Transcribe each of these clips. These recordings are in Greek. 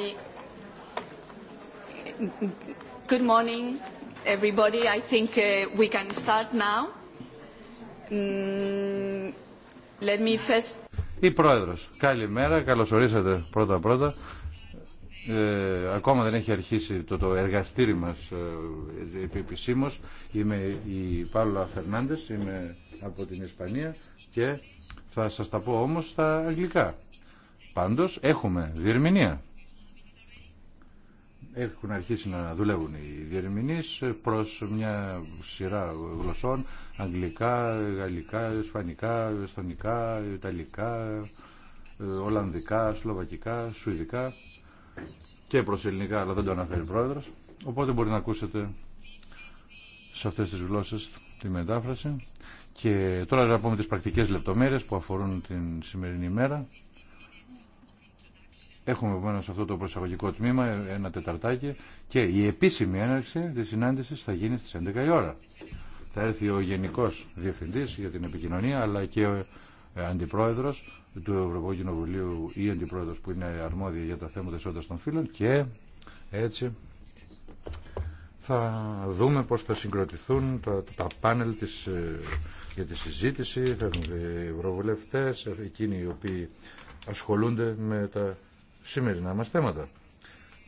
I Good morning, everybody. I think uh, we can start now. Mm, let me first. Η καλημερα Καλημέρα, καλώς ορίσατε πρώτα-πρώτα. Ε, ακόμα δεν έχει αρχίσει το, το εργαστήρι μας ε, Είμαι η Πάολα Φερνάντες, είμαι από την Ισπανία και θα σας τα πω όμως στα αγγλικά. Πάντως έχουμε διερμηνία έχουν αρχίσει να δουλεύουν οι διερμηνείς προς μια σειρά γλωσσών, αγγλικά, γαλλικά, ισπανικά, εστονικά, ιταλικά, ε, ολλανδικά, σλοβακικά, σουηδικά και προς ελληνικά, αλλά δεν το αναφέρει πρόεδρος. Οπότε μπορεί να ακούσετε σε αυτές τις γλώσσες τη μετάφραση. Και τώρα να πούμε τις πρακτικές λεπτομέρειες που αφορούν την σημερινή ημέρα. Έχουμε σε αυτό το προσαγωγικό τμήμα, ένα τεταρτάκι και η επίσημη έναρξη της συνάντησης θα γίνει στις 11 η ώρα. Θα έρθει ο Γενικός Διευθυντής για την επικοινωνία αλλά και ο ε, Αντιπρόεδρος του Ευρωπαϊκού Κοινοβουλίου ή Αντιπρόεδρος που είναι αρμόδια για τα θέματα ισότητα των φύλων και έτσι θα δούμε πώς θα συγκροτηθούν τα, τα πάνελ της, ε, για τη συζήτηση, θα έρθουν ευρωβουλευτές, ε, εκείνοι οι οποίοι ασχολούνται με τα σημερινά μας θέματα.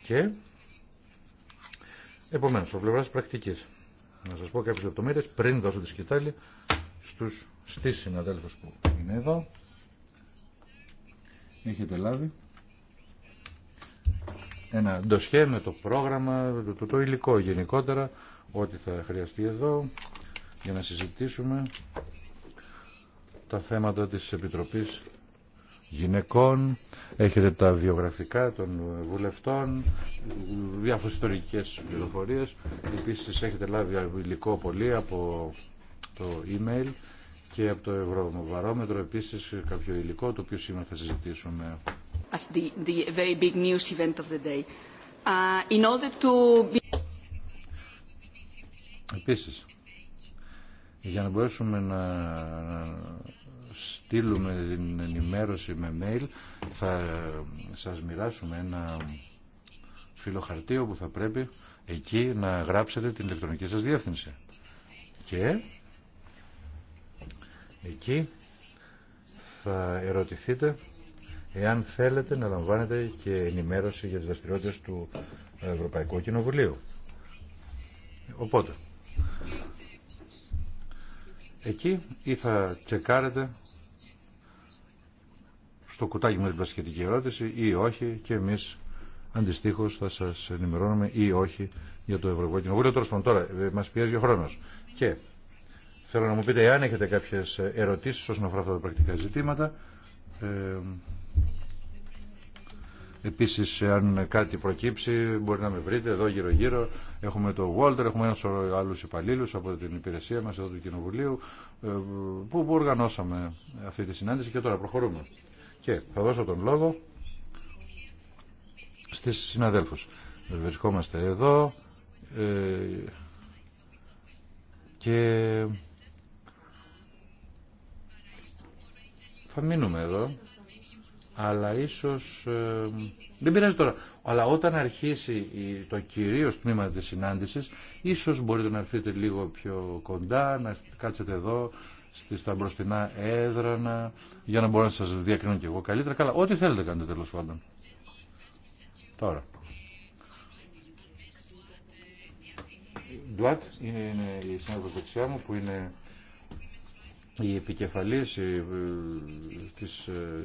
Και επομένως, ο πλευράς πρακτικής. Να σας πω κάποιες λεπτομέρειες πριν δώσω τη σκητάλη στους στις συναδέλφους που είναι εδώ. Έχετε λάβει ένα ντοσχέ με το πρόγραμμα, το, το, υλικό γενικότερα, ό,τι θα χρειαστεί εδώ για να συζητήσουμε τα θέματα της Επιτροπής γυναικών, έχετε τα βιογραφικά των βουλευτών, διάφορες ιστορικές πληροφορίες. Επίσης έχετε λάβει υλικό πολύ από το email και από το Ευρωβαρόμετρο επίσης κάποιο υλικό το οποίο σήμερα θα συζητήσουμε. As the, very big news event of the day. Uh, in order to... Επίσης, για να μπορέσουμε να, στείλουμε την ενημέρωση με mail θα σας μοιράσουμε ένα φιλοχαρτίο που θα πρέπει εκεί να γράψετε την ηλεκτρονική σας διεύθυνση και εκεί θα ερωτηθείτε εάν θέλετε να λαμβάνετε και ενημέρωση για τις δραστηριότητε του Ευρωπαϊκού Κοινοβουλίου. Οπότε, εκεί ή θα τσεκάρετε στο κουτάκι με την πλασχετική ερώτηση ή όχι και εμείς αντιστοίχως θα σα ενημερώνουμε ή όχι για το Ευρωπαϊκό Κοινοβούλιο. Τώρα, τώρα ε, μας πιέζει ο χρόνος. Και θέλω να μου πείτε αν έχετε κάποιες ερωτήσεις όσον αφορά αυτά τα πρακτικά ζητήματα. Ε, Επίσης, αν κάτι προκύψει, μπορεί να με βρείτε εδώ γύρω-γύρω. Έχουμε το Walter, έχουμε ένα σωρό άλλου υπαλλήλους από την υπηρεσία μας εδώ του Κοινοβουλίου, ε, που οργανώσαμε αυτή τη συνάντηση και τώρα προχωρούμε. Και θα δώσω τον λόγο στις συναδέλφους. Βρισκόμαστε εδώ ε, και θα μείνουμε εδώ αλλά ίσως ε, δεν πειράζει τώρα αλλά όταν αρχίσει το κυρίως τμήμα της συνάντησης ίσως μπορείτε να έρθετε λίγο πιο κοντά να κάτσετε εδώ στα μπροστινά έδρανα, για να μπορώ να σας διακρίνω και εγώ καλύτερα. Καλά, ό,τι θέλετε κάντε τέλος πάντων. Τώρα. Ντουάτ είναι, είναι η συνάδελφος δεξιά μου που είναι η επικεφαλής η, ε, της, ε,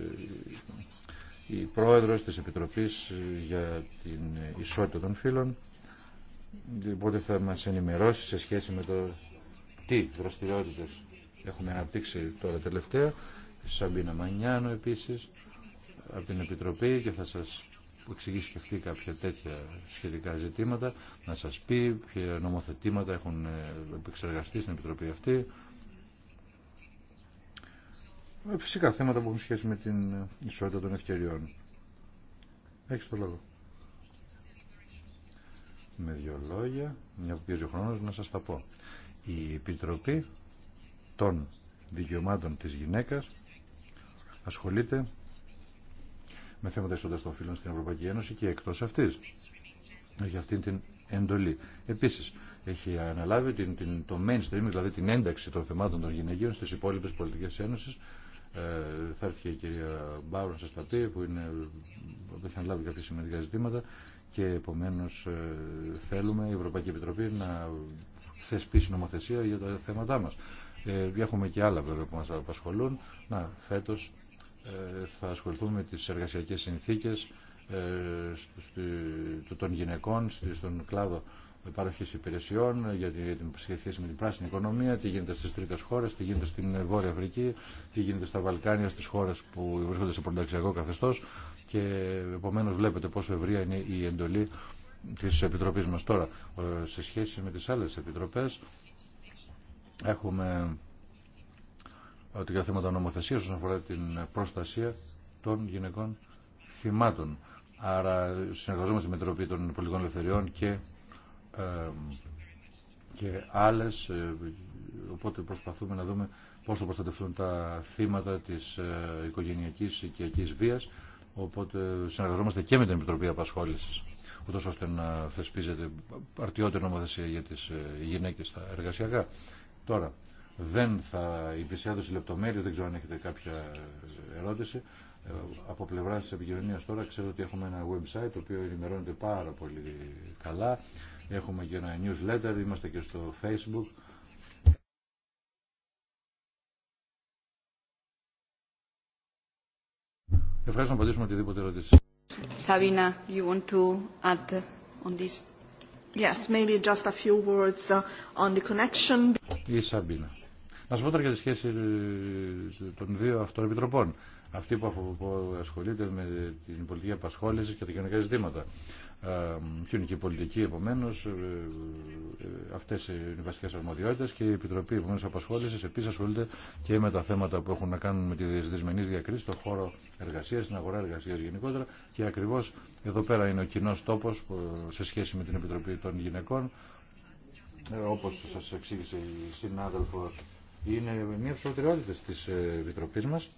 η πρόεδρος της Επιτροπής για την ισότητα των φύλων. Οπότε θα μας ενημερώσει σε σχέση με το τι δραστηριότητες έχουμε αναπτύξει τώρα τελευταία, Σαμπίνα Μανιάνο επίσης, από την Επιτροπή και θα σας εξηγήσει και αυτή κάποια τέτοια σχετικά ζητήματα, να σας πει ποια νομοθετήματα έχουν επεξεργαστεί στην Επιτροπή αυτή. Ε, φυσικά θέματα που έχουν σχέση με την ισότητα των ευκαιριών. Έχεις το λόγο. Με δύο λόγια, μια που πιέζει ο χρόνος, να σας τα πω. Η Επιτροπή των δικαιωμάτων της γυναίκας ασχολείται με θέματα ισότητας των φίλων στην Ευρωπαϊκή Ένωση και εκτός αυτής. Έχει αυτή την εντολή. Επίσης, έχει αναλάβει την, την, το mainstream, δηλαδή την ένταξη των θεμάτων των γυναικείων στις υπόλοιπες πολιτικές ένωσες. Ε, θα έρθει και η κυρία Μπάουρα να σας τα πει, που είναι, έχει αναλάβει κάποια σημαντικά ζητήματα και επομένως ε, θέλουμε η Ευρωπαϊκή Επιτροπή να θεσπίσει νομοθεσία για τα θέματά μας. Ε, έχουμε και άλλα βέβαια που μας απασχολούν. Να, φέτος ε, θα ασχοληθούμε με τις εργασιακές συνθήκες ε, των γυναικών στον κλάδο παροχή υπηρεσιών, για την σχέση με την πράσινη οικονομία, τι γίνεται στι τρίτε χώρε, τι γίνεται στην Βόρεια Αφρική, τι γίνεται στα Βαλκάνια, στι χώρε που βρίσκονται σε πρωταξιακό καθεστώ και επομένω βλέπετε πόσο ευρία είναι η εντολή τη Επιτροπή μα τώρα. Σε σχέση με τι άλλε επιτροπέ, έχουμε ότι για θέματα νομοθεσία όσον αφορά την προστασία των γυναικών θυμάτων. Άρα συνεργαζόμαστε με την Επιτροπή των Πολιτικών Ελευθεριών και, ε, και άλλες, ε, οπότε προσπαθούμε να δούμε πώς θα προστατευτούν τα θύματα της ε, οικογενειακής οικιακής βίας, οπότε συνεργαζόμαστε και με την Επιτροπή Απασχόλησης, ούτως ώστε να θεσπίζεται αρτιότερη νομοθεσία για τις ε, γυναίκες στα εργασιακά. Τώρα, δεν θα υπησιάδω σε λεπτομέρειες, δεν ξέρω αν έχετε κάποια ερώτηση. Ε, από πλευρά τη επικοινωνία τώρα ξέρω ότι έχουμε ένα website το οποίο ενημερώνεται πάρα πολύ καλά. Έχουμε και ένα newsletter, είμαστε και στο facebook. Ευχαριστώ να απαντήσουμε οτιδήποτε ερώτηση. Σαβίνα, you want to add on this? Yes, maybe just a few words uh, on the connection η Σαμπίνα. Να σα πω τώρα για τη σχέση ε, των δύο αυτών επιτροπών. Αυτή που ασχολείται με την πολιτική απασχόληση και τα κοινωνικά ζητήματα. Κοινωνική πολιτική, επομένω, ε, ε, αυτέ είναι οι βασικέ αρμοδιότητε και η Επιτροπή Επομένω Απασχόληση επίση ασχολείται και με τα θέματα που έχουν να κάνουν με τη δυσμενή διακρίση, το χώρο εργασία, την αγορά εργασία γενικότερα και ακριβώ εδώ πέρα είναι ο κοινό τόπο σε σχέση με την Επιτροπή των Γυναικών ε, όπως σας εξήγησε η συνάδελφος, είναι μια από τις της ε, Επιτροπής μας.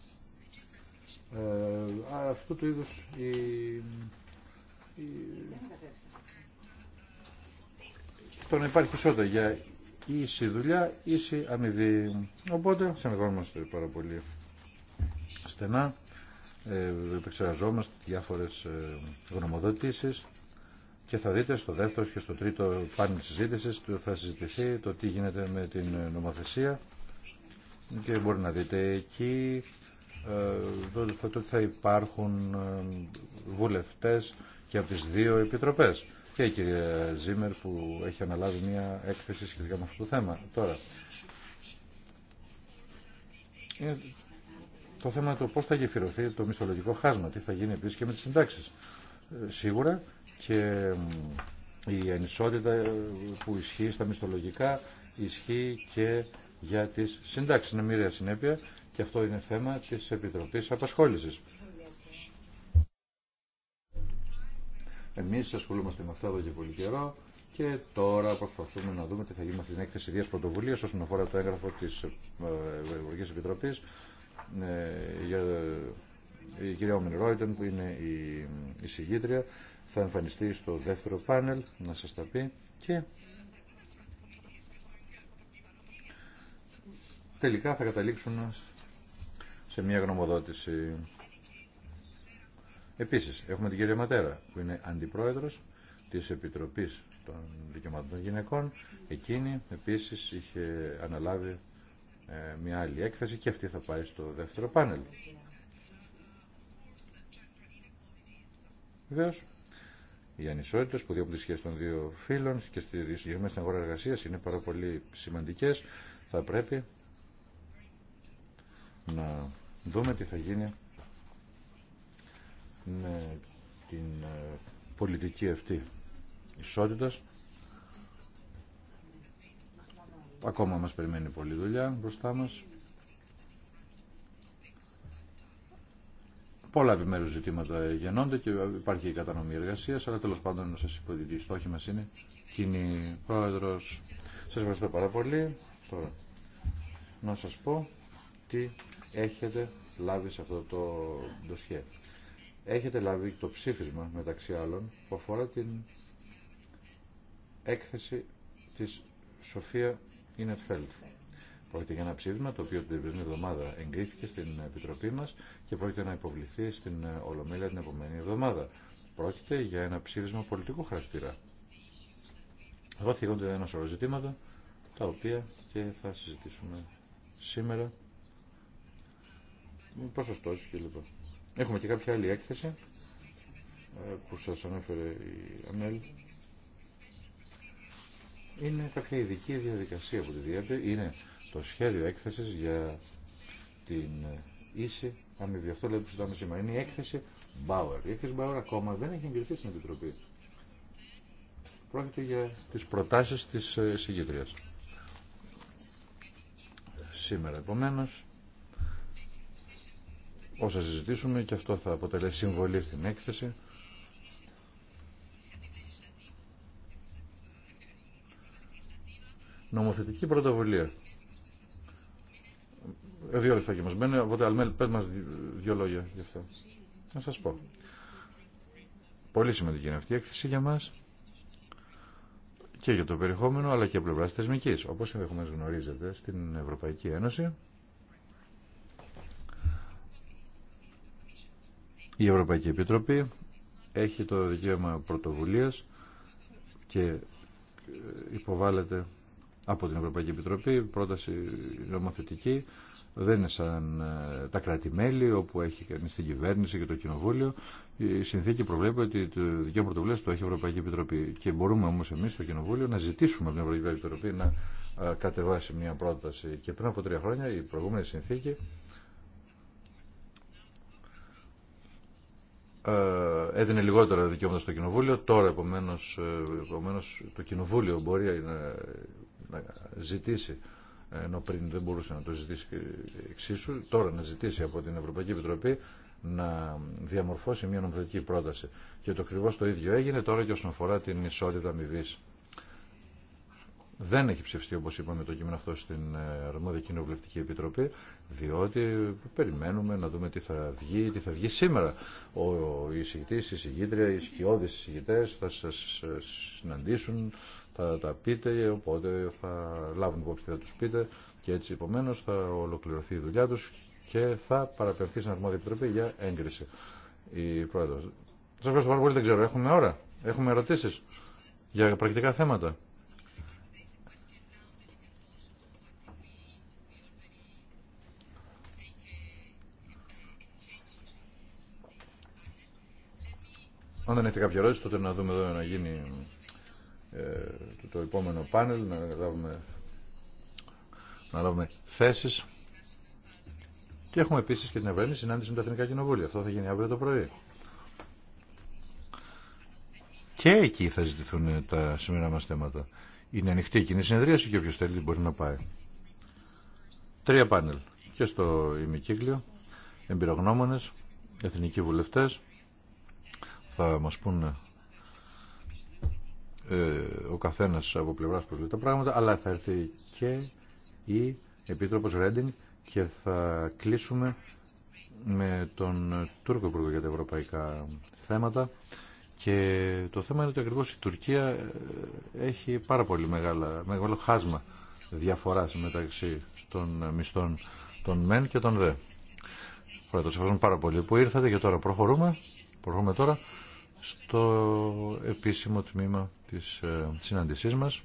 Ε, αυτού του είδους η, η... το να υπάρχει ισότητα για ίση δουλειά, ίση αμοιβή. Οπότε συνεχόμαστε πάρα πολύ στενά, ε, επεξεργαζόμαστε διάφορες ε, γνωμοδοτήσεις, και θα δείτε στο δεύτερο και στο τρίτο πάνελ συζήτηση θα συζητηθεί το τι γίνεται με την ε, νομοθεσία και μπορεί να δείτε εκεί ότι ε, θα υπάρχουν ε, βουλευτές και από τις δύο επιτροπές και η κυρία Ζήμερ που έχει αναλάβει μια έκθεση σχετικά με αυτό το θέμα. Τώρα, το θέμα το πώς θα γεφυρωθεί το μισθολογικό χάσμα, τι θα γίνει επίσης και με τις συντάξεις. Σίγουρα και η ανισότητα ε, που ισχύει στα μισθολογικά ισχύει και για τις συντάξεις. Είναι μοίρια συνέπεια και αυτό είναι θέμα της Επιτροπής Απασχόλησης. Εμείς ασχολούμαστε με αυτά εδώ και πολύ καιρό και τώρα προσπαθούμε να δούμε τι θα γίνει με την έκθεση ιδίας πρωτοβουλίας όσον αφορά το έγγραφο της ε, Ευρωπαϊκής Επιτροπής ε, για η κυρία Ομινρόιτεν που είναι η, η συγγήτρια θα εμφανιστεί στο δεύτερο πάνελ να σας τα πει και τελικά θα καταλήξουν σε μια γνωμοδότηση. Επίσης, έχουμε την κυρία Ματέρα, που είναι αντιπρόεδρος της Επιτροπής των Δικαιωμάτων των Γυναικών. Εκείνη, επίσης, είχε αναλάβει ε, μια άλλη έκθεση και αυτή θα πάει στο δεύτερο πάνελ. Βεβαίως, οι ανισότητε που διώκουν τη σχέση των δύο φύλων και στη συγκεκριμένη στην αγορά εργασία είναι πάρα πολύ σημαντικέ. Θα πρέπει να δούμε τι θα γίνει με την ε, πολιτική αυτή ισότητα. Ακόμα μας περιμένει πολλή δουλειά μπροστά μας. Πολλά επιμέρου ζητήματα γεννώνται και υπάρχει η κατανομή εργασία, αλλά τέλο πάντων να σα πω ότι η στόχη μα είναι κοινή. Πρόεδρο, σα ευχαριστώ πάρα πολύ. Τώρα, να σα πω τι έχετε λάβει σε αυτό το ντοσιέ. Έχετε λάβει το ψήφισμα μεταξύ άλλων που αφορά την έκθεση της Σοφία Ινετφέλτ. Πρόκειται για ένα ψήφισμα το οποίο την τελευταία εβδομάδα εγκρίθηκε στην Επιτροπή μα και πρόκειται να υποβληθεί στην Ολομέλεια την επόμενη εβδομάδα. Πρόκειται για ένα ψήφισμα πολιτικού χαρακτήρα. Εδώ θίγονται ένα σωρό ζητήματα τα οποία και θα συζητήσουμε σήμερα. και λοιπόν. Έχουμε και κάποια άλλη έκθεση ε, που σα ανέφερε η Αμέλ. Είναι κάποια ειδική διαδικασία που τη διέπει. Είναι το σχέδιο έκθεσης για την ίση αμοιβή. Αυτό λέει που συζητάμε σήμερα. Είναι η έκθεση Bauer. Η έκθεση Bauer ακόμα δεν έχει εγκριθεί στην Επιτροπή. Πρόκειται για τις προτάσεις της ε, συγκεντρίας. Σήμερα επομένω. όσα συζητήσουμε και αυτό θα αποτελέσει συμβολή στην έκθεση. Νομοθετική πρωτοβουλία δύο λεπτά και μας μένει, οπότε Αλμέλ, πες μας δύο λόγια γι' αυτό. Να σας πω. Πολύ σημαντική είναι αυτή η έκθεση για μας και για το περιεχόμενο, αλλά και πλευρά θεσμική. Όπως ενδεχομένω γνωρίζετε, στην Ευρωπαϊκή Ένωση η Ευρωπαϊκή Επιτροπή έχει το δικαίωμα πρωτοβουλίας και ε, υποβάλλεται από την Ευρωπαϊκή Επιτροπή πρόταση νομοθετική δεν είναι σαν ε, τα κράτη-μέλη όπου έχει κανεί την κυβέρνηση και το κοινοβούλιο. Η συνθήκη προβλέπει ότι το δικαίωμα πρωτοβουλία το έχει η Ευρωπαϊκή Επιτροπή. Και μπορούμε όμω εμεί στο κοινοβούλιο να ζητήσουμε από την Ευρωπαϊκή Επιτροπή να ε, κατεβάσει μια πρόταση. Και πριν από τρία χρόνια η προηγούμενη συνθήκη ε, έδινε λιγότερα δικαιώματα στο Κοινοβούλιο. Τώρα, επομένως, επομένως το Κοινοβούλιο μπορεί να, να ζητήσει ενώ πριν δεν μπορούσε να το ζητήσει εξίσου, τώρα να ζητήσει από την Ευρωπαϊκή Επιτροπή να διαμορφώσει μια νομοθετική πρόταση. Και το ακριβώ το ίδιο έγινε τώρα και όσον αφορά την ισότητα αμοιβή. Δεν έχει ψηφιστεί, όπω είπαμε, το κείμενο αυτό στην ε, Αρμόδια Κοινοβουλευτική Επιτροπή, διότι περιμένουμε να δούμε τι θα βγει, τι θα βγει σήμερα. Ο εισηγητή, η εισηγήτρια, οι σκιώδει εισηγητέ θα σα ε, συναντήσουν, θα τα πείτε, οπότε θα λάβουν υπόψη θα τους πείτε και έτσι επομένω, θα ολοκληρωθεί η δουλειά τους και θα παραπευθεί στην Αρμόδια Επιτροπή για έγκριση. Η Πρόεδρος. Σας ευχαριστώ πάρα πολύ, δεν ξέρω, έχουμε ώρα, έχουμε ερωτήσεις για πρακτικά θέματα. Αν δεν έχετε κάποια ερώτηση, τότε να δούμε εδώ να γίνει ε, το επόμενο πάνελ, να λάβουμε, να λάβουμε θέσεις. Και έχουμε επίσης και την Ευρένη συνάντηση με τα Εθνικά Κοινοβούλια. Αυτό θα γίνει αύριο το πρωί. Και εκεί θα ζητηθούν τα σημερινά μας θέματα. Είναι ανοιχτή η κοινή συνεδρίαση και όποιος θέλει μπορεί να πάει. Τρία πάνελ. Και στο ημικύκλιο, εμπειρογνώμονες, εθνικοί βουλευτές, θα μας πούνε ε, ο καθένας από πλευράς που λέει τα πράγματα, αλλά θα έρθει και η Επίτροπος Ρέντιν και θα κλείσουμε με τον Τούρκο Υπουργό για τα Ευρωπαϊκά θέματα και το θέμα είναι ότι ακριβώς η Τουρκία ε, έχει πάρα πολύ μεγάλα, μεγάλο χάσμα διαφοράς μεταξύ των μισθών των ΜΕΝ και των ΔΕ. Πρώτα, σας ευχαριστούμε πάρα πολύ που ήρθατε και τώρα προχωρούμε. Προχωρούμε τώρα στο επίσημο τμήμα της ε, συνάντησής μας.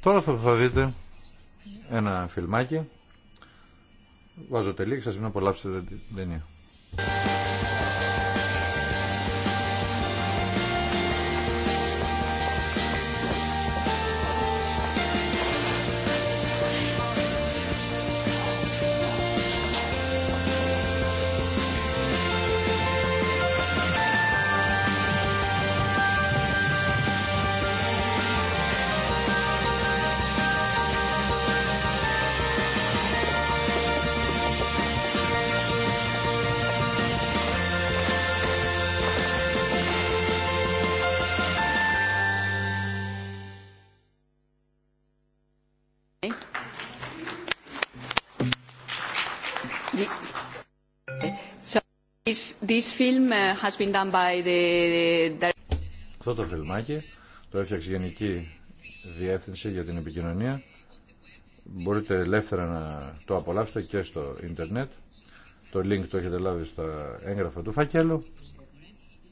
Τώρα θα δείτε ένα φιλμάκι. Βάζω και σας μην απολαύσετε την ταινία. Αυτό το φιλμάκι το έφτιαξε Γενική Διεύθυνση για την Επικοινωνία. Μπορείτε ελεύθερα να το απολαύσετε και στο ίντερνετ. Το link το έχετε λάβει στα έγγραφα του φακέλου.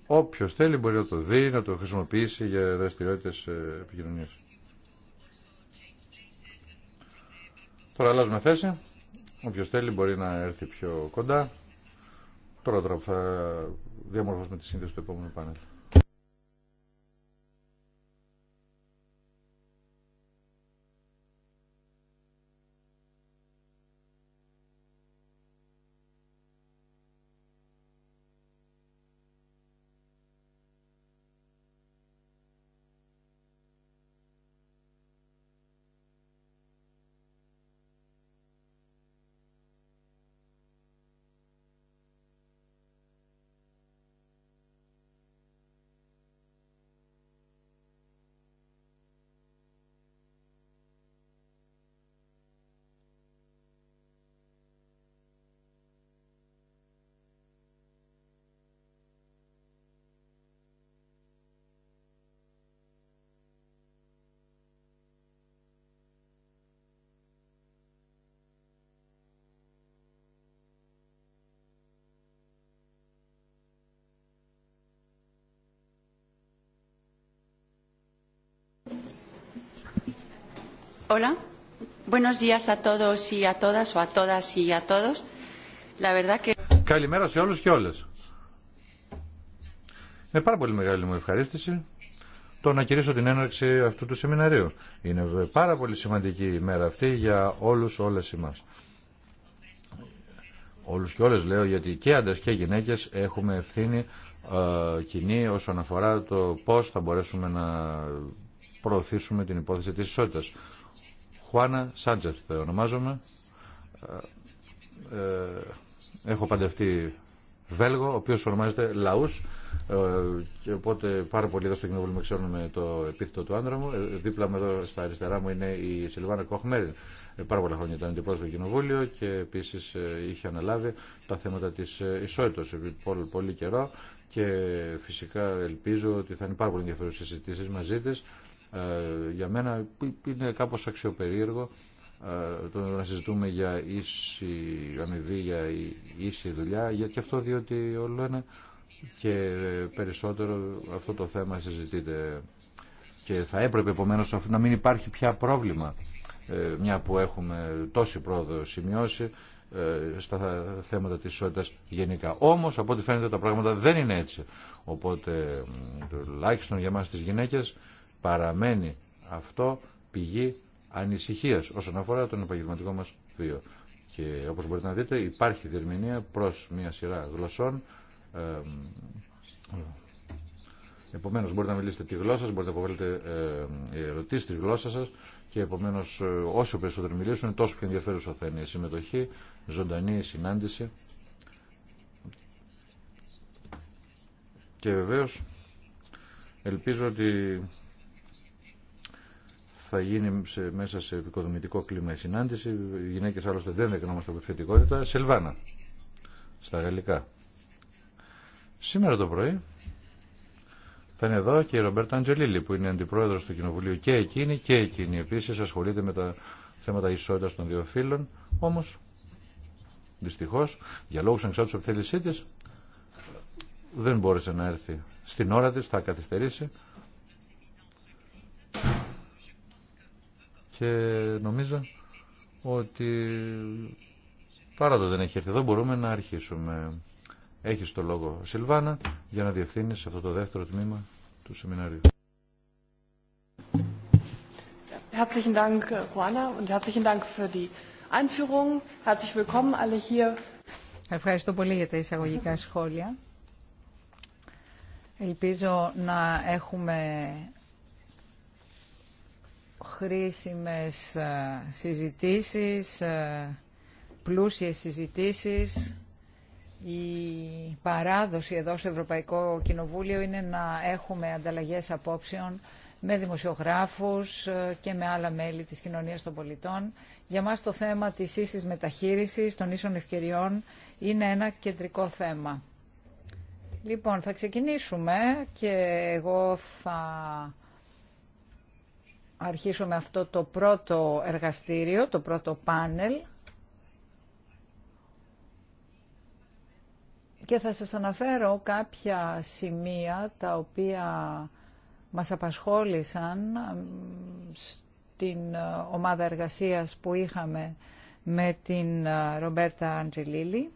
Όποιο θέλει μπορεί να το δει, να το χρησιμοποιήσει για δραστηριότητε ε, επικοινωνία. Τώρα αλλάζουμε θέση. Όποιο θέλει μπορεί να έρθει πιο κοντά. Τώρα, τώρα θα διαμορφώσουμε τη σύνδεση του επόμενου πάνελ. Καλημέρα σε όλους και όλες. Είναι πάρα πολύ μεγάλη μου ευχαρίστηση το να κηρύσω την έναρξη αυτού του σεμιναρίου. Είναι πάρα πολύ σημαντική η μέρα αυτή για όλους, όλες εμάς. Όλους και όλες λέω γιατί και άντρες και γυναίκες έχουμε ευθύνη ε, κοινή όσον αφορά το πώς θα μπορέσουμε να προωθήσουμε την υπόθεση της ισότητας. Χουάνα Σάντζεθ ονομάζομαι. Ε, ε έχω παντευτεί Βέλγο, ο οποίο ονομάζεται Λαού. Ε, και οπότε πάρα πολύ εδώ στο κοινοβούλιο με ξέρουν με το επίθετο του άντρα μου. Ε, δίπλα μου εδώ στα αριστερά μου είναι η Σιλβάνα Ε, πάρα πολλά χρόνια ήταν αντιπρόσωπο του κοινοβούλιο και επίση είχε αναλάβει τα θέματα τη ισότητα επί πολύ, πολύ καιρό. Και φυσικά ελπίζω ότι θα είναι πάρα πολύ ενδιαφέρουσε συζητήσει μαζί τη ε, για μένα είναι κάπως αξιοπερίεργο ε, το να συζητούμε για ίση αμοιβή, για ίση δουλειά, γιατί αυτό διότι όλο ένα και περισσότερο αυτό το θέμα συζητείται και θα έπρεπε επομένω να μην υπάρχει πια πρόβλημα ε, μια που έχουμε τόση πρόοδο σημειώσει στα θέματα της ισότητας γενικά. Όμως, από ό,τι φαίνεται, τα πράγματα δεν είναι έτσι. Οπότε, τουλάχιστον για μας τις γυναίκες, παραμένει αυτό πηγή ανησυχίας όσον αφορά τον επαγγελματικό μας βίο. Και όπως μπορείτε να δείτε υπάρχει διερμηνία προς μια σειρά γλωσσών. Επομένως μπορείτε να μιλήσετε τη γλώσσα σας, μπορείτε να αποβάλλετε ερωτήσεις τη γλώσσα σας και επομένω, ε, όσο περισσότερο μιλήσουν, τόσο πιο ενδιαφέρουσα θα είναι η συμμετοχή, ζωντανή συνάντηση. Και βεβαίω, ελπίζω ότι θα γίνει σε, μέσα σε οικοδομητικό κλίμα η συνάντηση. Οι γυναίκε άλλωστε δεν δεκνόμαστε από θετικότητα. Σελβάνα, στα γαλλικά. Σήμερα το πρωί θα είναι εδώ και η Ρομπέρτα Αντζελίλη που είναι αντιπρόεδρο του Κοινοβουλίου και εκείνη και εκείνη επίση ασχολείται με τα θέματα ισότητα των δύο φίλων Όμω, δυστυχώ, για λόγου ανεξάρτητους από θέλησή δεν μπόρεσε να έρθει στην ώρα της, θα καθυστερήσει. και νομίζω ότι παρά το δεν έχει έρθει εδώ μπορούμε να αρχίσουμε. Έχεις το λόγο Σιλβάνα για να διευθύνεις αυτό το δεύτερο τμήμα του σεμινάριου. Herzlichen Dank, Juana, und herzlichen Dank für die Einführung. Herzlich willkommen alle hier. Ευχαριστώ πολύ για τα εισαγωγικά σχόλια. Ελπίζω να έχουμε χρήσιμες ε, συζητήσεις, ε, πλούσιες συζητήσεις. Η παράδοση εδώ στο Ευρωπαϊκό Κοινοβούλιο είναι να έχουμε ανταλλαγές απόψεων με δημοσιογράφους ε, και με άλλα μέλη της κοινωνίας των πολιτών. Για μας το θέμα της ίσης μεταχείρισης των ίσων ευκαιριών είναι ένα κεντρικό θέμα. Λοιπόν, θα ξεκινήσουμε και εγώ θα με αυτό το πρώτο εργαστήριο, το πρώτο πάνελ και θα σας αναφέρω κάποια σημεία τα οποία μας απασχόλησαν στην ε, ομάδα εργασίας που είχαμε με την ε, Ρομπέρτα Αντζελίλη.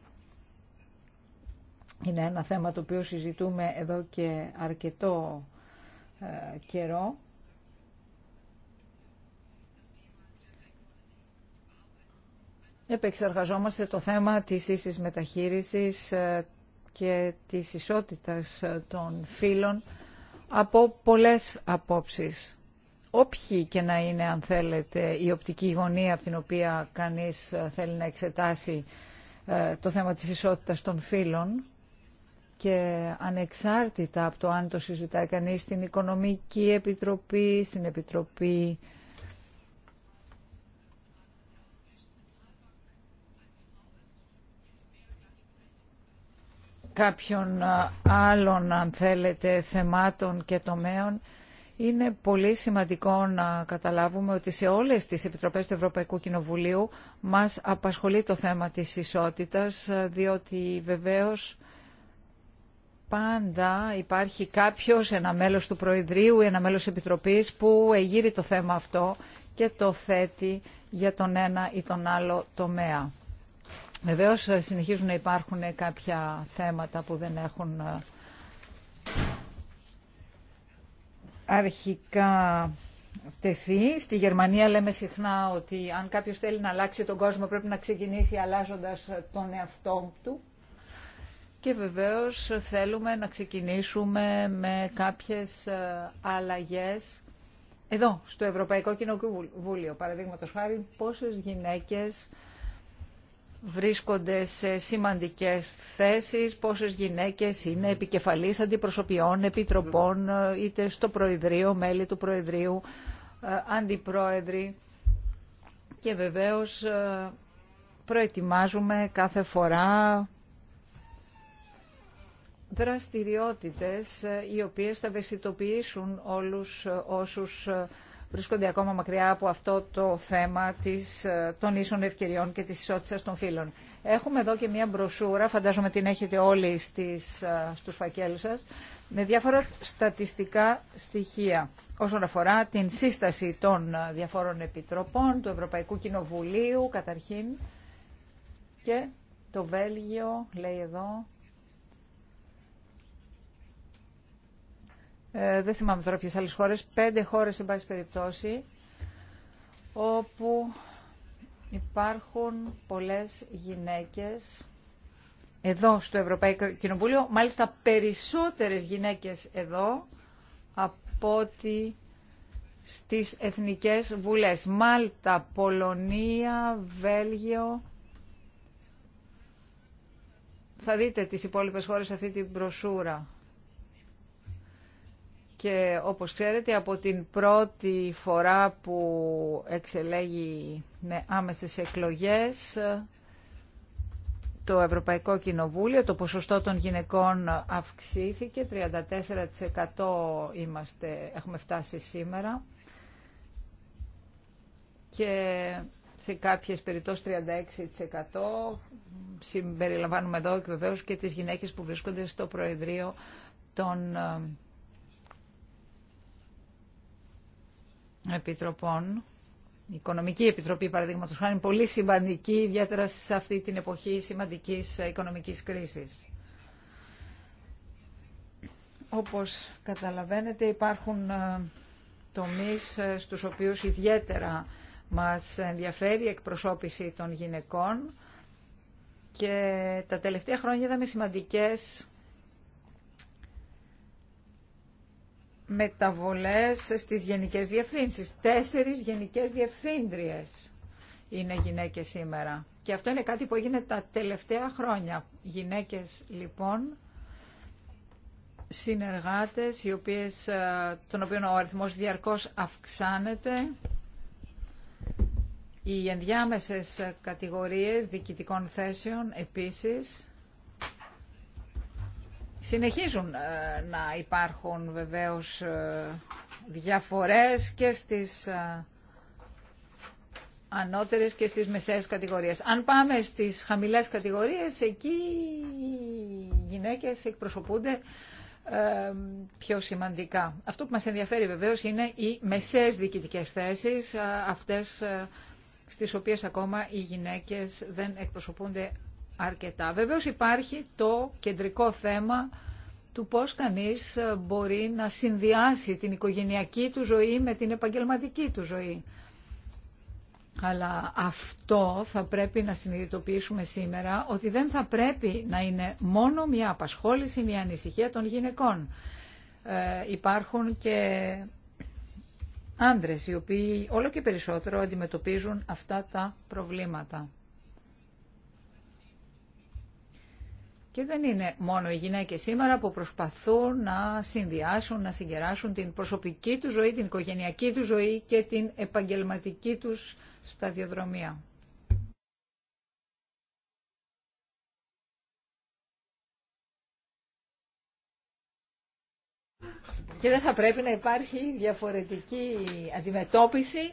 Είναι ένα θέμα το οποίο συζητούμε εδώ και αρκετό ε, καιρό επεξεργαζόμαστε το θέμα της ίσης μεταχείρισης ε, και της ισότητας ε, των φύλων από πολλές απόψεις. Όποιοι και να είναι, αν θέλετε, η οπτική γωνία από την οποία κανείς ε, θέλει να εξετάσει το θέμα της ισότητας των φύλων και ανεξάρτητα από το αν το συζητάει κανείς στην Οικονομική Επιτροπή, στην Επιτροπή κάποιων άλλων, αν θέλετε, θεμάτων και τομέων, είναι πολύ σημαντικό να καταλάβουμε ότι σε όλες τις επιτροπές του Ευρωπαϊκού Κοινοβουλίου μας απασχολεί το θέμα της ισότητας, διότι βεβαίως πάντα υπάρχει κάποιος, ένα μέλος του Προεδρείου, ή ένα μέλος Επιτροπής που εγείρει το θέμα αυτό και το θέτει για τον ένα ή τον άλλο τομέα. Βεβαίως ε, συνεχίζουν να υπάρχουν κάποια θέματα που δεν έχουν ε, αρχικά τεθεί. Στη Γερμανία λέμε συχνά ότι αν κάποιος θέλει να αλλάξει τον κόσμο πρέπει να ξεκινήσει αλλάζοντας τον εαυτό του. Και βεβαίως θέλουμε να ξεκινήσουμε με κάποιες ε, αλλαγές εδώ, στο Ευρωπαϊκό Κοινοβούλιο. Παραδείγματος χάρη, πόσες γυναίκες βρίσκονται σε σημαντικές θέσεις, πόσες γυναίκες είναι επικεφαλής αντιπροσωπιών, επιτροπών, είτε στο Προεδρείο, μέλη του Προεδρείου, ε, αντιπρόεδροι. Και βεβαίως ε, προετοιμάζουμε κάθε φορά δραστηριότητες ε, οι οποίες θα ευαισθητοποιήσουν όλους όσους βρίσκονται ακόμα μακριά από αυτό το θέμα της, ε, των ίσων ευκαιριών και της ισότητας των φύλων. Έχουμε εδώ και μία μπροσούρα, φαντάζομαι την έχετε όλοι στις, ε, στους φακέλους σας, με διάφορα στατιστικά στοιχεία όσον αφορά την σύσταση των ε, διαφόρων επιτροπών, του Ευρωπαϊκού Κοινοβουλίου καταρχήν και το Βέλγιο, λέει εδώ, Ε, δεν θυμάμαι τώρα ποιες άλλες χώρες, πέντε χώρες σε πάση περιπτώσει, όπου υπάρχουν πολλές γυναίκες εδώ στο Ευρωπαϊκό Κοινοβούλιο, μάλιστα περισσότερες γυναίκες εδώ από ότι στις εθνικές βουλές. Μάλτα, Πολωνία, Βέλγιο. Θα δείτε τις υπόλοιπες χώρες αυτή την προσούρα και όπως ξέρετε από την πρώτη φορά που εξελέγει με άμεσες εκλογές το Ευρωπαϊκό Κοινοβούλιο, το ποσοστό των γυναικών αυξήθηκε, 34% είμαστε, έχουμε φτάσει σήμερα και σε κάποιες περιπτώσεις 36% συμπεριλαμβάνουμε εδώ και βεβαίως και τις γυναίκες που βρίσκονται στο Προεδρείο των ε, επιτροπών. Η Οικονομική Επιτροπή, παραδείγματος χάρη, είναι πολύ σημαντική, ιδιαίτερα σε αυτή την εποχή σημαντικής οικονομικής κρίσης. Όπως καταλαβαίνετε υπάρχουν ε, τομείς ε, στους οποίους ιδιαίτερα μας ενδιαφέρει η εκπροσώπηση των γυναικών και τα τελευταία χρόνια είδαμε σημαντικές μεταβολές στις γενικές διευθύνσεις. Τέσσερις γενικές διευθύντριες είναι γυναίκες σήμερα. Και αυτό είναι κάτι που έγινε τα τελευταία χρόνια. Γυναίκες λοιπόν συνεργάτες οι οποίες, ε, τον οποίων ο αριθμός διαρκώς αυξάνεται οι ενδιάμεσες ε, κατηγορίες διοικητικών θέσεων επίσης Συνεχίζουν ε, να υπάρχουν βεβαίως ε, διαφορές και στις ε, ανώτερες και στις μεσαίες κατηγορίες. Αν πάμε στις χαμηλές κατηγορίες, εκεί οι γυναίκες εκπροσωπούνται πιο σημαντικά. Αυτό που μας ενδιαφέρει βεβαίως είναι οι μεσαίες διοικητικές θέσεις, αυτές στις οποίες ακόμα οι γυναίκες δεν εκπροσωπούνται αρκετά. Βεβαίως υπάρχει το κεντρικό θέμα του πώς κανείς ε, μπορεί να συνδυάσει την οικογενειακή του ζωή με την επαγγελματική του ζωή. Αλλά αυτό θα πρέπει να συνειδητοποιήσουμε σήμερα ότι δεν θα πρέπει να είναι μόνο μια απασχόληση, μια ανησυχία των γυναικών. Ε, υπάρχουν και άνδρες οι οποίοι όλο και περισσότερο αντιμετωπίζουν αυτά τα προβλήματα. Και δεν είναι μόνο οι γυναίκες σήμερα που προσπαθούν να συνδυάσουν, να συγκεράσουν την προσωπική του ζωή, την οικογενειακή του ζωή και την επαγγελματική τους σταδιοδρομία. Και δεν θα πρέπει να υπάρχει διαφορετική αντιμετώπιση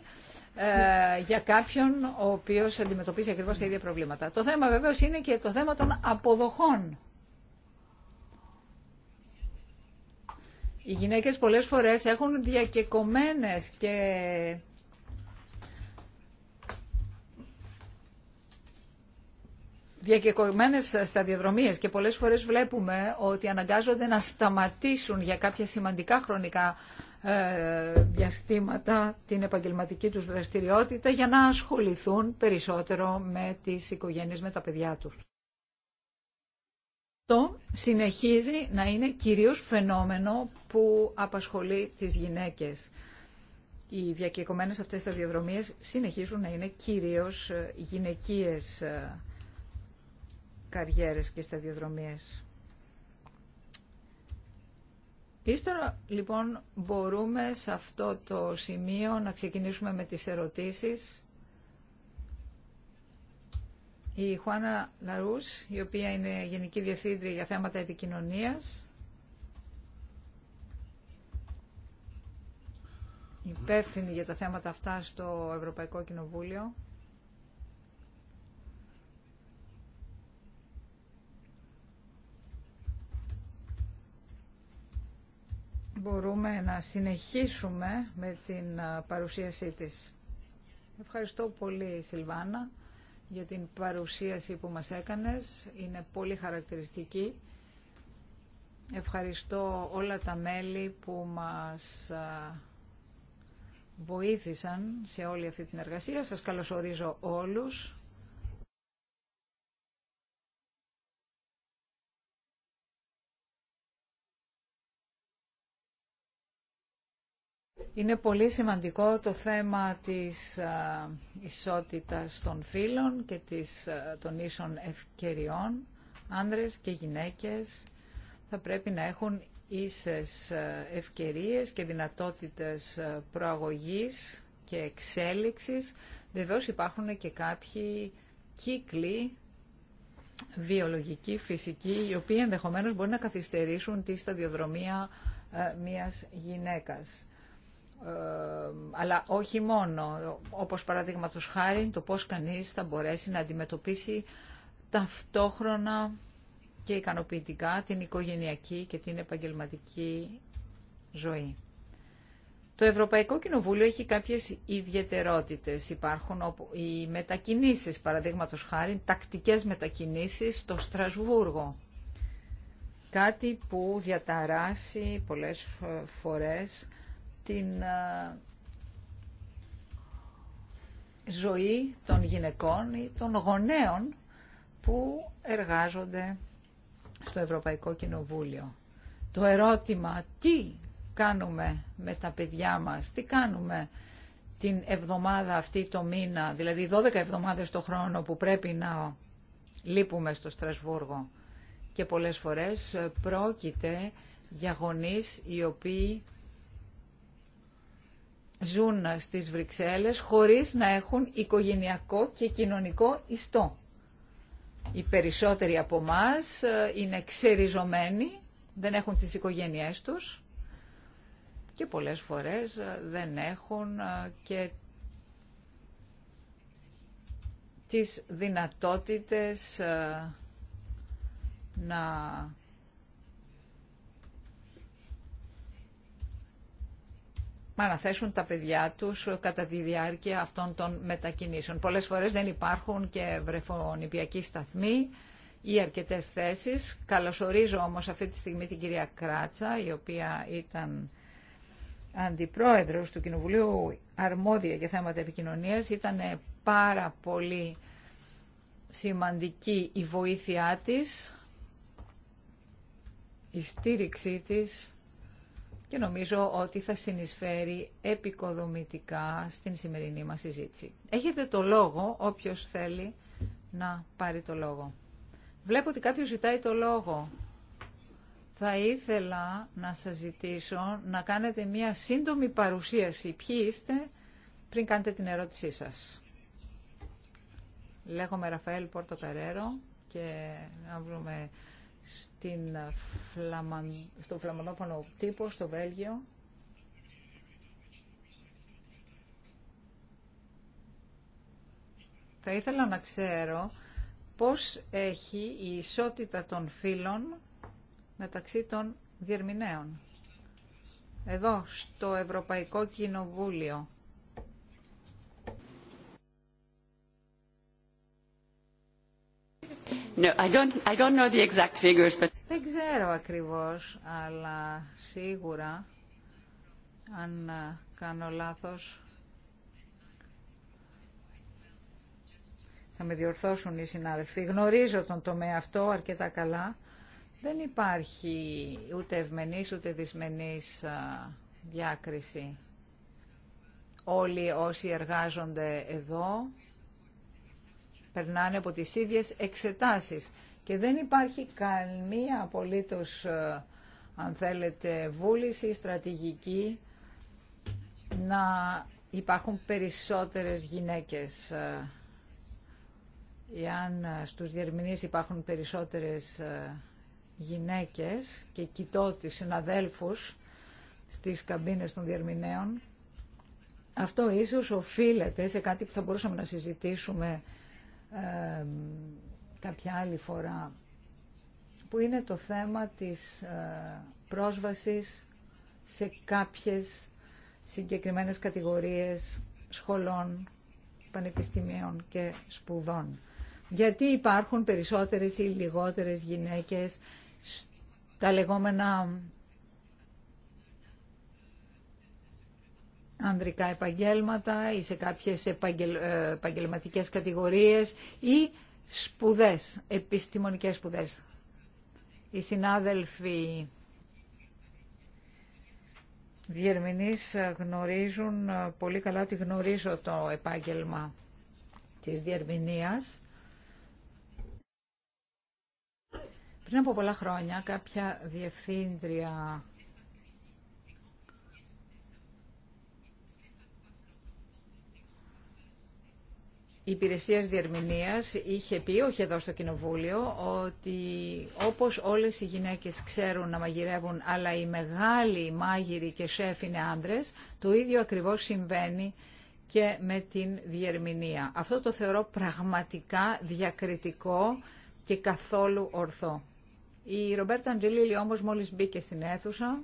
ε, για κάποιον ο οποίος αντιμετωπίζει ακριβώς τα ίδια προβλήματα. Το θέμα βεβαίως είναι και το θέμα των αποδοχών. Οι γυναίκες πολλές φορές έχουν διακεκομένες και διακεκομένες σταδιοδρομίες και πολλές φορές βλέπουμε ότι αναγκάζονται να σταματήσουν για κάποια σημαντικά χρονικά ε, διαστήματα την επαγγελματική τους δραστηριότητα για να ασχοληθούν περισσότερο με τις οικογένειες, με τα παιδιά τους. Το συνεχίζει να είναι κυρίως φαινόμενο που απασχολεί τις γυναίκες. Οι διακεκομένες αυτές τα διαδρομίες συνεχίζουν να είναι κυρίως ε, γυναικείες ε, καριέρες και στα σταδιοδρομίες. Ύστερα λοιπόν μπορούμε σε αυτό το σημείο να ξεκινήσουμε με τις ερωτήσεις. Η Χουάνα Λαρούς, η οποία είναι Γενική Διευθύντρια για θέματα επικοινωνίας, υπεύθυνη για τα θέματα αυτά στο Ευρωπαϊκό Κοινοβούλιο. μπορούμε να συνεχίσουμε με την παρουσίασή της. Ευχαριστώ πολύ Σιλβάνα για την παρουσίαση που μας έκανες. Είναι πολύ χαρακτηριστική. Ευχαριστώ όλα τα μέλη που μας βοήθησαν σε όλη αυτή την εργασία. Σας καλωσορίζω όλους. Είναι πολύ σημαντικό το θέμα της ισότητας των φύλων και της, των ίσων ευκαιριών. Άνδρες και γυναίκες θα πρέπει να έχουν ίσες ευκαιρίες και δυνατότητες προαγωγής και εξέλιξης. Βεβαίως υπάρχουν και κάποιοι κύκλοι βιολογικοί, φυσικοί, οι οποίοι ενδεχομένως μπορεί να καθυστερήσουν τη σταδιοδρομία μιας γυναίκας. Ε, αλλά όχι μόνο, όπως παραδείγματο χάρη το πώς κανείς θα μπορέσει να αντιμετωπίσει ταυτόχρονα και ικανοποιητικά την οικογενειακή και την επαγγελματική ζωή. Το Ευρωπαϊκό Κοινοβούλιο έχει κάποιες ιδιαιτερότητες. Υπάρχουν οι μετακινήσεις, παραδείγματο χάρη, τακτικές μετακινήσεις στο Στρασβούργο. Κάτι που διαταράσει πολλές φορές την ζωή των γυναικών ή των γονέων που εργάζονται στο Ευρωπαϊκό Κοινοβούλιο. Το ερώτημα τι κάνουμε με τα παιδιά μας, τι κάνουμε την εβδομάδα αυτή το μήνα, δηλαδή 12 εβδομάδες το χρόνο που πρέπει να λείπουμε στο Στρασβούργο. Και πολλές φορές ε, πρόκειται για γονείς οι οποίοι ζουν στις Βρυξέλλες χωρίς να έχουν οικογενειακό και κοινωνικό ιστό. Οι περισσότεροι από εμά είναι ξεριζωμένοι, δεν έχουν τις οικογένειές τους και πολλές φορές ε, δεν έχουν ε, και τις δυνατότητες ε, να να αναθέσουν τα παιδιά τους κατά τη διάρκεια αυτών των μετακινήσεων. Πολλές φορές δεν υπάρχουν και βρεφονιπιακοί σταθμοί ή αρκετές θέσεις. Καλωσορίζω όμως αυτή τη στιγμή την κυρία Κράτσα, η οποία ήταν αντιπρόεδρος του Κοινοβουλίου αρμόδια για θέματα επικοινωνίας. Ήταν πάρα πολύ σημαντική η βοήθειά της, η στήριξή της και νομίζω ότι θα συνεισφέρει επικοδομητικά στην σημερινή μας συζήτηση. Έχετε το λόγο, όποιος θέλει να πάρει το λόγο. Βλέπω ότι κάποιος ζητάει το λόγο. Θα ήθελα να σας ζητήσω να κάνετε μία σύντομη παρουσίαση. Ποιοι είστε πριν κάνετε την ερώτησή σας. Λέγομαι Ραφαέλ Πόρτο Καρέρο και να βρούμε στην ε, Φλαμαν... στο Φλαμανόφωνο τύπο στο Βέλγιο. Θα ήθελα να ξέρω πώς έχει η ισότητα των φύλων μεταξύ των διερμηνέων. Εδώ, στο Ευρωπαϊκό Κοινοβούλιο. Δεν ξέρω ακριβώς, αλλά σίγουρα, αν ε, κάνω λάθος, θα με διορθώσουν οι συνάδελφοι. Γνωρίζω τον τομέα αυτό αρκετά καλά. Δεν υπάρχει ούτε ευμενής ούτε δυσμενής ε, διάκριση. Όλοι όσοι εργάζονται εδώ περνάνε από τις ίδιες εξετάσεις και δεν υπάρχει καμία απολύτως, ε, αν θέλετε, βούληση στρατηγική να υπάρχουν περισσότερες γυναίκες. Ε, εάν ε, στους διερμηνείς υπάρχουν περισσότερες γυναίκες και κοιτώ τις συναδέλφους στις καμπίνες των διερμηνέων, αυτό ίσως οφείλεται σε κάτι που θα μπορούσαμε να συζητήσουμε κάποια άλλη φορά, που είναι το θέμα της ε, πρόσβασης σε κάποιες συγκεκριμένες κατηγορίες σχολών, πανεπιστημίων και σπουδών. Γιατί υπάρχουν περισσότερες ή λιγότερες γυναίκες στα λεγόμενα ανδρικά επαγγέλματα ή σε κάποιες επαγγελ, ε, επαγγελματικές κατηγορίες ή σπουδές, επιστημονικές σπουδές. Οι συνάδελφοι διερμηνείς γνωρίζουν πολύ καλά ότι γνωρίζω το επάγγελμα της διερμηνίας. Πριν από πολλά χρόνια κάποια διευθύντρια η υπηρεσία διερμηνίας είχε πει, όχι εδώ στο Κοινοβούλιο, ότι όπως όλες οι γυναίκες ξέρουν να μαγειρεύουν, αλλά οι μεγάλοι μάγειροι και σεφ είναι άντρες, το ίδιο ακριβώς συμβαίνει και με την διερμηνία. Αυτό το θεωρώ πραγματικά διακριτικό και καθόλου ορθό. Η Ρομπέρτα Αντζελίλη όμως μόλις μπήκε στην αίθουσα,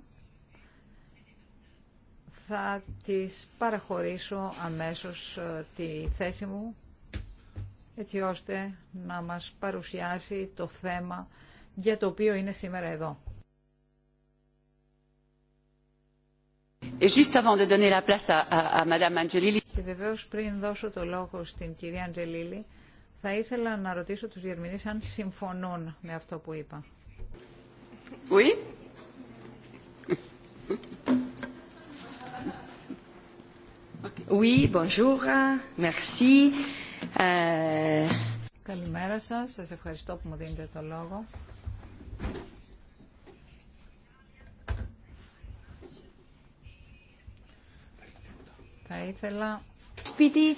θα της παραχωρήσω αμέσως ε, τη θέση μου έτσι ώστε να μας παρουσιάσει το θέμα για το οποίο είναι σήμερα εδώ. Και βεβαίως πριν δώσω το λόγο στην κυρία Αντζελίλη, θα ήθελα να ρωτήσω τους διερμηνείς αν συμφωνούν με αυτό που είπα. Oui. Oui, bonjour, merci. Ε, Καλημέρα σας. Σας ευχαριστώ που μου δίνετε το λόγο. Θα ήθελα eh,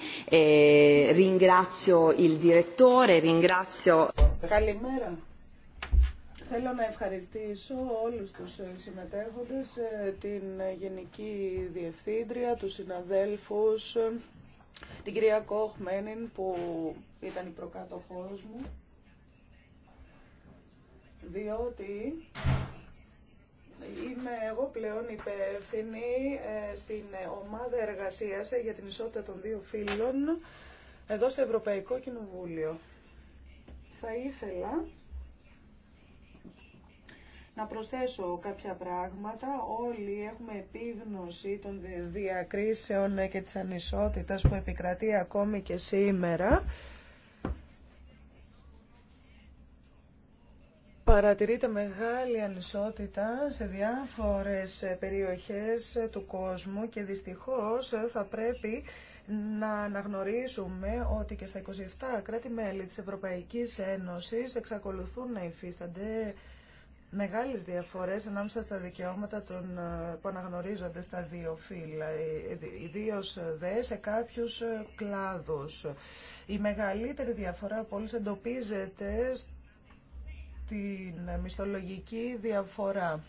Καλημέρα. Θέλω να ευχαριστήσω όλους τους συμμετέχοντες, ε, την Γενική Διευθύντρια, του συναδέλφους, την κυρία Μένιν που ήταν η προκάτοχός μου διότι είμαι εγώ πλέον υπεύθυνη ε, στην ομάδα εργασίας για την ισότητα των δύο φύλων εδώ στο Ευρωπαϊκό Κοινοβούλιο. Θα ήθελα να προσθέσω κάποια πράγματα. Όλοι έχουμε επίγνωση των διακρίσεων και της ανισότητας που επικρατεί ακόμη και σήμερα. Παρατηρείται μεγάλη ανισότητα σε διάφορες περιοχές του κόσμου και δυστυχώς θα πρέπει να αναγνωρίσουμε ότι και στα 27 κράτη-μέλη της Ευρωπαϊκής Ένωσης εξακολουθούν να υφίστανται μεγάλες διαφορές ανάμεσα στα δικαιώματα των, ε, που αναγνωρίζονται στα δύο φύλλα, ε, ε, ιδίω δε σε κάποιους κλάδους. Η μεγαλύτερη διαφορά από όλες εντοπίζεται στην μισθολογική διαφορά.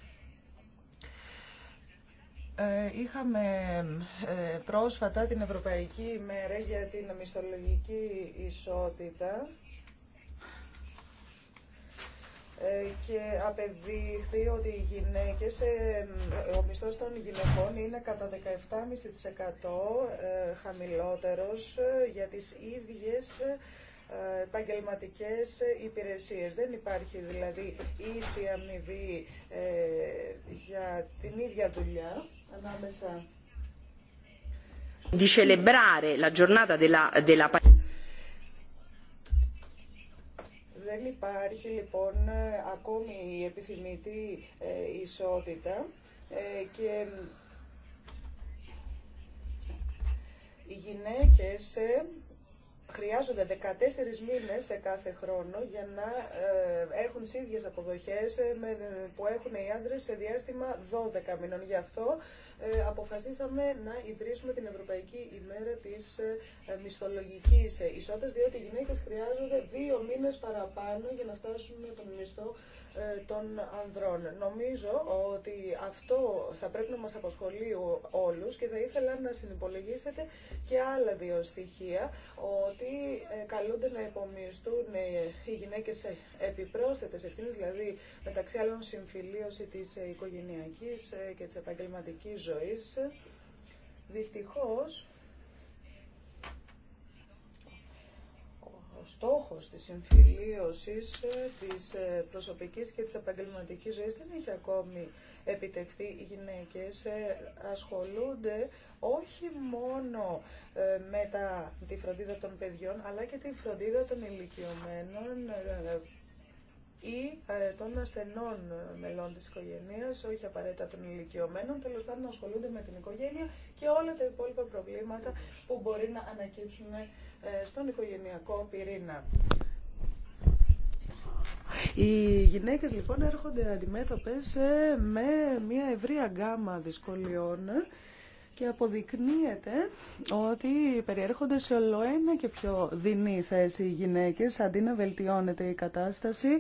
Είχαμε πρόσφατα την Ευρωπαϊκή ημέρα για την μισθολογική ισότητα ε, και απεδείχθη ότι οι γυναίκες, ε, ο μισθός των γυναικών είναι κατά 17,5% ε, χαμηλότερος για τις ίδιες επαγγελματικέ υπηρεσίες. Δεν υπάρχει δηλαδή ίση αμοιβή για την ίδια δουλειά ανάμεσα. celebrare la giornata Δεν υπάρχει λοιπόν ε, ακόμη η επιθυμητή ε, ισότητα ε, και οι γυναίκες χρειάζονται 14 μήνες σε κάθε χρόνο για να ε, έχουν τις ίδιες αποδοχές ε, ε, που έχουν οι άντρες σε διάστημα 12 μήνων. Γι' αυτό αποφασίσαμε να ιδρύσουμε την Ευρωπαϊκή ημέρα της μισθολογικής ισότητας, διότι οι γυναίκες χρειάζονται δύο μήνες παραπάνω για να φτάσουν τον μισθό ε, των ανδρών. Νομίζω ότι αυτό θα πρέπει να μας απασχολεί όλους και θα ήθελα να συνυπολογίσετε και άλλα δύο στοιχεία, ότι ε, καλούνται να υπομιστούν ε, οι γυναίκες σε επιπρόσθετες ευθύνες, δηλαδή μεταξύ άλλων συμφιλίωση της οικογενειακής και της επαγγελματικής ζωής. Δυστυχώς, Ο στόχος της συμφιλίωσης ε, της ε, προσωπικής και της επαγγελματικής ζωής δεν έχει ακόμη επιτευχθεί. Οι γυναίκες ε, ασχολούνται όχι μόνο με τα, τη φροντίδα των παιδιών, αλλά και τη φροντίδα των ηλικιωμένων ή των ασθενών μελών της οικογένειας, όχι απαραίτητα των ηλικιωμένων, τέλος πάντων ασχολούνται με την οικογένεια και όλα τα υπόλοιπα προβλήματα που μπορεί να ανακύψουν ε, στον οικογενειακό πυρήνα. Οι γυναίκες λοιπόν έρχονται αντιμέτωπες ε, με μια ευρία γκάμα δυσκολιών και αποδεικνύεται ότι περιέρχονται σε ολοένα και πιο δεινή θέση οι γυναίκες αντί να βελτιώνεται η κατάσταση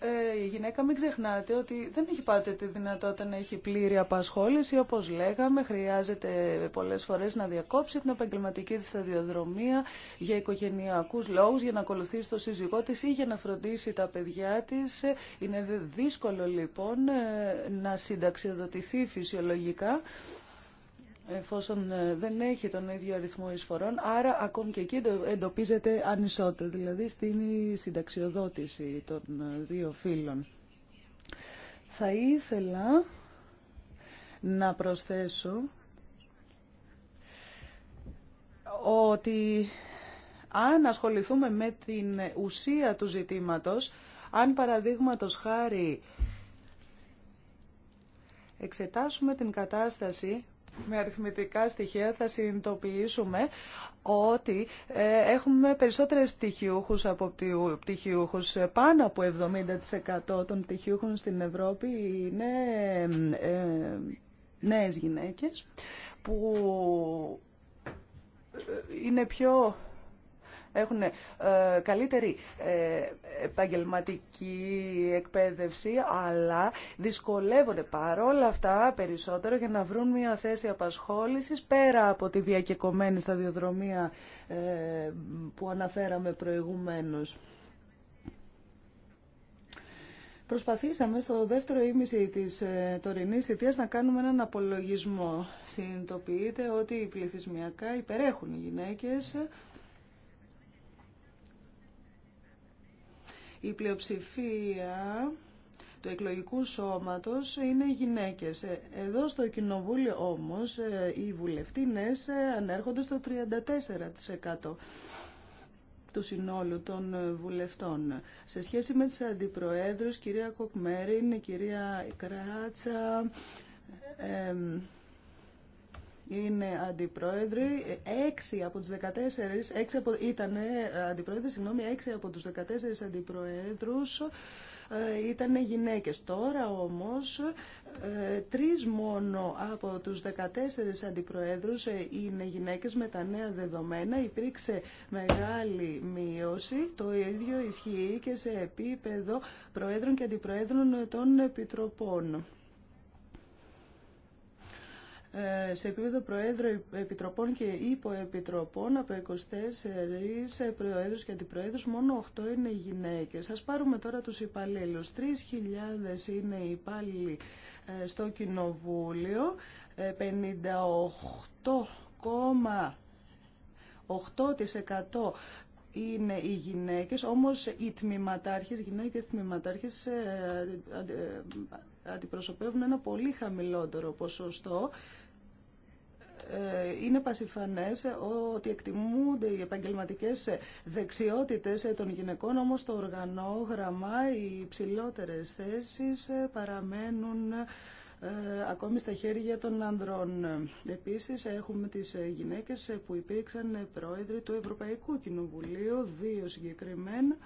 ε, η γυναίκα μην ξεχνάτε ότι δεν έχει πάτε τη δυνατότητα να έχει πλήρη απασχόληση. Όπως λέγαμε, χρειάζεται πολλές φορές να διακόψει την επαγγελματική της σταδιοδρομία για οικογενειακούς λόγους, για να ακολουθήσει το σύζυγό της ή για να φροντίσει τα παιδιά της. Ε, είναι δύσκολο λοιπόν ε, να συνταξιοδοτηθεί φυσιολογικά εφόσον ε, δεν έχει τον ίδιο αριθμό εισφορών, άρα ακόμη και εκεί εντοπίζεται ανισότητα, δηλαδή στην συνταξιοδότηση των ε, δύο φύλων. Θα ήθελα να προσθέσω ότι αν ασχοληθούμε με την ουσία του ζητήματος, αν παραδείγματος χάρη εξετάσουμε την κατάσταση με αριθμητικά στοιχεία θα συνειδητοποιήσουμε ότι ε, έχουμε περισσότερες πτυχιούχους από πτυχιούχους. Πάνω από 70% των πτυχιούχων στην Ευρώπη είναι ε, νέες γυναίκες που ε, είναι πιο έχουν ε, καλύτερη ε, επαγγελματική εκπαίδευση, αλλά δυσκολεύονται παρόλα αυτά περισσότερο για να βρουν μια θέση απασχόλησης πέρα από τη διακεκομένη σταδιοδρομία ε, που αναφέραμε προηγουμένως. Προσπαθήσαμε στο δεύτερο ήμιση της ε, τωρινής θητείας να κάνουμε έναν απολογισμό. Συνειδητοποιείται ότι πληθυσμιακά υπερέχουν οι γυναίκες η πλειοψηφία του εκλογικού σώματος είναι γυναίκες. Ε, εδώ στο Κοινοβούλιο όμως ε, οι βουλευτίνες ε, ανέρχονται στο 34% του συνόλου των βουλευτών. Σε σχέση με τις αντιπροέδρους, κυρία Κοκμέριν, κυρία Κράτσα, είναι αντιπρόεδροι. Έξι από τους 14, έξι από, ήταν ε, αντιπρόεδροι, συγγνώμη, έξι από τους 14 αντιπροέδρους ε, ήταν γυναίκες. Τώρα όμως ε, τρεις μόνο από τους 14 αντιπροέδρους είναι γυναίκες με τα νέα δεδομένα. Υπήρξε μεγάλη μείωση. Το ίδιο ισχύει και σε επίπεδο προέδρων και αντιπροέδρων των επιτροπών. Ε, σε επίπεδο Προέδρου Επιτροπών και Υποεπιτροπών από 24 ε, Προέδρους και Αντιπροέδρους μόνο 8 είναι γυναίκες. Ας πάρουμε τώρα τους υπαλλήλους. 3.000 είναι οι υπάλληλοι ε, στο Κοινοβούλιο, 58,8% είναι οι γυναίκες, όμως οι τμήματάρχες, γυναίκες τμήματάρχες αντιπροσωπεύουν ένα πολύ χαμηλότερο ποσοστό ε, είναι πασιφανές ότι εκτιμούνται οι επαγγελματικές δεξιότητες των γυναικών, όμως το οργανόγραμμα, οι ψηλότερες θέσεις παραμένουν ε, ακόμη στα χέρια των ανδρών. Επίσης έχουμε τις γυναίκες που υπήρξαν πρόεδροι του Ευρωπαϊκού Κοινοβουλίου, δύο συγκεκριμένα,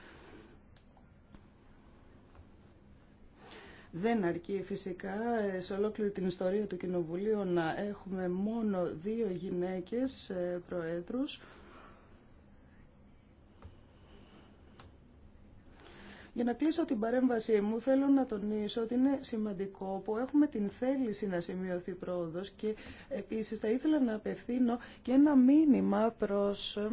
Δεν αρκεί φυσικά ε, σε ολόκληρη την ιστορία του Κοινοβουλίου να έχουμε μόνο δύο γυναίκες ε, προέδρους. Για να κλείσω την παρέμβασή μου, θέλω να τονίσω ότι είναι σημαντικό που έχουμε την θέληση να σημειωθεί πρόοδος και επίσης θα ήθελα να απευθύνω και ένα μήνυμα προς ε,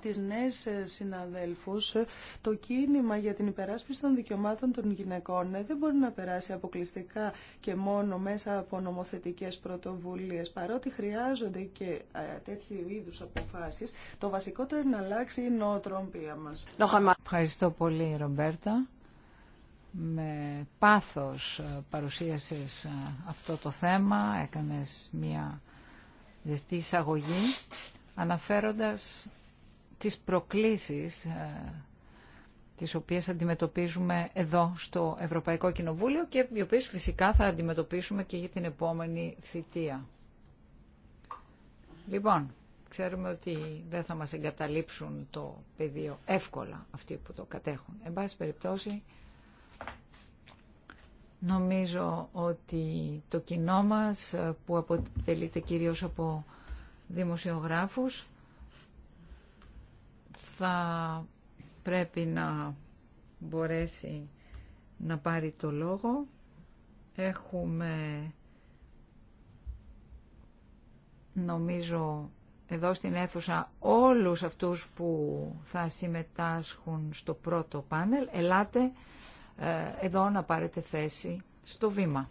τις νέες ε, συναδέλφους, ε, το κίνημα για την υπεράσπιση των δικαιωμάτων των γυναικών ε, δεν μπορεί να περάσει αποκλειστικά και μόνο μέσα από νομοθετικές πρωτοβουλίες. Παρότι χρειάζονται και τέτοιου είδους αποφάσεις, το βασικότερο είναι να αλλάξει η νοοτροπία μας. Ευχαριστώ πολύ Ρομπέρτα. Με πάθος παρουσίασες αυτό το θέμα, έκανες μια ζεστή εισαγωγή αναφέροντας τις προκλήσεις ε, τις οποίες αντιμετωπίζουμε εδώ στο Ευρωπαϊκό Κοινοβούλιο και οι οποίες φυσικά θα αντιμετωπίσουμε και για την επόμενη θητεία. Λοιπόν, ξέρουμε ότι δεν θα μας εγκαταλείψουν το πεδίο εύκολα αυτοί που το κατέχουν. Εν πάση περιπτώσει, νομίζω ότι το κοινό μας που αποτελείται κυρίως από δημοσιογράφους θα πρέπει να μπορέσει να πάρει το λόγο. Έχουμε, νομίζω, εδώ στην αίθουσα όλους αυτούς που θα συμμετάσχουν στο πρώτο πάνελ. Ελάτε ε, εδώ να πάρετε θέση στο βήμα.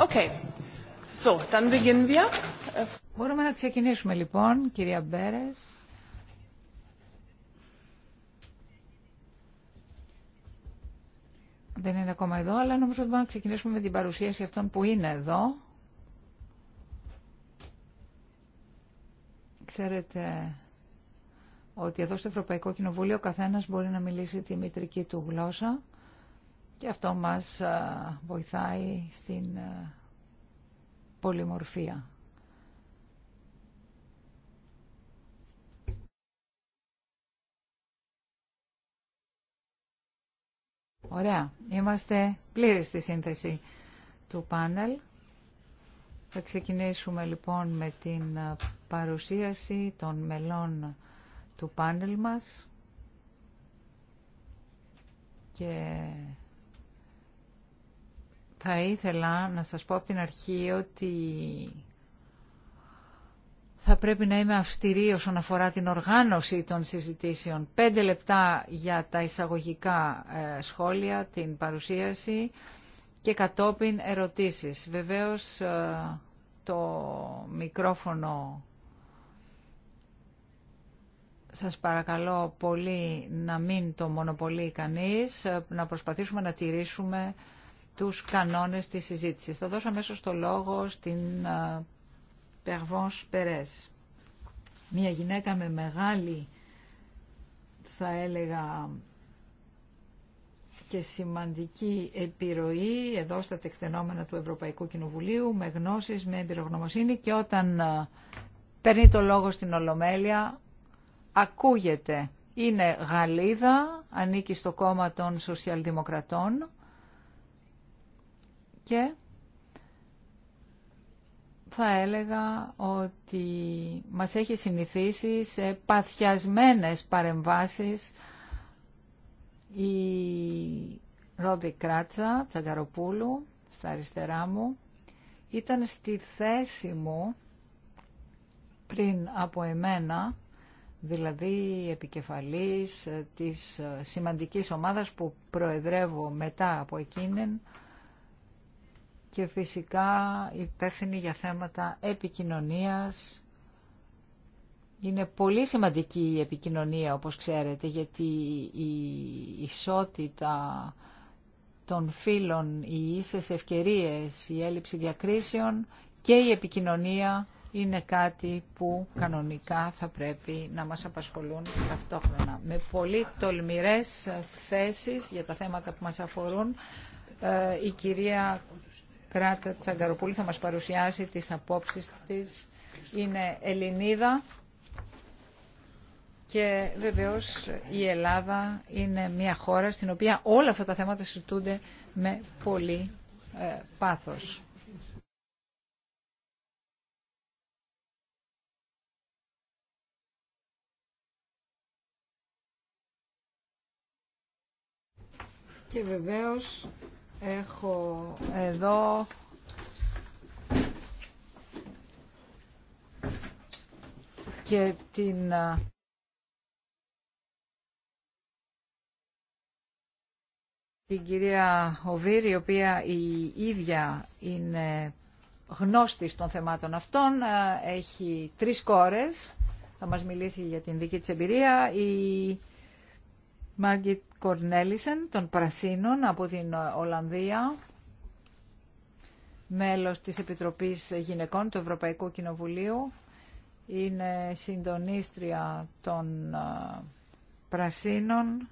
Okay. So, dann beginnen wir. Μπορούμε να ξεκινήσουμε λοιπόν, κυρία Μπέρες. Δεν είναι ακόμα εδώ, αλλά νομίζω ότι μπορούμε να ξεκινήσουμε με την παρουσίαση αυτών που είναι εδώ. Ξέρετε ότι εδώ στο Ευρωπαϊκό Κοινοβούλιο ο καθένας μπορεί να μιλήσει τη μητρική του γλώσσα. Και αυτό μας βοηθάει στην πολυμορφία. Ωραία. Είμαστε πλήρες στη σύνθεση του πάνελ. Θα ξεκινήσουμε λοιπόν με την παρουσίαση των μελών του πάνελ μας και θα ήθελα να σας πω από την αρχή ότι θα πρέπει να είμαι αυστηρή όσον αφορά την οργάνωση των συζητήσεων. Πέντε λεπτά για τα εισαγωγικά ε, σχόλια, την παρουσίαση και κατόπιν ερωτήσεις. Βεβαίως ε, το μικρόφωνο σας παρακαλώ πολύ να μην το μονοπολεί κανείς, ε, να προσπαθήσουμε να τηρήσουμε τους κανόνες της συζήτησης. Θα δώσω αμέσω το λόγο στην Περβόνς Περές. Μια γυναίκα με μεγάλη, θα έλεγα, και σημαντική επιρροή εδώ στα τεκτενόμενα του Ευρωπαϊκού Κοινοβουλίου, με γνώσεις, με εμπειρογνωμοσύνη και όταν παίρνει το λόγο στην Ολομέλεια, ακούγεται. Είναι Γαλλίδα, ανήκει στο κόμμα των Σοσιαλδημοκρατών και θα έλεγα ότι μας έχει συνηθίσει σε παθιασμένες παρεμβάσεις η Ρόδη Κράτσα Τσαγκαροπούλου στα αριστερά μου ήταν στη θέση μου πριν από εμένα δηλαδή επικεφαλής της σημαντικής ομάδας που προεδρεύω μετά από εκείνην και φυσικά υπεύθυνη για θέματα επικοινωνίας. Είναι πολύ σημαντική η επικοινωνία, όπως ξέρετε, γιατί η ισότητα των φίλων, οι ίσες ευκαιρίες, η έλλειψη διακρίσεων και η επικοινωνία είναι κάτι που κανονικά θα πρέπει να μας απασχολούν ταυτόχρονα. Με πολύ τολμηρές θέσεις για τα θέματα που μας αφορούν, ε, η κυρία Κράτα Τσαγκαροπούλη θα μας παρουσιάσει τις απόψεις της. Είναι Ελληνίδα και βεβαίως η Ελλάδα είναι μια χώρα στην οποία όλα αυτά τα θέματα συζητούνται με πολύ ε, πάθος. Και βεβαίως Έχω εδώ και την την κυρία Οβίρη, η οποία η ίδια είναι γνώστη των θεμάτων αυτών, έχει τρεις κόρες, θα μας μιλήσει για την δική της εμπειρία. Η Μάργκιτ Κορνέλισεν των Πρασίνων από την Ολλανδία, μέλος της Επιτροπής Γυναικών του Ευρωπαϊκού Κοινοβουλίου. Είναι συντονίστρια των ε, Πρασίνων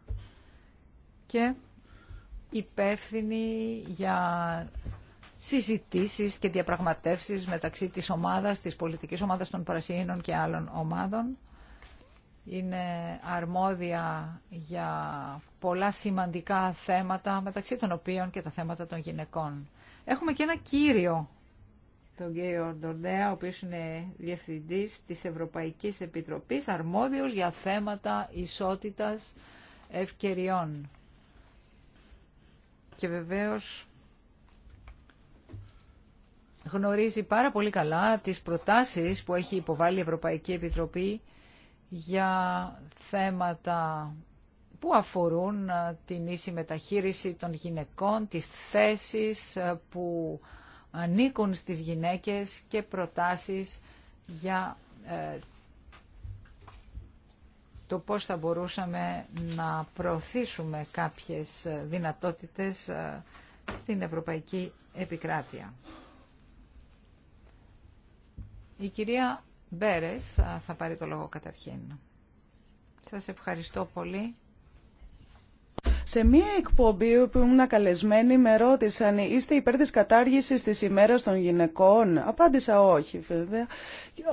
και υπεύθυνη για συζητήσεις και διαπραγματεύσεις μεταξύ της ομάδας, της πολιτικής ομάδας των Πρασίνων και άλλων ομάδων είναι αρμόδια για πολλά σημαντικά θέματα, μεταξύ των οποίων και τα θέματα των γυναικών. Έχουμε και ένα κύριο, τον κύριο Ντορνέα, ο οποίος είναι διευθυντής της Ευρωπαϊκής Επιτροπής, αρμόδιος για θέματα ισότητας ευκαιριών. Και βεβαίως γνωρίζει πάρα πολύ καλά τις προτάσεις που έχει υποβάλει η Ευρωπαϊκή Επιτροπή για θέματα που αφορούν ε, την ίση μεταχείριση των γυναικών, τις θέσεις ε, που ανήκουν στις γυναίκες και προτάσεις για ε, το πώς θα μπορούσαμε να προωθήσουμε κάποιες δυνατότητες στην Ευρωπαϊκή Επικράτεια. Η κυρία Μπέρες θα πάρει το λόγο καταρχήν. Σας ευχαριστώ πολύ. Σε μία εκπομπή που ήμουν καλεσμένη με ρώτησαν «Είστε υπέρ της κατάργησης της ημέρας των γυναικών» Απάντησα όχι βέβαια.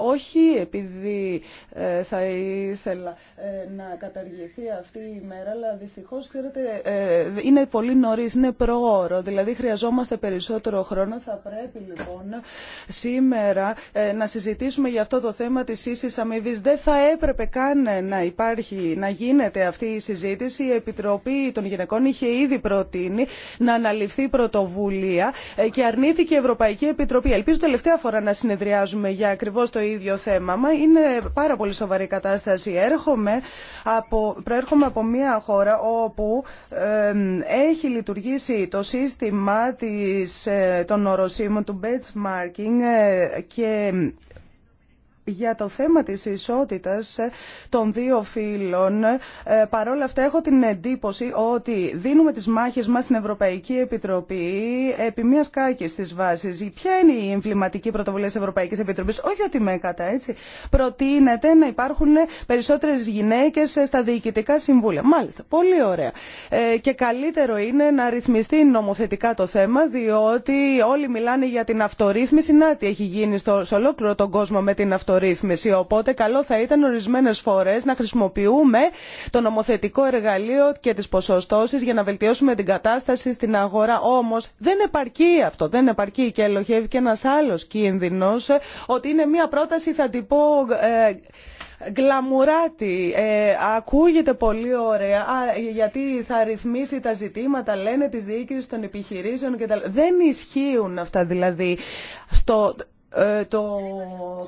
Όχι επειδή ε, θα ήθελα ε, να καταργηθεί αυτή η ημέρα, αλλά δυστυχώς ξέρετε, ε, είναι πολύ νωρίς, είναι προώρο, δηλαδή χρειαζόμαστε περισσότερο χρόνο. Θα πρέπει λοιπόν σήμερα να συζητήσουμε για αυτό το θέμα της ίσης αμοιβή. Δεν θα έπρεπε καν να υπάρχει, να γίνεται αυτή η συζήτηση. Η Επιτροπή των Γυναικών είχε ήδη προτείνει να αναλυφθεί πρωτοβουλία ε, και αρνήθηκε η Ευρωπαϊκή Επιτροπή. Ελπίζω τελευταία φορά να συνεδριάζουμε για ακριβώ το ίδιο θέμα. Μα είναι πάρα πολύ σοβαρή κατάσταση. Έρχομαι από, προέρχομαι από μια χώρα όπου έχει λειτουργήσει το σύστημα της, ε, των οροσύμων του benchmarking ε, και για το θέμα της ισότητας ε, των δύο φύλων. Ε, παρόλα αυτά έχω την εντύπωση ότι δίνουμε τις μάχες μας στην Ευρωπαϊκή Επιτροπή επί μιας κάκης της βάσης. Ποια είναι η εμβληματική πρωτοβουλία της Ευρωπαϊκής Επιτροπής, όχι ότι με κατά έτσι. Προτείνεται να υπάρχουν περισσότερες γυναίκες στα διοικητικά συμβούλια. Μάλιστα, πολύ ωραία. Ε, και καλύτερο είναι να ρυθμιστεί νομοθετικά το θέμα, διότι όλοι μιλάνε για την αυτορύθμιση. Να τι έχει γίνει στο, σε ολόκληρο τον κόσμο με την αυτορύθμιση αυτορύθμιση. Οπότε καλό θα ήταν ορισμένες φορές να χρησιμοποιούμε το νομοθετικό εργαλείο και τις ποσοστώσεις για να βελτιώσουμε την κατάσταση στην αγορά. Όμως δεν επαρκεί αυτό, δεν επαρκεί και ελοχεύει και ένας άλλος κίνδυνος ε, ότι είναι μια πρόταση θα την πω ε, γκλαμουράτη. Ε, ακούγεται πολύ ωραία α, γιατί θα ρυθμίσει τα ζητήματα, λένε, της διοίκησης των επιχειρήσεων και τα Δεν ισχύουν αυτά δηλαδή. Στο ε, το...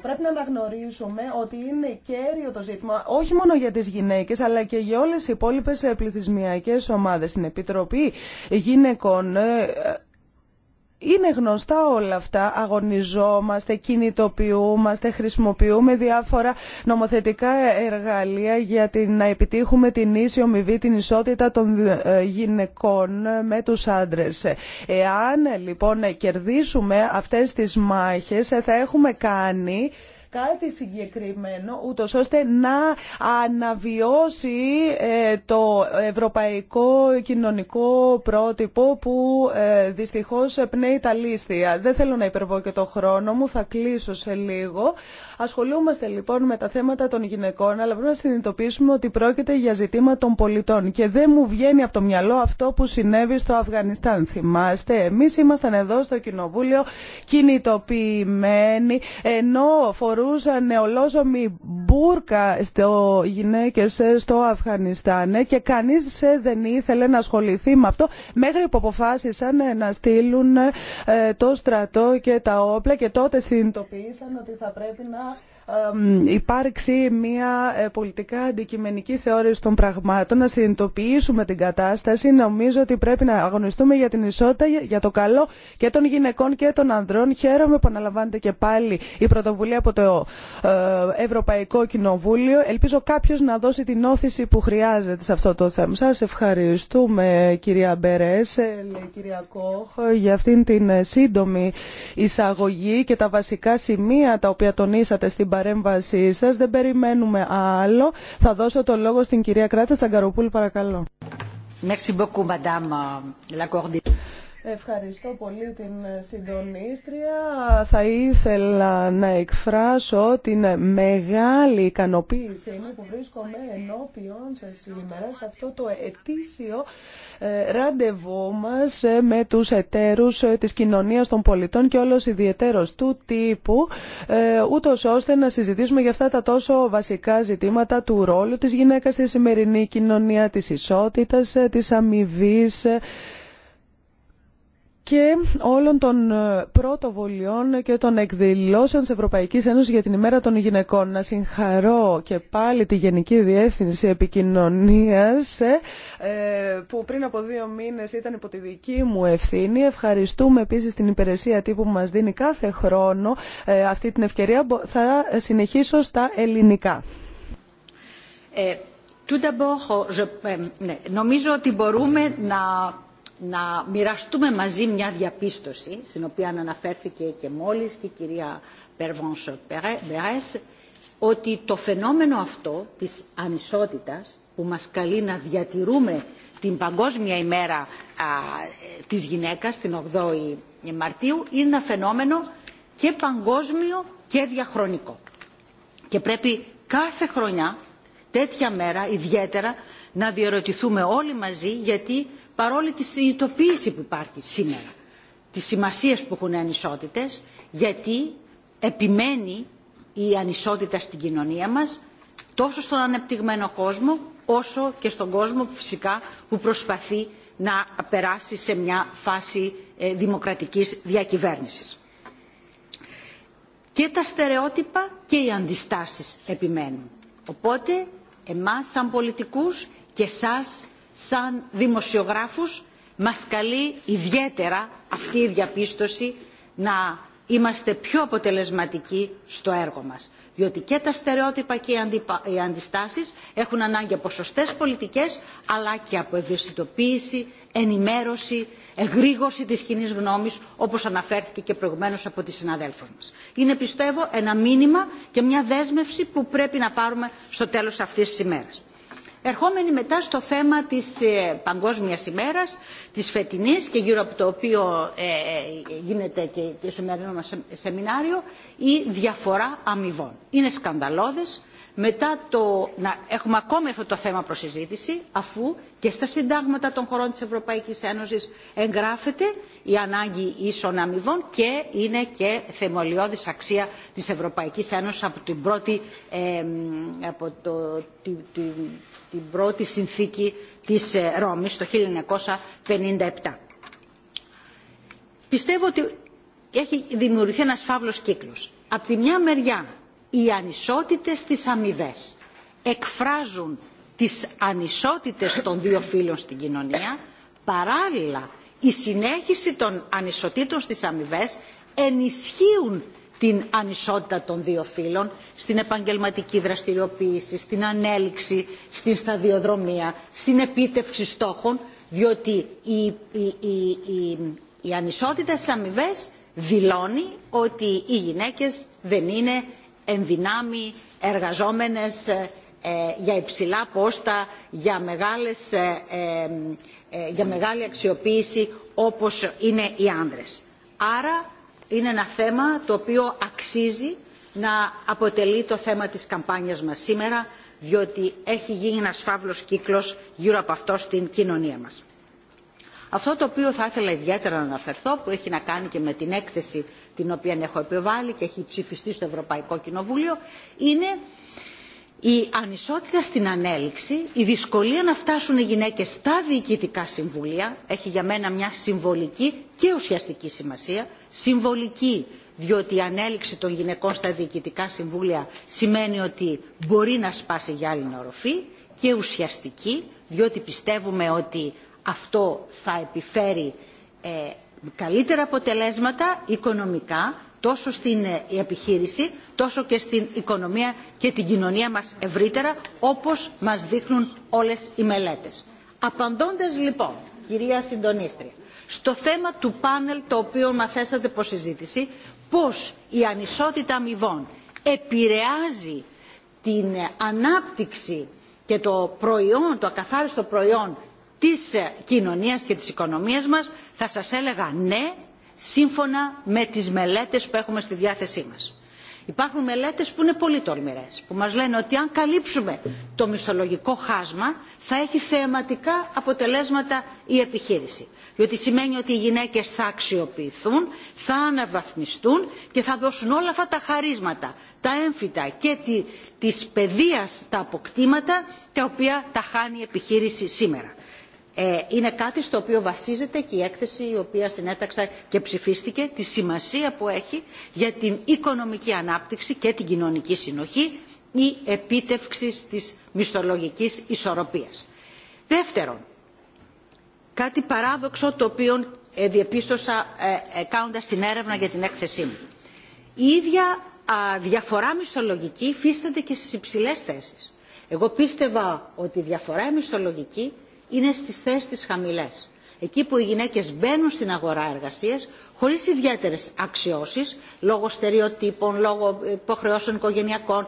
Πρέπει να αναγνωρίσουμε ότι είναι κέριο το ζήτημα όχι μόνο για τις γυναίκες αλλά και για όλες οι υπόλοιπες ε, πληθυσμιακές ομάδες. Στην Επιτροπή Γυναικών ε, είναι γνωστά όλα αυτά. Αγωνιζόμαστε, κινητοποιούμαστε, χρησιμοποιούμε διάφορα νομοθετικά εργαλεία για την, να επιτύχουμε την ίση ομοιβή, την ισότητα των ε, γυναικών με τους άντρες. Εάν λοιπόν κερδίσουμε αυτές τις μάχες θα έχουμε κάνει κάτι συγκεκριμένο, ούτως ώστε να αναβιώσει ε, το ευρωπαϊκό κοινωνικό πρότυπο που ε, δυστυχώς πνέει τα λίστια. Δεν θέλω να υπερβώ και το χρόνο μου, θα κλείσω σε λίγο. Ασχολούμαστε λοιπόν με τα θέματα των γυναικών, αλλά πρέπει να συνειδητοποιήσουμε ότι πρόκειται για ζητήμα των πολιτών. Και δεν μου βγαίνει από το μυαλό αυτό που συνέβη στο Αφγανιστάν. Θυμάστε, εμείς ήμασταν εδώ στο Κοινοβούλιο κινητοποιημένοι, ενώ φορούν φορούσαν ε, ολόζωμη μπουρκα στο γυναίκες ε, στο Αφγανιστάν ε, και κανείς δεν ήθελε να ασχοληθεί με αυτό μέχρι που αποφάσισαν να στείλουν το στρατό και τα όπλα και τότε συνειδητοποίησαν ότι θα πρέπει να υπάρξει μια ε, πολιτικά αντικειμενική θεώρηση των πραγμάτων, να συνειδητοποιήσουμε την κατάσταση. Νομίζω ότι πρέπει να αγωνιστούμε για την ισότητα, για το καλό και των γυναικών και των ανδρών. Χαίρομαι που αναλαμβάνεται και πάλι η πρωτοβουλία από το ε, Ευρωπαϊκό Κοινοβούλιο. Ελπίζω κάποιο να δώσει την όθηση που χρειάζεται σε αυτό το θέμα. Σα ευχαριστούμε κυρία Μπερέ, ε, κυρία Κόχ, για αυτήν την σύντομη εισαγωγή και τα βασικά σημεία τα οποία τονίσατε στην παρέμβασή σα, Δεν περιμένουμε άλλο. Θα δώσω το λόγο στην κυρία Κράτσα Τσαγκαροπούλ, παρακαλώ. Merci beaucoup, madame. Euh, Ευχαριστώ πολύ την συντονίστρια. Θα ήθελα να εκφράσω την μεγάλη ικανοποίησή μου που βρίσκομαι ενώπιον σε σήμερα σε αυτό το ετήσιο ε, ραντεβού μας ε, με τους εταίρους ε, της κοινωνίας των πολιτών και όλος ιδιαιτέρως του τύπου ούτως ώστε να συζητήσουμε για αυτά τα τόσο βασικά ζητήματα του ρόλου της γυναίκας στη σημερινή κοινωνία, της ισότητας, της αμοιβή και όλων των ε, πρωτοβολιών και των εκδηλώσεων της Ευρωπαϊκής Ένωσης για την ημέρα των γυναικών. Να συγχαρώ και πάλι τη Γενική Διεύθυνση Επικοινωνίας ε, ε, που πριν από δύο μήνες ήταν υπό τη δική μου ευθύνη. Ευχαριστούμε επίσης την υπηρεσία τύπου που μας δίνει κάθε χρόνο αυτή την ευκαιρία. Θα συνεχίσω στα ελληνικά. Ε, tout ναι, ότι μπορούμε να να μοιραστούμε μαζί μια διαπίστωση, στην οποία αναφέρθηκε και μόλις και η κυρία Περβόνσο Περές, ότι το φαινόμενο αυτό της ανισότητας που μας καλεί να διατηρούμε την Παγκόσμια ημέρα α, της γυναίκας, την 8η Μαρτίου, είναι ένα φαινόμενο και παγκόσμιο και διαχρονικό. Και πρέπει κάθε χρονιά, τέτοια μέρα ιδιαίτερα, να διαρωτηθούμε όλοι μαζί γιατί παρόλη τη συνειδητοποίηση που υπάρχει σήμερα τη σημασία που έχουν οι ανισότητες γιατί επιμένει η ανισότητα στην κοινωνία μας τόσο στον ανεπτυγμένο κόσμο όσο και στον κόσμο φυσικά που προσπαθεί να περάσει σε μια φάση ε, δημοκρατικής διακυβέρνησης. Και τα στερεότυπα και οι αντιστάσεις επιμένουν. Οπότε εμάς σαν πολιτικούς και σας σαν δημοσιογράφους μας καλεί ιδιαίτερα αυτή η διαπίστωση να είμαστε πιο αποτελεσματικοί στο έργο μας. Διότι και τα στερεότυπα και οι αντιστάσεις έχουν ανάγκη από σωστές πολιτικές, αλλά και από ευαισθητοποίηση, ενημέρωση, εγρήγορση της κοινή γνώμης, όπως αναφέρθηκε και προηγουμένως από τις συναδέλφους μας. Είναι, πιστεύω, ένα μήνυμα και μια δέσμευση που πρέπει να πάρουμε στο τέλος αυτής της ημέρας. Ερχόμενοι μετά στο θέμα της ε, Παγκόσμιας ημέρας, της φετινής και γύρω από το οποίο ε, ε, γίνεται και το σημερινό σεμινάριο, η διαφορά αμοιβών. Είναι σκανδαλώδες μετά το να έχουμε ακόμη αυτό το θέμα προς αφού και στα συντάγματα των χωρών της Ευρωπαϊκής Ένωσης εγγράφεται η ανάγκη ίσων αμοιβών και είναι και θεμελιώδης αξία της Ευρωπαϊκής Ένωσης από την πρώτη, από το, τη, τη, την πρώτη συνθήκη της ε, Ρώμης το 1957. Πιστεύω ότι έχει δημιουργηθεί ένας φαύλος κύκλος. Απ' τη μια μεριά οι ανισότητες της αμοιβέ εκφράζουν τις ανισότητες των δύο φίλων στην κοινωνία, παράλληλα η συνέχιση των ανισοτήτων στις αμοιβέ ενισχύουν την ανισότητα των δύο φύλων στην επαγγελματική δραστηριοποίηση, στην ανέλυξη, στην σταδιοδρομία, στην επίτευξη στόχων, διότι η, η, η, η ανισότητα στις αμοιβέ δηλώνει ότι οι γυναίκες δεν είναι ενδυνάμοι, εργαζόμενες ε, ε, για υψηλά πόστα, για, μεγάλες, ε, ε, για μεγάλη αξιοποίηση όπως είναι οι άνδρες. Άρα είναι ένα θέμα το οποίο αξίζει να αποτελεί το θέμα της καμπάνιας μας σήμερα, διότι έχει γίνει ένας φαύλος κύκλος γύρω από αυτό στην κοινωνία μας. Αυτό το οποίο θα ήθελα ιδιαίτερα να αναφερθώ, που έχει να κάνει και με την έκθεση την οποία έχω επιβάλει και έχει ψηφιστεί στο Ευρωπαϊκό Κοινοβούλιο, είναι η ανισότητα στην ανέλυξη, η δυσκολία να φτάσουν οι γυναίκες στα διοικητικά συμβούλια, έχει για μένα μια συμβολική και ουσιαστική σημασία, συμβολική διότι η ανέλυξη των γυναικών στα διοικητικά συμβούλια σημαίνει ότι μπορεί να σπάσει άλλη οροφή και ουσιαστική διότι πιστεύουμε ότι αυτό θα επιφέρει ε, καλύτερα αποτελέσματα οικονομικά τόσο στην ε, επιχείρηση τόσο και στην οικονομία και την κοινωνία μας ευρύτερα, όπως μας δείχνουν όλες οι μελέτες. Απαντώντας λοιπόν, κυρία Συντονίστρια, στο θέμα του πάνελ το οποίο μα θέσατε προς συζήτηση, πώς η ανισότητα αμοιβών επηρεάζει την ανάπτυξη και το προϊόν, το ακαθάριστο προϊόν της κοινωνίας και της οικονομίας μας, θα σας έλεγα ναι, σύμφωνα με τις μελέτες που έχουμε στη διάθεσή μας. Υπάρχουν μελέτες που είναι πολύ τολμηρές, που μας λένε ότι αν καλύψουμε το μισθολογικό χάσμα θα έχει θεαματικά αποτελέσματα η επιχείρηση. Διότι σημαίνει ότι οι γυναίκες θα αξιοποιηθούν, θα αναβαθμιστούν και θα δώσουν όλα αυτά τα χαρίσματα, τα έμφυτα και τη, της τα αποκτήματα τα οποία τα χάνει η επιχείρηση σήμερα. Ε, είναι κάτι στο οποίο βασίζεται και η έκθεση η οποία συνέταξα και ψηφίστηκε, τη σημασία που έχει για την οικονομική ανάπτυξη και την κοινωνική συνοχή η επίτευξη της μισθολογικής ισορροπίας. Δεύτερον, κάτι παράδοξο το οποίο ε, διεπίστωσα ε, κάνοντας την έρευνα για την έκθεσή μου. Η ίδια διαφορά μισθολογική υφίσταται και στις υψηλές θέσεις. Εγώ πίστευα ότι η διαφορά μισθολογική είναι στις θέσεις τις χαμηλές. Εκεί που οι γυναίκες μπαίνουν στην αγορά εργασίας χωρίς ιδιαίτερες αξιώσεις, λόγω στερεοτύπων, λόγω υποχρεώσεων οικογενειακών,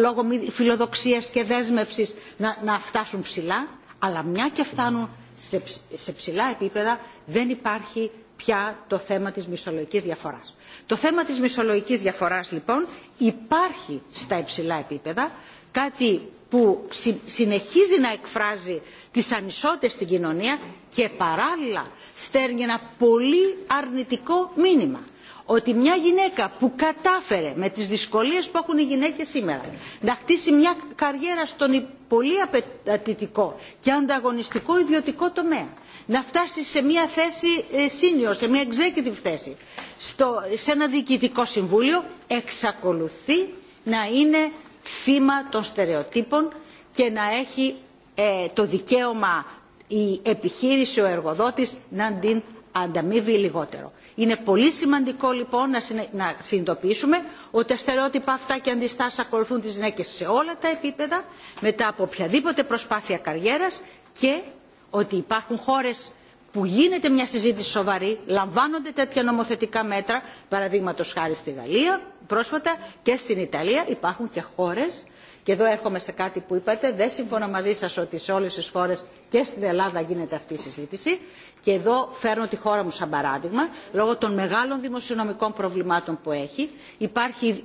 λόγω φιλοδοξίας και δέσμευσης να, να φτάσουν ψηλά, αλλά μια και φτάνουν σε, ψηλά επίπεδα δεν υπάρχει πια το θέμα της μισολογικής διαφοράς. Το θέμα της μισολογική διαφοράς λοιπόν υπάρχει στα υψηλά επίπεδα, κάτι που συνεχίζει να εκφράζει τις ανισότητες στην κοινωνία και παράλληλα στέλνει ένα πολύ αρνητικό μήνυμα ότι μια γυναίκα που κατάφερε με τις δυσκολίες που έχουν οι γυναίκες σήμερα να χτίσει μια καριέρα στον πολύ απαιτητικό και ανταγωνιστικό ιδιωτικό τομέα να φτάσει σε μια θέση ε, senior, σε μια executive θέση σε ένα διοικητικό συμβούλιο εξακολουθεί να είναι θύμα των στερεοτύπων και να έχει ε, το δικαίωμα η επιχείρηση, ο εργοδότης να την ανταμείβει λιγότερο. Είναι πολύ σημαντικό λοιπόν να, συνε... συνειδητοποιήσουμε ότι τα στερεότυπα αυτά και αντιστάσεις ακολουθούν τις γυναίκες σε όλα τα επίπεδα, μετά από οποιαδήποτε προσπάθεια καριέρας και ότι υπάρχουν χώρες που γίνεται μια συζήτηση σοβαρή, λαμβάνονται τέτοια νομοθετικά μέτρα, παραδείγματος χάρη στη Γαλλία, πρόσφατα και στην Ιταλία υπάρχουν και χώρες και εδώ έρχομαι σε κάτι που είπατε, δεν συμφωνώ μαζί σας ότι σε όλες τις χώρες και στην Ελλάδα γίνεται αυτή η συζήτηση και εδώ φέρνω τη χώρα μου σαν παράδειγμα, λόγω των μεγάλων δημοσιονομικών προβλημάτων που έχει υπάρχει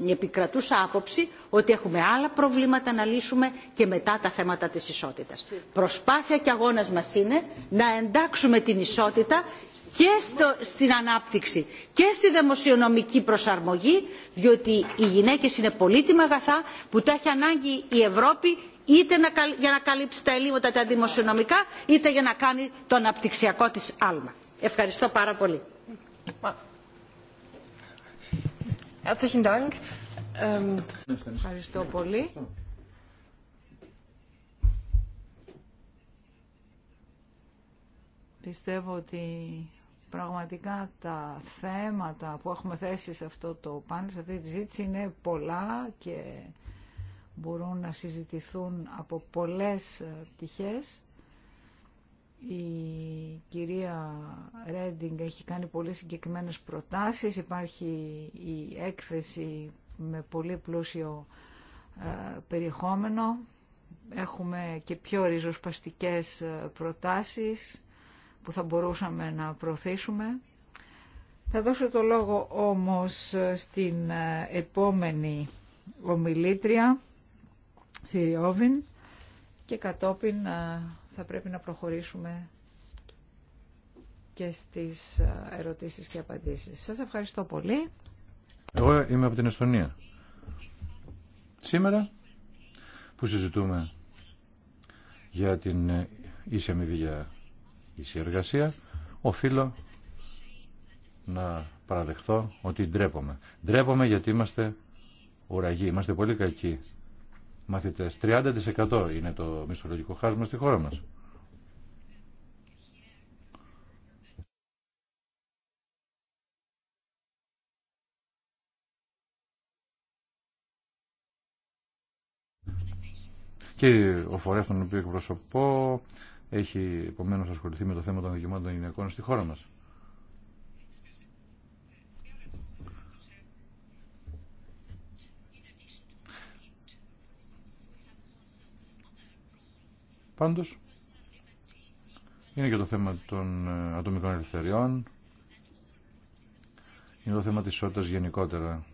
η, επικρατούσα άποψη ότι έχουμε άλλα προβλήματα να λύσουμε και μετά τα θέματα της ισότητας. Προσπάθεια και αγώνας μας είναι να εντάξουμε την ισότητα και στην ανάπτυξη και στη δημοσιονομική προσαρμογή διότι οι γυναίκες είναι πολύτιμα αγαθά που τα έχει ανάγκη η Ευρώπη είτε για να καλύψει τα ελλείμματα τα δημοσιονομικά είτε για να κάνει το αναπτυξιακό της άλμα. Ευχαριστώ πάρα πολύ. Ähm, Ευχαριστώ πολύ. Πιστεύω ότι Πραγματικά τα θέματα που έχουμε θέσει σε αυτό το πάνελ, σε αυτή τη ζήτηση είναι πολλά και μπορούν να συζητηθούν από πολλές ε, πτυχές. Η κυρία Ρέντινγκ έχει κάνει πολύ συγκεκριμένες προτάσεις. Υπάρχει η έκθεση με πολύ πλούσιο ε, περιεχόμενο. Έχουμε και πιο ριζοσπαστικές ε, προτάσεις που θα μπορούσαμε να προωθήσουμε. Θα δώσω το λόγο όμως στην ε, επόμενη ομιλήτρια, Θηριόβιν, και κατόπιν ε, θα πρέπει να προχωρήσουμε και στις ε, ερωτήσεις και απαντήσεις. Σας ευχαριστώ πολύ. Εγώ είμαι από την Εστονία. Σήμερα που συζητούμε για την ίση αμοιβή η συνεργασία, οφείλω να παραδεχθώ ότι ντρέπομαι. Ντρέπομαι γιατί είμαστε ουραγοί, είμαστε πολύ κακοί μαθητές. 30% είναι το μισθολογικό χάσμα στη χώρα μας. Και ο φορέας τον οποίο εκπροσωπώ έχει επομένως ασχοληθεί με το θέμα των δικαιωμάτων των γυναικών στη χώρα μας. Πάντως, είναι και το θέμα των ε, ατομικών ελευθεριών, είναι το θέμα της ισότητας γενικότερα.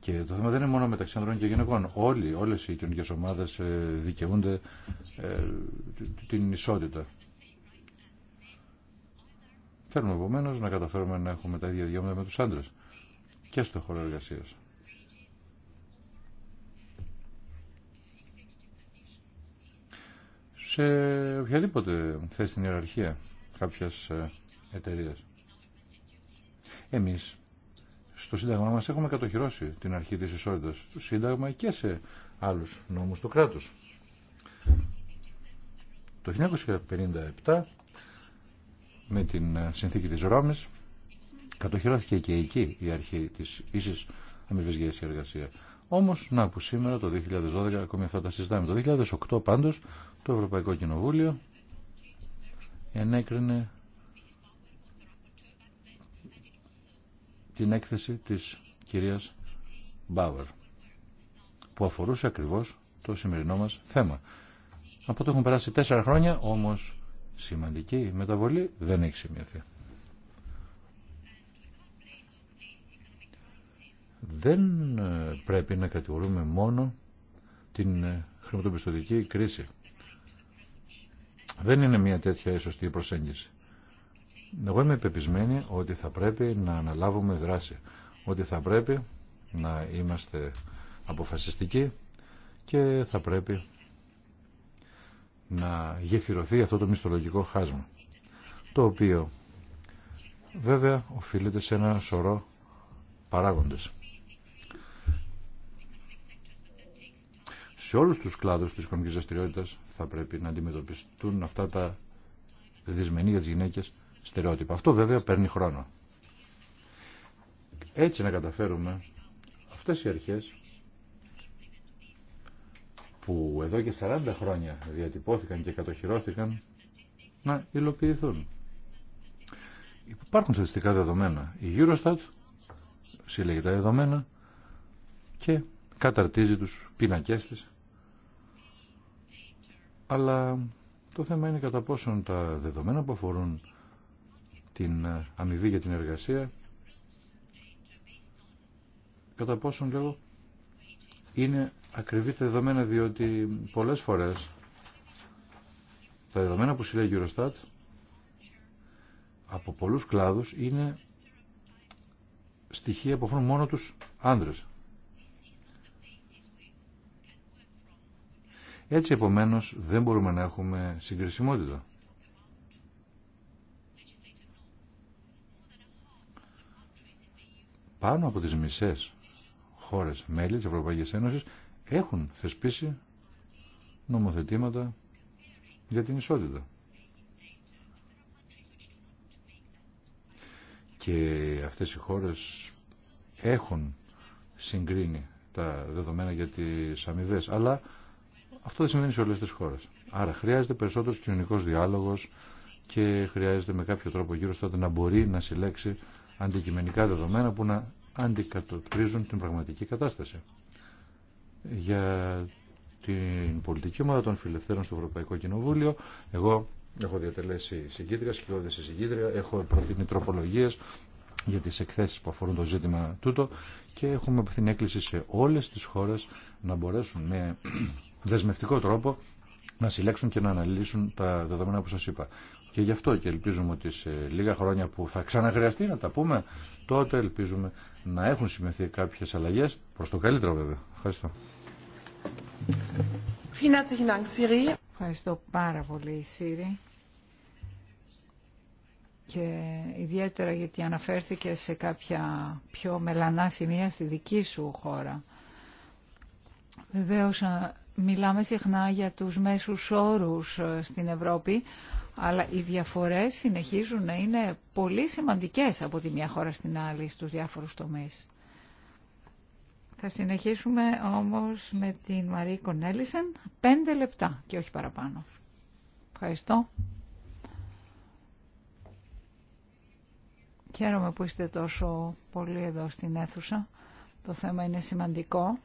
Και το θέμα δεν είναι μόνο μεταξύ ανδρών και γυναικών. Όλοι, όλες οι κοινωνικές ομάδες ε, δικαιούνται ε, την ισότητα. Θέλουμε επομένω να καταφέρουμε να έχουμε τα ίδια δικαιώματα με τους άντρες και στο χώρο εργασία. Σε οποιαδήποτε θέση στην ιεραρχία κάποιας ε, εταιρείας. Εμείς στο Σύνταγμα μας έχουμε κατοχυρώσει την αρχή της ισότητας του Σύνταγμα και σε άλλους νόμους του κράτους. Το 1957 με την ε, συνθήκη της Ρώμης κατοχυρώθηκε και εκεί η αρχή της ίσης αμοιβής για εργασία. Όμως, να που σήμερα το 2012 ακόμη αυτά τα συζητάμε. Το 2008 πάντως το Ευρωπαϊκό Κοινοβούλιο ενέκρινε την έκθεση της κυρίας Μπάουερ που αφορούσε ακριβώς το σημερινό μας θέμα. Από το έχουν περάσει τέσσερα χρόνια, όμως σημαντική μεταβολή δεν έχει σημειωθεί. Δεν ε, πρέπει να κατηγορούμε μόνο την ε, χρηματοπιστωτική κρίση. Δεν είναι μια τέτοια σωστή προσέγγιση. Εγώ είμαι πεπισμένη ότι θα πρέπει να αναλάβουμε δράση, ότι θα πρέπει να είμαστε αποφασιστικοί και θα πρέπει να γεφυρωθεί αυτό το μισθολογικό χάσμα, το οποίο βέβαια οφείλεται σε ένα σωρό παράγοντες. Σε όλους τους κλάδους της οικονομικής δραστηριότητα θα πρέπει να αντιμετωπιστούν αυτά τα δυσμενή για τις γυναίκες στερεότυπα. Αυτό βέβαια παίρνει χρόνο. Έτσι να καταφέρουμε αυτές οι αρχές που εδώ και 40 χρόνια διατυπώθηκαν και κατοχυρώθηκαν να υλοποιηθούν. Υπάρχουν στατιστικά δεδομένα. Η Eurostat συλλέγει τα δεδομένα και καταρτίζει τους πίνακές της. Αλλά το θέμα είναι κατά πόσον τα δεδομένα που αφορούν την ε, αμοιβή για την εργασία κατά πόσον λέω είναι ακριβή τα δεδομένα διότι πολλές φορές τα δεδομένα που συλλέγει ο Ροστάτ από πολλούς κλάδους είναι στοιχεία που αφορούν μόνο τους άντρες. Έτσι επομένως δεν μπορούμε να έχουμε συγκρισιμότητα. πάνω από τις μισές χώρες μέλη της Ευρωπαϊκής Ένωσης έχουν θεσπίσει νομοθετήματα για την ισότητα. Και αυτές οι χώρες έχουν συγκρίνει τα δεδομένα για τις αμοιβέ, αλλά αυτό δεν σημαίνει σε όλες τις χώρες. Άρα χρειάζεται περισσότερος κοινωνικός διάλογος και χρειάζεται με κάποιο τρόπο γύρω στο να μπορεί να συλλέξει αντικειμενικά δεδομένα που να αντικατοπτρίζουν την πραγματική κατάσταση. Για την πολιτική ομάδα των φιλελευθέρων στο Ευρωπαϊκό Κοινοβούλιο, εγώ έχω διατελέσει συγκίτρια, σκηνώδες συγκίτρια, έχω προτείνει τροπολογίε για τις εκθέσεις που αφορούν το ζήτημα τούτο και έχουμε την έκκληση σε όλες τις χώρες να μπορέσουν με δεσμευτικό τρόπο να συλλέξουν και να αναλύσουν τα δεδομένα που σας είπα. Και γι' αυτό και ελπίζουμε ότι σε λίγα χρόνια που θα ξαναχρειαστεί να τα πούμε, τότε ελπίζουμε να έχουν σημειωθεί κάποιες αλλαγές, προς το καλύτερο βέβαια. Ευχαριστώ. Ευχαριστώ πάρα πολύ, Σύρι Και ιδιαίτερα γιατί αναφέρθηκε σε κάποια πιο μελανά σημεία στη δική σου χώρα. Βεβαίως, μιλάμε συχνά για τους μέσους όρους ε, στην Ευρώπη, αλλά οι διαφορές συνεχίζουν να είναι πολύ σημαντικές από τη μια χώρα στην άλλη στους διάφορους τομείς. Θα συνεχίσουμε όμως με την Μαρή Κονέλισεν πέντε λεπτά και όχι παραπάνω. Ευχαριστώ. Χαίρομαι που είστε τόσο πολύ εδώ στην αίθουσα. Το θέμα είναι σημαντικό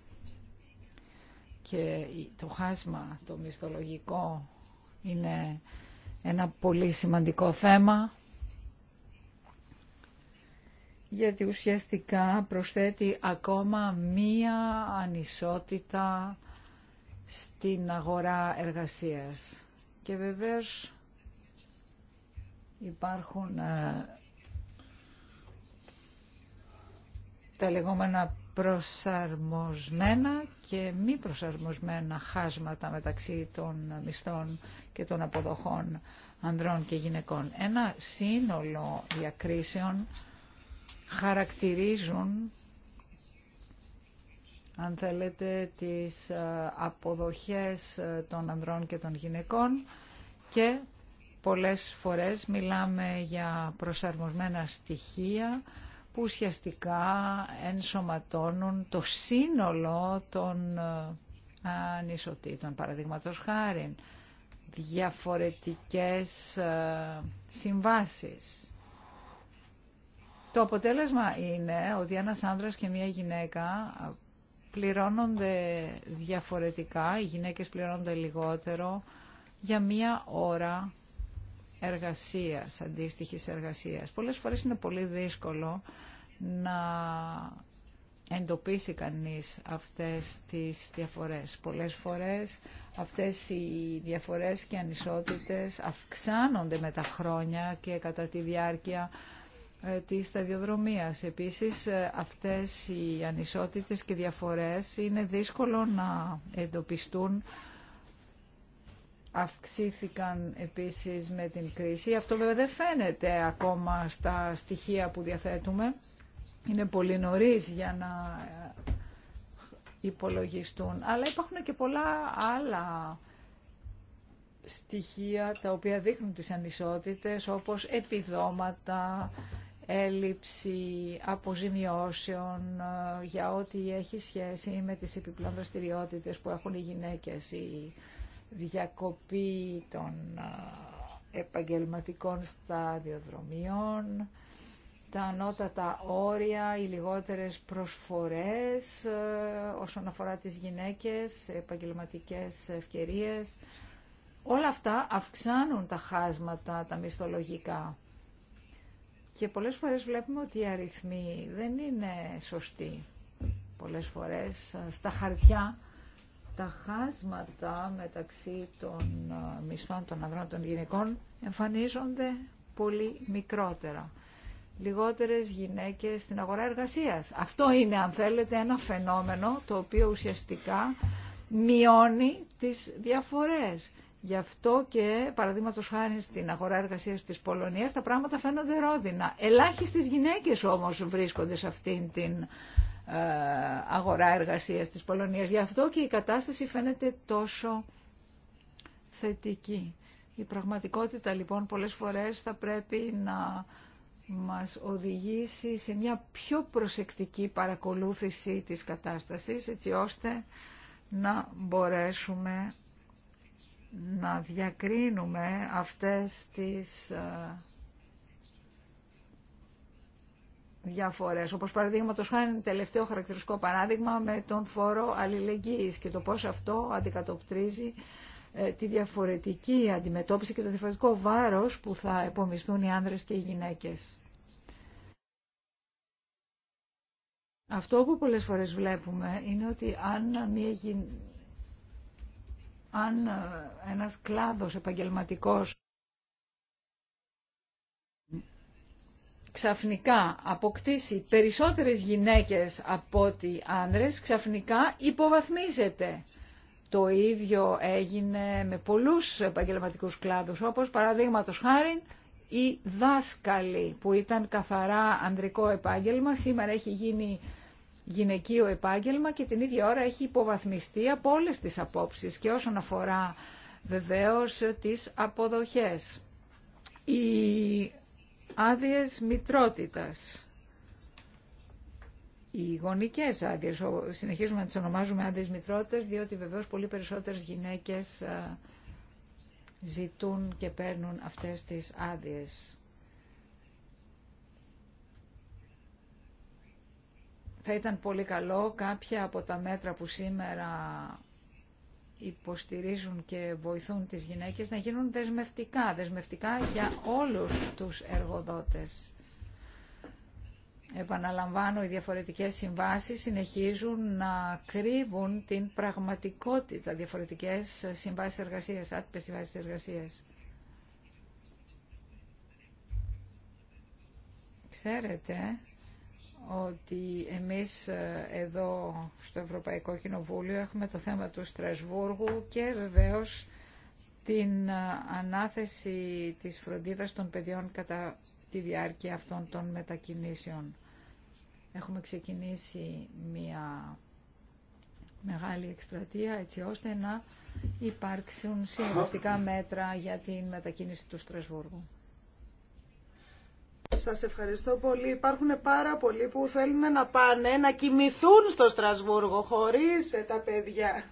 και το χάσμα το μισθολογικό είναι ένα πολύ σημαντικό θέμα γιατί ουσιαστικά προσθέτει ακόμα μία ανισότητα στην αγορά εργασίας. Και βεβαίως υπάρχουν ε, τα λεγόμενα προσαρμοσμένα και μη προσαρμοσμένα χάσματα μεταξύ των μισθών και των αποδοχών ανδρών και γυναικών. Ένα σύνολο διακρίσεων χαρακτηρίζουν αν θέλετε, τις ε, αποδοχές ε, των ανδρών και των γυναικών και πολλές φορές μιλάμε για προσαρμοσμένα στοιχεία που ουσιαστικά ενσωματώνουν το σύνολο των ε, ανισοτήτων. Παραδείγματος χάρη, διαφορετικές ε, συμβάσεις. Το αποτέλεσμα είναι ότι ένας άνδρας και μια γυναίκα ε, πληρώνονται διαφορετικά, οι γυναίκες πληρώνονται λιγότερο για μία ώρα εργασίας, αντίστοιχης εργασίας. Πολλές φορές είναι πολύ δύσκολο να εντοπίσει κανείς αυτές τις διαφορές. Πολλές φορές αυτές οι διαφορές και ανισότητες αυξάνονται με τα χρόνια και κατά τη διάρκεια ε, της σταδιοδρομίας. Επίσης ε, αυτές οι ανισότητες και διαφορές είναι δύσκολο να εντοπιστούν αυξήθηκαν επίσης με την κρίση. Αυτό βέβαια δεν φαίνεται ακόμα στα στοιχεία που διαθέτουμε. Είναι πολύ νωρίς για να υπολογιστούν. Αλλά υπάρχουν και πολλά άλλα στοιχεία τα οποία δείχνουν τις ανισότητες όπως επιδόματα, έλλειψη αποζημιώσεων ε, για ό,τι έχει σχέση με τις επιπλέον δραστηριότητε που έχουν οι γυναίκες, οι διακοπή των επαγγελματικών σταδιοδρομιών, τα ανώτατα όρια, οι λιγότερες προσφορές ε, όσον αφορά τις γυναίκες, επαγγελματικές ευκαιρίες. Όλα αυτά αυξάνουν τα χάσματα, τα μισθολογικά. Και πολλές φορές βλέπουμε ότι οι αριθμοί δεν είναι σωστοί. Πολλές φορές ε, στα χαρτιά τα χάσματα μεταξύ των μισθών των ανδρών των γυναικών εμφανίζονται πολύ μικρότερα. Λιγότερες γυναίκες στην αγορά εργασίας. Αυτό είναι, αν θέλετε, ένα φαινόμενο το οποίο ουσιαστικά μειώνει τις διαφορές. Γι' αυτό και, παραδείγματο χάρη στην αγορά εργασίας της Πολωνίας, τα πράγματα φαίνονται ρόδινα. Ελάχιστες γυναίκες όμως βρίσκονται σε αυτήν την ε, αγορά εργασίας της Πολωνίας. Γι' αυτό και η κατάσταση φαίνεται τόσο θετική. Η πραγματικότητα λοιπόν πολλές φορές θα πρέπει να μας οδηγήσει σε μια πιο προσεκτική παρακολούθηση της κατάστασης έτσι ώστε να μπορέσουμε να διακρίνουμε αυτές τις ε, διαφορές. Όπως παραδείγματο χάνει τελευταίο χαρακτηριστικό παράδειγμα με τον φόρο αλληλεγγύη και το πώ αυτό αντικατοπτρίζει ε, τη διαφορετική αντιμετώπιση και το διαφορετικό βάρος που θα επομιστούν οι άνδρες και οι γυναίκες. Αυτό που πολλές φορές βλέπουμε είναι ότι αν, μια γυ... αν ε, ένας κλάδος επαγγελματικός ξαφνικά αποκτήσει περισσότερες γυναίκες από ότι άνδρες, ξαφνικά υποβαθμίζεται. Το ίδιο έγινε με πολλούς επαγγελματικού κλάδους, όπως παραδείγματο χάρη η δάσκαλη που ήταν καθαρά ανδρικό επάγγελμα, σήμερα έχει γίνει γυναικείο επάγγελμα και την ίδια ώρα έχει υποβαθμιστεί από όλες τις απόψεις και όσον αφορά βεβαίως τις αποδοχές άδειες μητρότητας. Οι γονικέ άδειε. συνεχίζουμε να τις ονομάζουμε άδειες μητρότητας, διότι βεβαίως πολύ περισσότερες γυναίκες ε, ζητούν και παίρνουν αυτές τις άδειες. Θα ήταν πολύ καλό κάποια από τα μέτρα που σήμερα υποστηρίζουν και βοηθούν τις γυναίκες να γίνουν δεσμευτικά, δεσμευτικά για όλους τους εργοδότες. Επαναλαμβάνω, οι διαφορετικές συμβάσεις συνεχίζουν να κρύβουν την πραγματικότητα διαφορετικές συμβάσεις εργασίας, άτυπες συμβάσεις εργασίας. Ξέρετε, ότι εμείς ε, εδώ στο Ευρωπαϊκό Κοινοβούλιο έχουμε το θέμα του Στρασβούργου και βεβαίως την ε, ανάθεση της φροντίδας των παιδιών κατά τη διάρκεια αυτών των μετακινήσεων. Έχουμε ξεκινήσει μια μεγάλη εκστρατεία έτσι ώστε να υπάρξουν συνεργαστικά μέτρα για την μετακίνηση του Στρασβούργου. Σας ευχαριστώ πολύ. Υπάρχουν πάρα πολλοί που θέλουν να πάνε να κοιμηθούν στο Στρασβούργο χωρίς ε, τα παιδιά.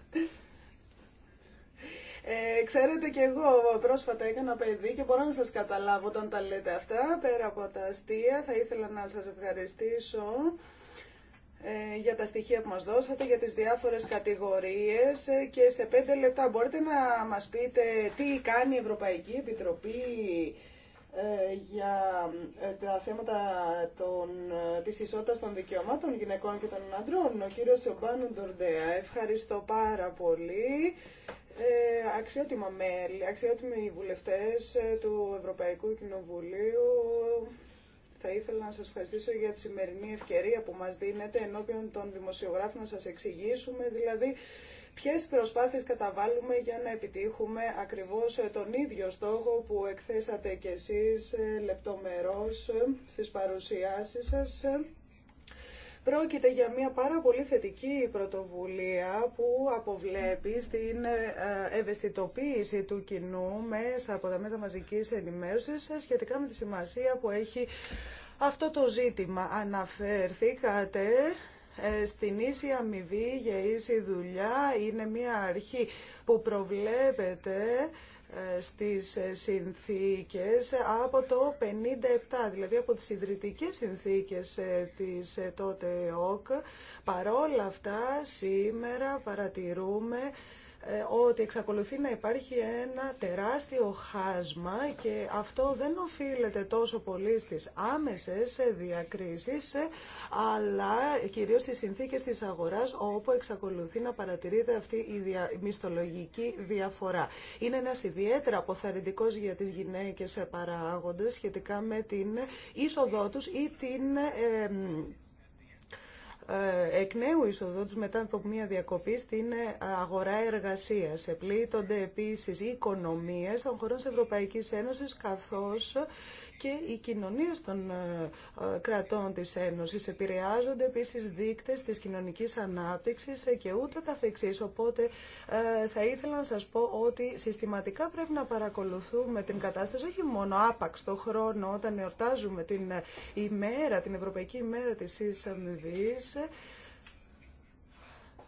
Ε, ξέρετε και εγώ πρόσφατα έκανα παιδί και μπορώ να σας καταλάβω όταν τα λέτε αυτά. Πέρα από τα αστεία θα ήθελα να σας ευχαριστήσω ε, για τα στοιχεία που μας δώσατε, για τις διάφορες κατηγορίες ε, και σε πέντε λεπτά μπορείτε να μας πείτε τι κάνει η Ευρωπαϊκή Επιτροπή ε, για ε, τα θέματα των, ε, της ισότητας των δικαιωμάτων γυναικών και των αντρών, ο κύριος Σομπάνου Ντορντέα. Ευχαριστώ πάρα πολύ. Ε, αξιότιμα μέλη, αξιότιμοι βουλευτές του Ευρωπαϊκού Κοινοβουλίου, θα ήθελα να σας ευχαριστήσω για τη σημερινή ευκαιρία που μας δίνετε ενώπιον των δημοσιογράφων να σας εξηγήσουμε, δηλαδή ποιες προσπάθειες καταβάλουμε για να επιτύχουμε ακριβώς ε, τον ίδιο στόχο που εκθέσατε κι εσείς ε, λεπτομερώς ε, στις παρουσιάσεις σας. Πρόκειται για μια πάρα πολύ θετική πρωτοβουλία που αποβλέπει στην ευαισθητοποίηση του κοινού μέσα από τα μέσα μαζικής ενημέρωσης σχετικά με τη σημασία που έχει αυτό το ζήτημα. Αναφέρθηκατε ε, στην ίση αμοιβή για ίση δουλειά είναι μια αρχή που προβλέπεται ε, στις ε, συνθήκες από το 57, δηλαδή από τις ιδρυτικές συνθήκες της τότε ΟΚ. Παρόλα αυτά, σήμερα παρατηρούμε ε, ότι εξακολουθεί να υπάρχει ένα τεράστιο χάσμα και αυτό δεν οφείλεται τόσο πολύ στις άμεσες διακρίσεις ε, αλλά κυρίως στις συνθήκες της αγοράς όπου εξακολουθεί να παρατηρείται αυτή η μισθολογική διαφορά. Είναι ένας ιδιαίτερα αποθαρρυντικός για τις γυναίκες παράγοντες σχετικά με την είσοδό τους ή την ε, ε, εκ νέου είσοδο μετά από μία διακοπή στην ε, αγορά εργασίας. Επλήττονται επίσης οι οικονομίες των χωρών της Ευρωπαϊκής Ένωσης καθώς και οι κοινωνίες των ε, ε, κρατών της Ένωσης. Επηρεάζονται επίσης δείκτες της κοινωνικής ανάπτυξης ε, και ούτε καθεξής. Οπότε θα ήθελα να σας πω ότι συστηματικά πρέπει να παρακολουθούμε την κατάσταση, όχι μόνο άπαξ το χρόνο όταν εορτάζουμε την ημέρα, την Ευρωπαϊκή ημέρα της Ισαμβής,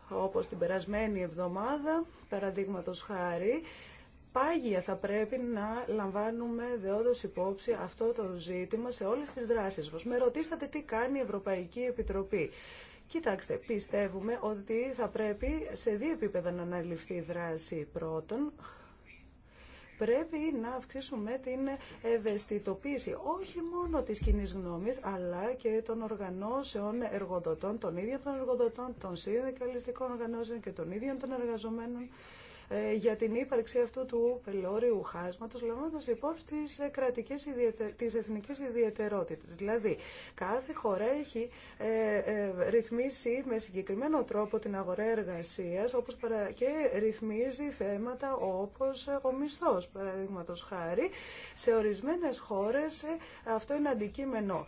όπως την περασμένη εβδομάδα, παραδείγματος χάρη, πάγια θα πρέπει να λαμβάνουμε δεόντως υπόψη αυτό το ζήτημα σε όλες τις δράσεις μας. Με ρωτήσατε τι κάνει η Ευρωπαϊκή Επιτροπή. Κοιτάξτε, πιστεύουμε ότι θα πρέπει σε δύο επίπεδα να αναλυφθεί η δράση πρώτον, πρέπει να αυξήσουμε την ευαισθητοποίηση όχι μόνο της κοινή γνώμης αλλά και των οργανώσεων εργοδοτών, των ίδιων των εργοδοτών, των συνδικαλιστικών οργανώσεων και των ίδιων των εργαζομένων ε, για την ύπαρξη αυτού του πελώριου χάσματος, λαμβάνοντας υπόψη τις, ε, κρατικές ιδιαιτε... τις εθνικές ιδιαιτερότητες. Δηλαδή, κάθε χώρα έχει ε, ρυθμίσει με συγκεκριμένο τρόπο την αγορά εργασίας όπως παρα... και ρυθμίζει θέματα όπως ο μισθός, παραδείγματο χάρη. Σε ορισμένες χώρες αυτό είναι αντικείμενο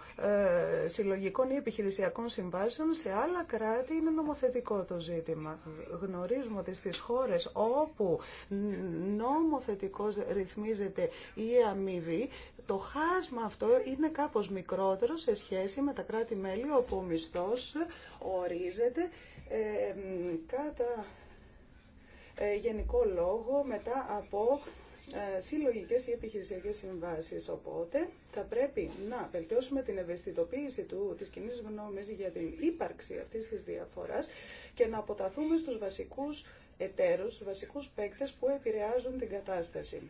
συλλογικών ή επιχειρησιακών συμβάσεων, σε άλλα κράτη είναι νομοθετικό το ζήτημα. Γνωρίζουμε ότι στις χώρες όπου όπου νόμοθετικός ρυθμίζεται η αμοιβή, το χάσμα αυτό είναι κάπως μικρότερο σε σχέση με τα κράτη-μέλη όπου ο μισθός ορίζεται ε, κατά ε, γενικό λόγο μετά από ε, συλλογικές ή επιχειρησιακές συμβάσεις. Οπότε θα πρέπει να βελτιώσουμε την ευαισθητοποίηση του, της κοινή γνώμης για την ύπαρξη αυτής της διαφοράς και να αποταθούμε στους βασικούς εταίρους, βασικούς παίκτες που επηρεάζουν την κατάσταση.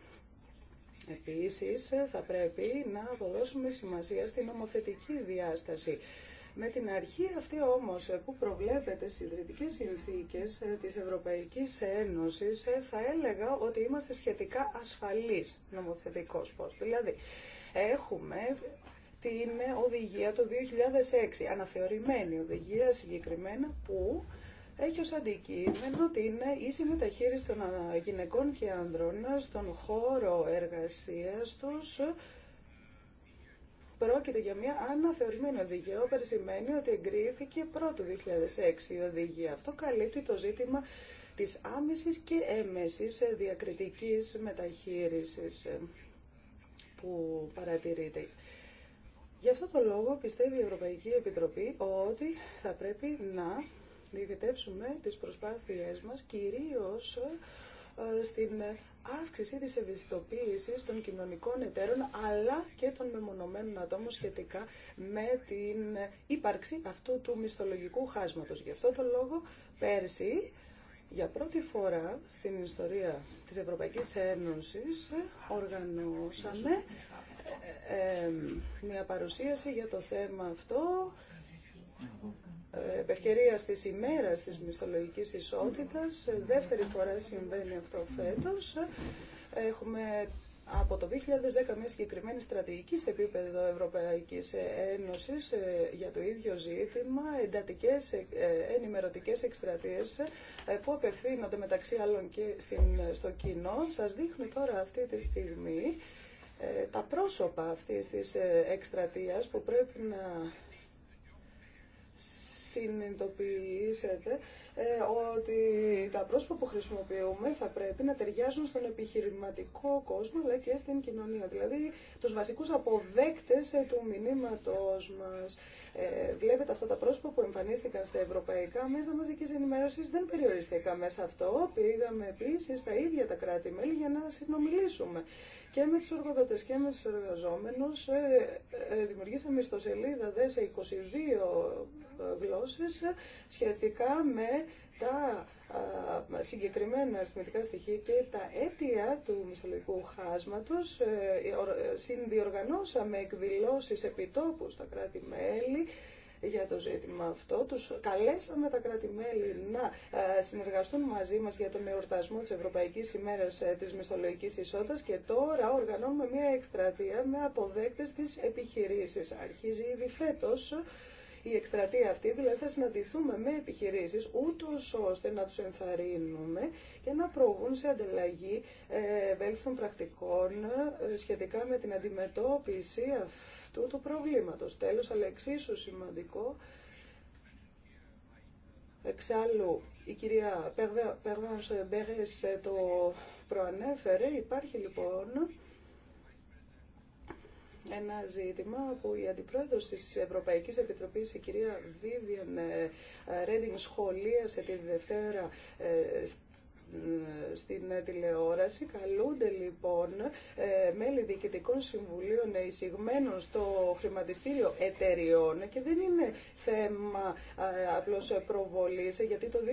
Επίσης, θα πρέπει να αποδώσουμε σημασία στην νομοθετική διάσταση. Με την αρχή αυτή όμως που προβλέπεται στις ιδρυτικές συνθήκες της Ευρωπαϊκής Ένωσης, θα έλεγα ότι είμαστε σχετικά ασφαλείς νομοθετικός πόρτ. Δηλαδή, έχουμε την οδηγία το 2006, αναθεωρημένη οδηγία συγκεκριμένα, που έχει ως αντικείμενο είναι ίση μεταχείριση των γυναικών και άνδρων στον χώρο εργασίας τους. Πρόκειται για μια αναθεωρημένη οδηγία, όπερ σημαίνει ότι εγκρίθηκε πρώτου 2006 η οδηγία. Αυτό καλύπτει το ζήτημα της άμεσης και έμεσης διακριτικής μεταχείρισης ε, που παρατηρείται. Γι' αυτό το λόγο πιστεύει η Ευρωπαϊκή Επιτροπή ότι θα πρέπει να διοικητεύσουμε τις προσπάθειές μας κυρίως ε, στην αύξηση της ευαισθητοποίησης των κοινωνικών εταίρων αλλά και των μεμονωμένων ατόμων σχετικά με την ύπαρξη αυτού του μισθολογικού χάσματος. Γι' αυτό το λόγο πέρσι για πρώτη φορά στην ιστορία της Ευρωπαϊκής Ένωσης οργανώσαμε ε, ε, μια παρουσίαση για το θέμα αυτό ε, ευκαιρία τη ημέρα τη μισθολογική ισότητα. Ε, δεύτερη φορά συμβαίνει αυτό φέτος. Έχουμε από το 2010 μια συγκεκριμένη στρατηγική σε επίπεδο Ευρωπαϊκής Ένωσης ε, για το ίδιο ζήτημα, εντατικές ενημερωτικές εκστρατείες που απευθύνονται μεταξύ άλλων και στο κοινό. Σας δείχνω τώρα αυτή τη στιγμή τα πρόσωπα αυτής της εκστρατείας που πρέπει να συνειδητοποιήσετε ε, ότι τα πρόσωπα που χρησιμοποιούμε θα πρέπει να ταιριάζουν στον επιχειρηματικό κόσμο αλλά και στην κοινωνία. Δηλαδή τους βασικούς αποδέκτες ε, του μηνύματος μας. Ε, βλέπετε αυτά τα πρόσωπα που εμφανίστηκαν στα ευρωπαϊκά μέσα μαζικής ενημέρωσης δεν περιοριστήκαμε σε αυτό. Πήγαμε επίση στα ίδια τα κράτη-μέλη για να συνομιλήσουμε και με τους εργοδότες και με τους εργαζόμενους. δημιουργήσαμε ιστοσελίδα δε σε 22 γλώσσες σχετικά με τα συγκεκριμένα αριθμητικά στοιχεία και τα αίτια του μισθολογικού χάσματος. Ε, ε, συνδιοργανώσαμε εκδηλώσεις επιτόπου στα κράτη-μέλη για το ζήτημα αυτό. Τους καλέσαμε τα κράτη-μέλη να ε, συνεργαστούν μαζί μας για τον εορτασμό της Ευρωπαϊκής ημέρας της Μισθολογικής Ισότητας και τώρα οργανώνουμε μια εκστρατεία με αποδέκτες της επιχειρήσεις. Αρχίζει ήδη φέτος η εκστρατεία αυτή, δηλαδή θα συναντηθούμε με επιχειρήσεις ούτως ώστε να τους ενθαρρύνουμε και να προβούν σε ανταλλαγή ε, βέλθων πρακτικών ε, σχετικά με την αντιμετώπιση αυτού του προβλήματος. Τέλος, αλλά εξίσου σημαντικό, εξάλλου η κυρία Πέγβανος Μπέρες ε, το προανέφερε, υπάρχει λοιπόν ένα ζήτημα που η Αντιπρόεδρος της Ευρωπαϊκής Επιτροπής, η κυρία Βίβιαν Ρέντινγκ, ε, σχολίασε τη Δευτέρα ε, στην τηλεόραση. Καλούνται λοιπόν ε, μέλη διοικητικών συμβουλίων εισηγμένων στο χρηματιστήριο εταιριών και δεν είναι θέμα απλώς προβολής, γιατί το 2010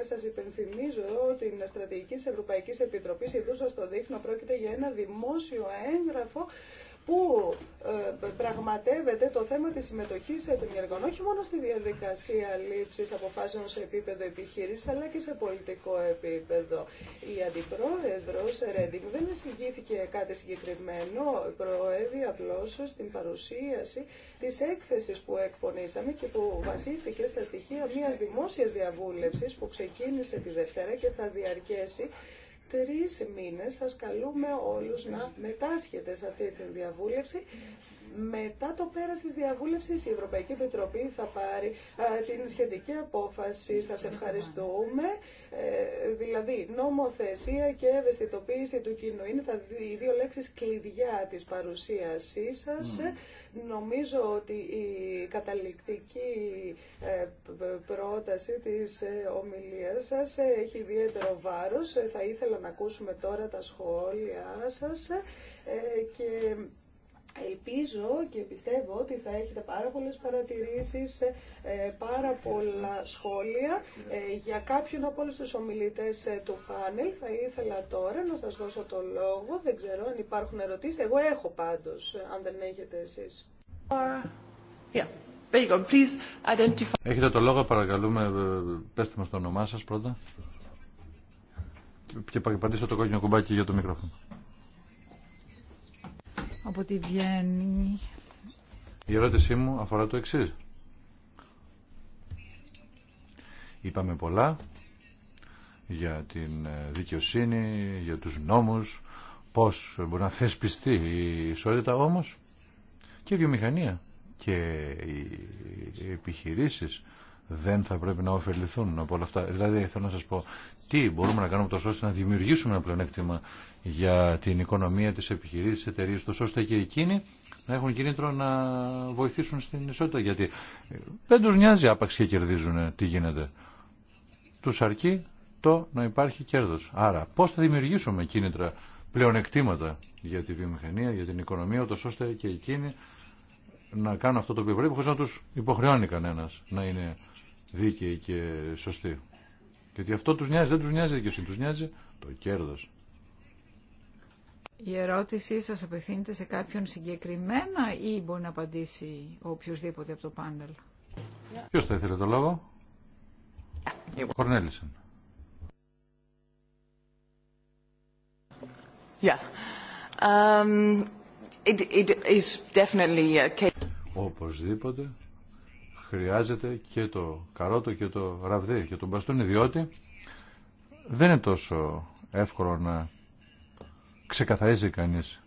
σας υπενθυμίζω ότι στρατηγική της Ευρωπαϊκής Επιτροπής, εδώ σας το δείχνω, πρόκειται για ένα δημόσιο έγγραφο που ε, πραγματεύεται το θέμα της συμμετοχής των γεργών, όχι μόνο στη διαδικασία λήψης αποφάσεων σε επίπεδο επιχείρησης, αλλά και σε πολιτικό επίπεδο. Η Αντιπρόεδρος Ρέντινγκ δεν εισηγήθηκε κάτι συγκεκριμένο, προέβη απλώς στην παρουσίαση της έκθεσης που εκπονήσαμε και που βασίστηκε στα στοιχεία μιας δημόσιας διαβούλευσης που ξεκίνησε τη Δευτέρα και θα διαρκέσει τρεις μήνες σας καλούμε όλους να μετάσχετε σε αυτή τη διαβούλευση. Μετά το πέρας της διαβούλευσης η Ευρωπαϊκή Επιτροπή θα πάρει ε, την σχετική απόφαση. Σας ευχαριστούμε. Ε, δηλαδή νομοθεσία και ευαισθητοποίηση του κοινού είναι τα, οι δύο λέξεις κλειδιά της παρουσίασής σας. Νομίζω ότι η καταληκτική ε, πρόταση της ε, ομιλίας σας ε, έχει ιδιαίτερο βάρος. Θα ήθελα να ακούσουμε τώρα τα σχόλιά σας και Ελπίζω και πιστεύω ότι θα έχετε πάρα πολλές παρατηρήσεις, ε, ε, πάρα πολλά σχόλια. Ε, για κάποιον από όλους τους ομιλητές του πάνελ θα ήθελα τώρα να σας δώσω το λόγο. Δεν ξέρω αν υπάρχουν ερωτήσεις. Εγώ έχω πάντως, αν δεν έχετε εσείς. Έχετε το λόγο, παρακαλούμε. Πέστε μας το όνομά σας πρώτα. Και πατήστε το κόκκινο κουμπάκι για το μικρόφωνο από τη Βιέννη. Η ερώτησή μου αφορά το έξη; Είπαμε πολλά για την ε, δικαιοσύνη, για τους νόμους, πώς μπορεί να θεσπιστεί η ισότητα όμως και η βιομηχανία και οι επιχειρήσεις δεν θα πρέπει να ωφεληθούν από όλα αυτά. Δηλαδή θέλω να σα πω τι μπορούμε να κάνουμε τόσο ώστε να δημιουργήσουμε ένα πλεονέκτημα για την οικονομία της επιχειρήσης, τη εταιρεία, τόσο ώστε και εκείνοι να έχουν κίνητρο να βοηθήσουν στην ισότητα. Γιατί δεν του νοιάζει άπαξ και κερδίζουν ε, τι γίνεται. Του αρκεί το να υπάρχει κέρδο. Άρα πώ θα δημιουργήσουμε κίνητρα πλεονεκτήματα για τη βιομηχανία, για την οικονομία, ώστε και εκείνοι να κάνουν αυτό το οποίο πρέπει, χωρί να του υποχρεώνει κανένα να είναι δίκαιοι και σωστοί. Γιατί αυτό τους νοιάζει, δεν τους νοιάζει δικαιοσύνη, τους νοιάζει το κέρδος. Η ερώτησή σας απευθύνεται σε κάποιον συγκεκριμένα ή μπορεί να απαντήσει οποιοδήποτε από το πάνελ. Ποιος θα ήθελε το λόγο? Εγώ. Yeah. Um, it, it is definitely a... Οπωσδήποτε χρειάζεται και το καρότο και το ραβδί και τον μπαστούνι διότι δεν είναι τόσο εύκολο να ξεκαθαρίζει κανείς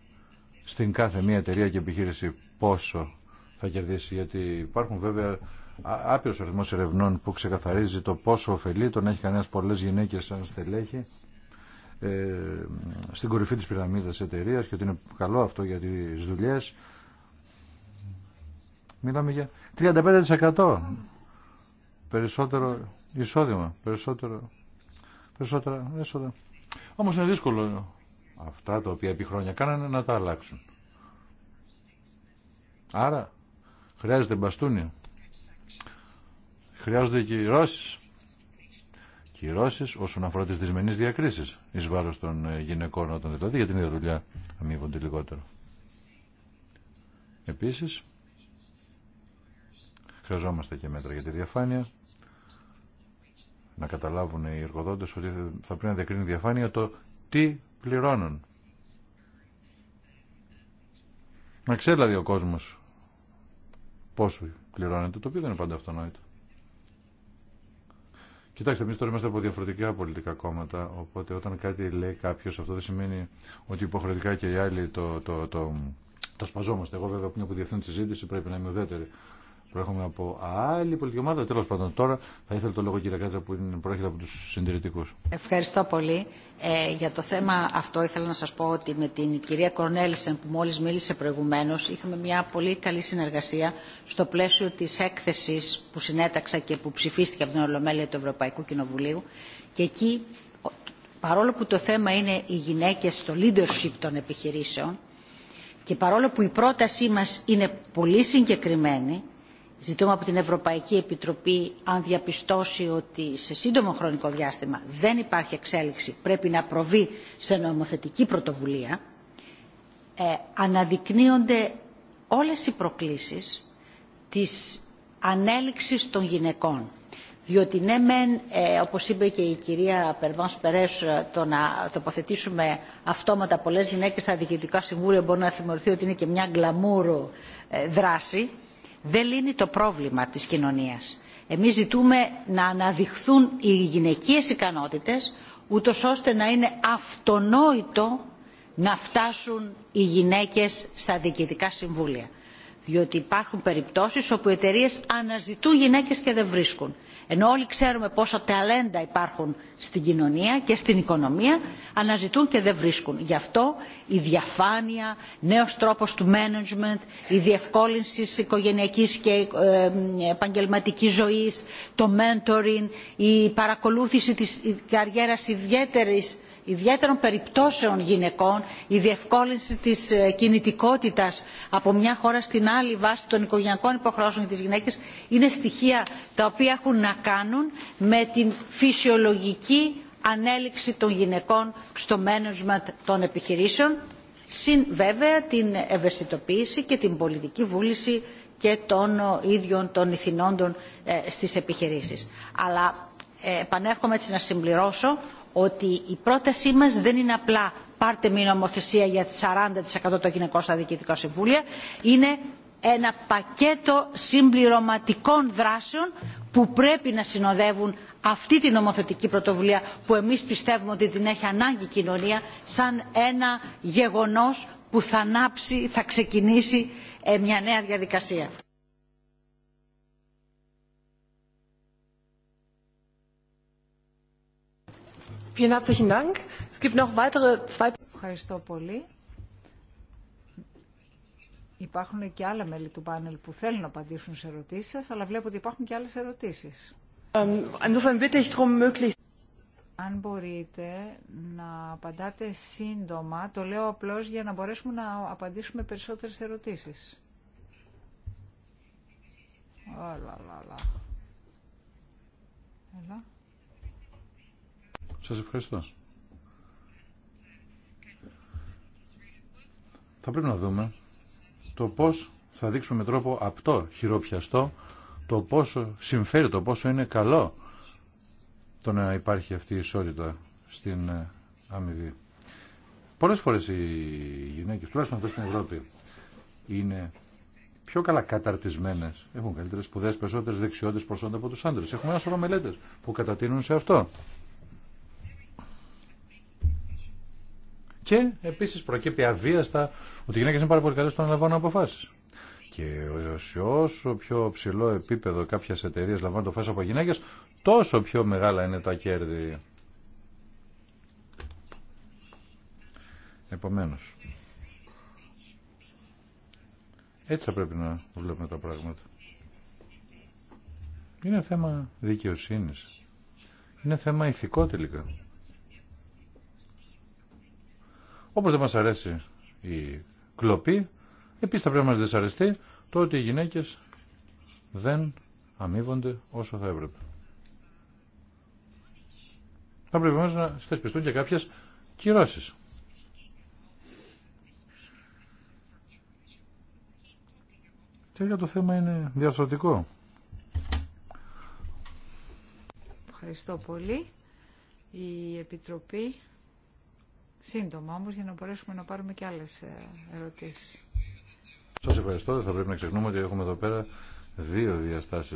στην κάθε μία εταιρεία και επιχείρηση πόσο θα κερδίσει γιατί υπάρχουν βέβαια άπειρος αριθμός ερευνών που ξεκαθαρίζει το πόσο ωφελεί το να έχει κανένας πολλές γυναίκες σαν στελέχη ε, στην κορυφή της πυραμίδας εταιρείας και ότι είναι καλό αυτό για τις δουλειές Μιλάμε για 35% περισσότερο εισόδημα, περισσότερο, περισσότερα έσοδα. Όμως είναι δύσκολο αυτά τα οποία επί χρόνια κάνανε να τα αλλάξουν. Άρα χρειάζεται μπαστούνια. Χρειάζονται και οι Ρώσεις όσον αφορά τις δυσμενείς διακρίσεις εις βάρος των ε, γυναικών όταν δηλαδή για την ίδια δουλειά αμείβονται λιγότερο. Επίσης, Χρειαζόμαστε και μέτρα για τη διαφάνεια. Να καταλάβουν οι εργοδότες ότι θα πρέπει να διακρίνει διαφάνεια το τι πληρώνουν. Να ξέρει δηλαδή ο κόσμος πόσο πληρώνεται, το οποίο δεν είναι πάντα αυτονόητο. Κοιτάξτε, εμεί τώρα είμαστε από διαφορετικά πολιτικά κόμματα, οπότε όταν κάτι λέει κάποιο, αυτό δεν σημαίνει ότι υποχρεωτικά και οι άλλοι το, το, το, το, το σπαζόμαστε. Εγώ βέβαια που είναι από τη συζήτηση πρέπει να είμαι ουδέτερη προέρχομαι από άλλη πολιτική ομάδα. Τέλο πάντων, τώρα θα ήθελα το λόγο, κύριε Κάτσα, που είναι, προέρχεται από του συντηρητικού. Ευχαριστώ πολύ. Ε, για το θέμα αυτό, ήθελα να σα πω ότι με την κυρία Κορνέλισεν, που μόλι μίλησε προηγουμένω, είχαμε μια πολύ καλή συνεργασία στο πλαίσιο τη έκθεση που συνέταξα και που ψηφίστηκε από την Ολομέλεια του Ευρωπαϊκού Κοινοβουλίου. Και εκεί, παρόλο που το θέμα είναι οι γυναίκε στο leadership των επιχειρήσεων, και παρόλο που η πρότασή μας είναι πολύ συγκεκριμένη, Ζητούμε από την Ευρωπαϊκή Επιτροπή, αν διαπιστώσει ότι σε σύντομο χρονικό διάστημα δεν υπάρχει εξέλιξη, πρέπει να προβεί σε νομοθετική πρωτοβουλία. Ε, αναδεικνύονται όλες οι προκλήσεις της ανέλυξης των γυναικών. Διότι ναι μεν, ε, όπως είπε και η κυρία Περβάνς Περές, ε, το να τοποθετήσουμε αυτόματα πολλές γυναίκες στα διοικητικά συμβούλια μπορεί να θυμωρηθεί ότι είναι και μια γκλαμούρο ε, δράση δεν λύνει το πρόβλημα της κοινωνίας. Εμείς ζητούμε να αναδειχθούν οι γυναικείες ικανότητες ούτως ώστε να είναι αυτονόητο να φτάσουν οι γυναίκες στα διοικητικά συμβούλια διότι υπάρχουν περιπτώσεις όπου οι εταιρείε αναζητούν γυναίκες και δεν βρίσκουν. Ενώ όλοι ξέρουμε πόσα ταλέντα υπάρχουν στην κοινωνία και στην οικονομία, αναζητούν και δεν βρίσκουν. Γι' αυτό η διαφάνεια, νέος τρόπος του management, η διευκόλυνση οικογενειακής και ε, επαγγελματικής ζωής, το mentoring, η παρακολούθηση της καριέρας ιδιαίτερης ιδιαίτερων περιπτώσεων γυναικών η διευκόλυνση της ε, κινητικότητας από μια χώρα στην άλλη βάσει των οικογενειακών υποχρεώσεων για τις γυναίκες είναι στοιχεία τα οποία έχουν να κάνουν με την φυσιολογική ανέλυξη των γυναικών στο management των επιχειρήσεων συν βέβαια την ευαισθητοποίηση και την πολιτική βούληση και των ε, ίδιων των ηθινόντων ε, στις επιχειρήσεις. Αλλά επανέρχομαι έτσι να συμπληρώσω ότι η πρότασή μας δεν είναι απλά πάρτε μια νομοθεσία για 40% των γυναικών στα διοικητικά συμβούλια, είναι ένα πακέτο συμπληρωματικών δράσεων που πρέπει να συνοδεύουν αυτή την νομοθετική πρωτοβουλία που εμείς πιστεύουμε ότι την έχει ανάγκη η κοινωνία σαν ένα γεγονός που θα ανάψει, θα ξεκινήσει ε, μια νέα διαδικασία. Ευχαριστώ πολύ. Υπάρχουν και άλλα μέλη του πάνελ που θέλουν να απαντήσουν σε ερωτήσει σα, αλλά βλέπω ότι υπάρχουν και άλλες ερωτήσεις. Αν μπορείτε να απαντάτε σύντομα, το λέω απλώ για να μπορέσουμε να απαντήσουμε περισσότερες ερωτήσεις. λα, λα. Έλα. Σας ευχαριστώ. Θα πρέπει να δούμε το πώς θα δείξουμε με τρόπο απτό, χειροπιαστό, το πόσο συμφέρει, το πόσο είναι καλό το να υπάρχει αυτή η ισότητα στην ε, αμοιβή. Πολλές φορές οι γυναίκες, τουλάχιστον αυτές στην Ευρώπη, είναι πιο καλά καταρτισμένες. Έχουν καλύτερες σπουδέ, περισσότερες δεξιότητε προσόντα από τους άντρε. Έχουμε ένα σωρό μελέτες που κατατείνουν σε αυτό. Και επίση προκύπτει αβίαστα ότι οι γυναίκε είναι πάρα πολύ καλέ στο να λαμβάνουν αποφάσει. Και όσο πιο ψηλό επίπεδο κάποιε εταιρείε λαμβάνουν αποφάσει από γυναίκε, τόσο πιο μεγάλα είναι τα κέρδη. Επομένω. Έτσι θα πρέπει να βλέπουμε τα πράγματα. Είναι θέμα δικαιοσύνης. Είναι θέμα ηθικό τελικά. Όπως δεν μα αρέσει η κλοπή, επίσης θα πρέπει να μα δυσαρεστεί το ότι οι γυναίκες δεν αμείβονται όσο θα έπρεπε. Θα πρέπει να θεσπιστούν και κάποιε κυρώσεις. Τέλο το θέμα είναι διαστατικό. Ευχαριστώ πολύ. Η Επιτροπή Σύντομα όμω για να μπορέσουμε να πάρουμε και άλλε ερωτήσει. Σα ευχαριστώ. Δεν Θα πρέπει να ξεχνούμε ότι έχουμε εδώ πέρα δύο διαστάσει.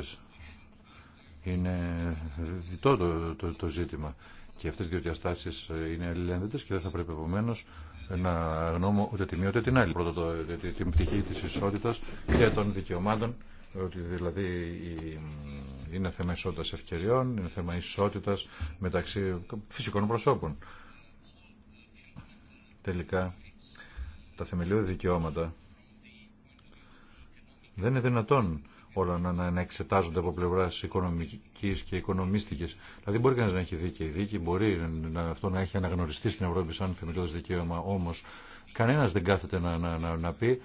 Είναι διτό το, το, το ζήτημα και αυτέ οι δύο διαστάσει ε, είναι αλληλένδετε και δεν θα πρέπει επομένω να γνώμω ούτε τη μία ούτε την άλλη. Πρώτα ε, την πτυχή τη ισότητα και των δικαιωμάτων ότι δηλαδή είναι θέμα ισότητα ευκαιριών, είναι θέμα ισότητα μεταξύ φυσικών προσώπων τελικά τα θεμελιώδη δικαιώματα δεν είναι δυνατόν όλα να, να, εξετάζονται από πλευρά οικονομική και οικονομίστικη. Δηλαδή, μπορεί κανεί να έχει δίκαιη δίκη, μπορεί να, αυτό να έχει αναγνωριστεί στην Ευρώπη σαν θεμελιώδη δικαίωμα, όμω κανένα δεν κάθεται να, να, να, πει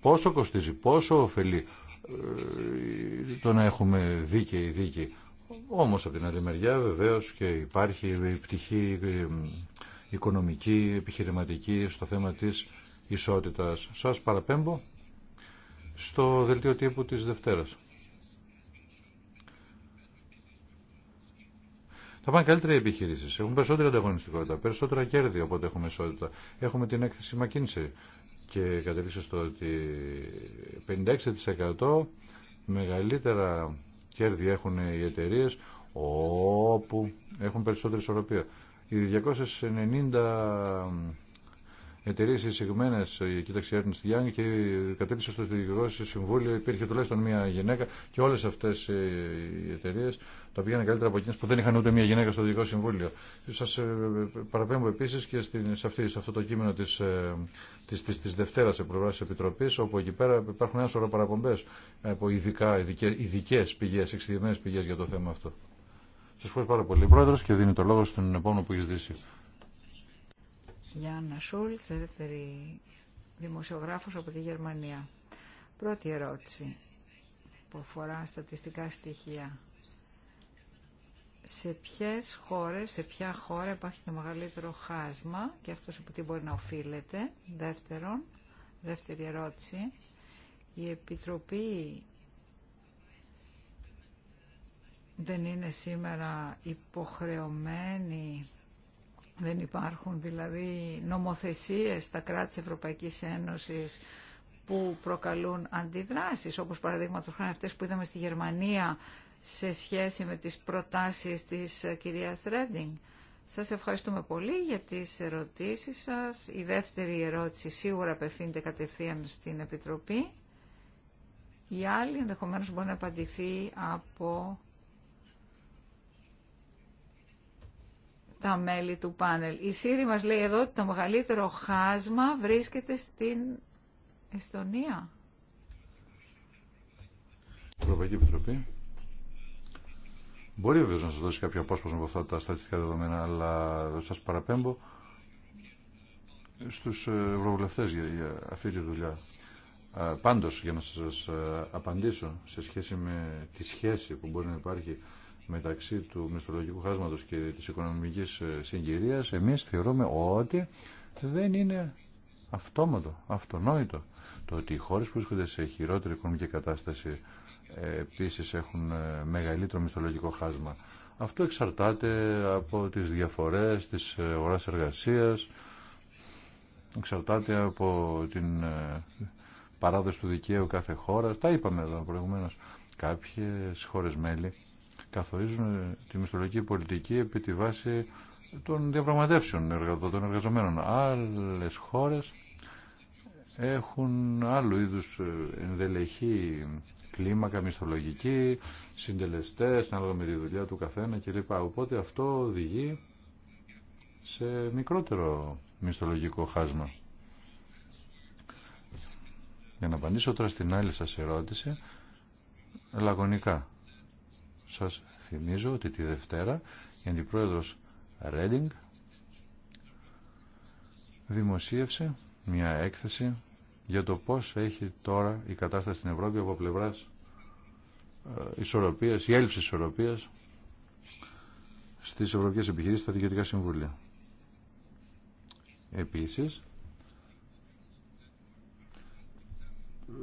πόσο κοστίζει, πόσο ωφελεί ε, το να έχουμε δίκαιη δίκη. Όμω, από την άλλη μεριά, βεβαίω και υπάρχει η πτυχή. Ε, οικονομική, επιχειρηματική, στο θέμα της ισότητας. Σας παραπέμπω στο δελτίο τύπου της Δευτέρας. Θα πάνε καλύτερα οι επιχειρήσει. Έχουν περισσότερη ανταγωνιστικότητα, περισσότερα κέρδη όποτε έχουμε ισότητα. Έχουμε την έκθεση McKinsey και κατελήξε στο ότι 56% μεγαλύτερα κέρδη έχουν οι εταιρείε όπου έχουν περισσότερη ισορροπία. Οι 290 εταιρείε εισηγμένε, η κοίταξη Έρνη Young και κατέληξε στο Διοικητικό Συμβούλιο, υπήρχε τουλάχιστον μία γυναίκα και όλε αυτέ οι εταιρείε τα πήγαν καλύτερα από εκείνε που δεν είχαν ούτε μία γυναίκα στο Διοικητικό Συμβούλιο. Σα ε, παραπέμπω επίση και σε, αυτή, σε αυτό το κείμενο τη ε, της, της, της Δευτέρα όπου εκεί πέρα υπάρχουν ένα σωρό παραπομπέ από ειδικέ πηγέ, εξειδικευμένε πηγέ για το θέμα αυτό. Σα ευχαριστώ πάρα πολύ, Πρόεδρο, και δίνει το λόγο στον επόμενο που έχει ζητήσει. Γιάννα Σούλτ, ελεύθερη δημοσιογράφος από τη Γερμανία. Πρώτη ερώτηση που αφορά στατιστικά στοιχεία. Σε ποιες χώρες, σε ποια χώρα υπάρχει το μεγαλύτερο χάσμα και αυτό από τι μπορεί να οφείλεται. Δεύτερον, δεύτερη ερώτηση, η Επιτροπή δεν είναι σήμερα υποχρεωμένοι, δεν υπάρχουν δηλαδή νομοθεσίες στα κράτη της Ευρωπαϊκής Ένωσης που προκαλούν αντιδράσεις, όπως παραδείγματος χάρη αυτές που είδαμε στη Γερμανία σε σχέση με τις προτάσεις της κυρίας Ρέντινγκ. Σας ευχαριστούμε πολύ για τις ερωτήσεις σας. Η δεύτερη ερώτηση σίγουρα απευθύνεται κατευθείαν στην Επιτροπή. Η άλλη ενδεχομένως μπορεί να απαντηθεί από τα μέλη του πάνελ. Η Σύρη μας λέει εδώ ότι το μεγαλύτερο χάσμα βρίσκεται στην Εστονία. Η Ευρωπαϊκή Επιτροπή μπορεί βέβαια να σας δώσει κάποιο απόσπασμα από αυτά τα στατιστικά δεδομένα, αλλά σας παραπέμπω στους ε, ευρωβουλευτές για, για αυτή τη δουλειά. Πάντως, για να σας ε, απαντήσω σε σχέση με τη σχέση που μπορεί να υπάρχει μεταξύ του μισθολογικού χάσματος και της οικονομικής ε, συγκυρίας, εμείς θεωρούμε ότι δεν είναι αυτόματο, αυτονόητο το ότι οι χώρες που βρίσκονται σε χειρότερη οικονομική κατάσταση ε, επίσης έχουν ε, μεγαλύτερο μισθολογικό χάσμα. Αυτό εξαρτάται από τις διαφορές της αγοράς εργασίας, εξαρτάται από την παράδοση του δικαίου κάθε χώρα. Τα είπαμε εδώ προηγουμένως. Κάποιες χώρες μέλη καθορίζουν τη μισθολογική πολιτική επί τη βάση των διαπραγματεύσεων των εργαζομένων. Άλλες χώρες έχουν άλλου είδους ε, ενδελεχή κλίμακα μισθολογική, συντελεστές, ανάλογα με τη δουλειά του καθένα κλπ. Οπότε αυτό οδηγεί σε μικρότερο μισθολογικό χάσμα. Για να απαντήσω τώρα στην άλλη σας ερώτηση, λαγωνικά. Σας θυμίζω ότι τη Δευτέρα η Αντιπρόεδρος Ρέντινγκ δημοσίευσε μια έκθεση για το πώς έχει τώρα η κατάσταση στην Ευρώπη από πλευράς ε, ισορροπίας, η έλλειψη ισορροπίας στις ευρωπαϊκές επιχειρήσεις στα δικαιωτικά συμβούλια. Επίσης,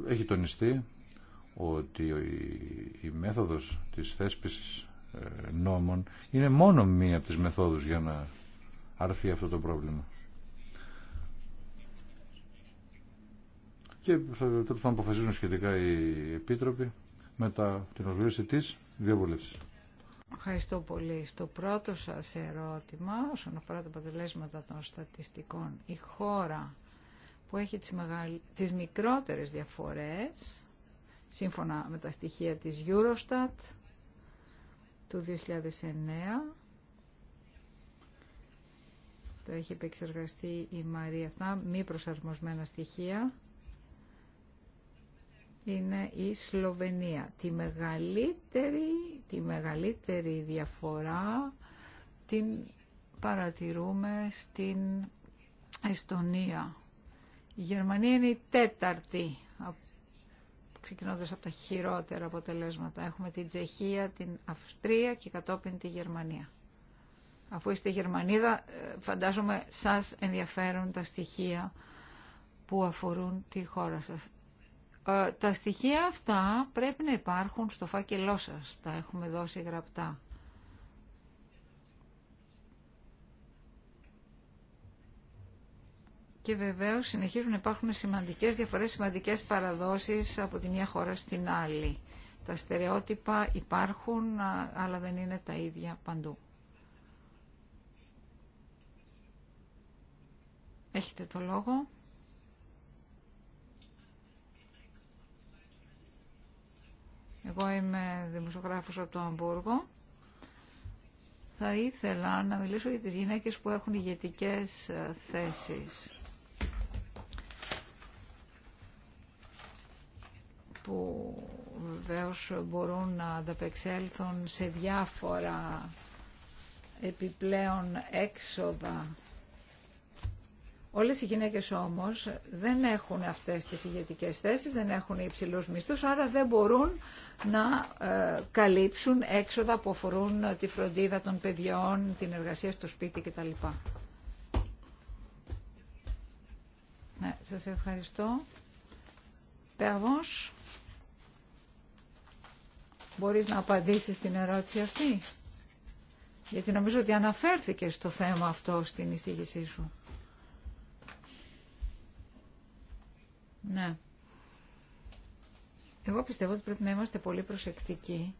έχει τονιστεί ότι η μέθοδος της θέσπισης ε, νόμων είναι μόνο μία από τις μεθόδους για να αρθεί αυτό το πρόβλημα. Και τέλος θα αποφασίζουν σχετικά οι επίτροποι με τα, την ολοκλήρωση της διαβούλευσης. Ευχαριστώ πολύ. Στο πρώτο σας ερώτημα, όσον αφορά τα αποτελέσματα των στατιστικών, η χώρα που έχει τις, μεγαλ... τις μικρότερες διαφορές σύμφωνα με τα στοιχεία της Eurostat του 2009. Το έχει επεξεργαστεί η Μαρία Θά, μη προσαρμοσμένα στοιχεία. Είναι η Σλοβενία. Τη μεγαλύτερη, τη μεγαλύτερη διαφορά την παρατηρούμε στην Εστονία. Η Γερμανία είναι η τέταρτη ξεκινώντας από τα χειρότερα αποτελέσματα. Έχουμε την Τσεχία, την Αυστρία και κατόπιν τη Γερμανία. Αφού είστε Γερμανίδα, ε, φαντάζομαι σας ενδιαφέρουν τα στοιχεία που αφορούν τη χώρα σας. Ε, τα στοιχεία αυτά πρέπει να υπάρχουν στο φάκελό σας. Τα έχουμε δώσει γραπτά. Και βεβαίω συνεχίζουν να υπάρχουν σημαντικέ διαφορέ, σημαντικέ παραδόσεις από τη μία χώρα στην άλλη. Τα στερεότυπα υπάρχουν, αλλά δεν είναι τα ίδια παντού. Έχετε το λόγο. Εγώ είμαι δημοσιογράφος από το Αμβούργο. Θα ήθελα να μιλήσω για τις γυναίκες που έχουν ηγετικές ε, θέσεις. που βεβαίω μπορούν να ανταπεξέλθουν σε διάφορα επιπλέον έξοδα. Όλες οι γυναίκες όμως δεν έχουν αυτές τις ηγετικέ θέσεις, δεν έχουν υψηλούς μισθούς, άρα δεν μπορούν να ε, καλύψουν έξοδα που αφορούν τη φροντίδα των παιδιών, την εργασία στο σπίτι κτλ. Ναι, σας ευχαριστώ. Περβός. Μπορείς να απαντήσεις την ερώτηση αυτή. Γιατί νομίζω ότι αναφέρθηκε στο θέμα αυτό στην εισήγησή σου. Ναι. Εγώ πιστεύω ότι πρέπει να είμαστε πολύ προσεκτικοί.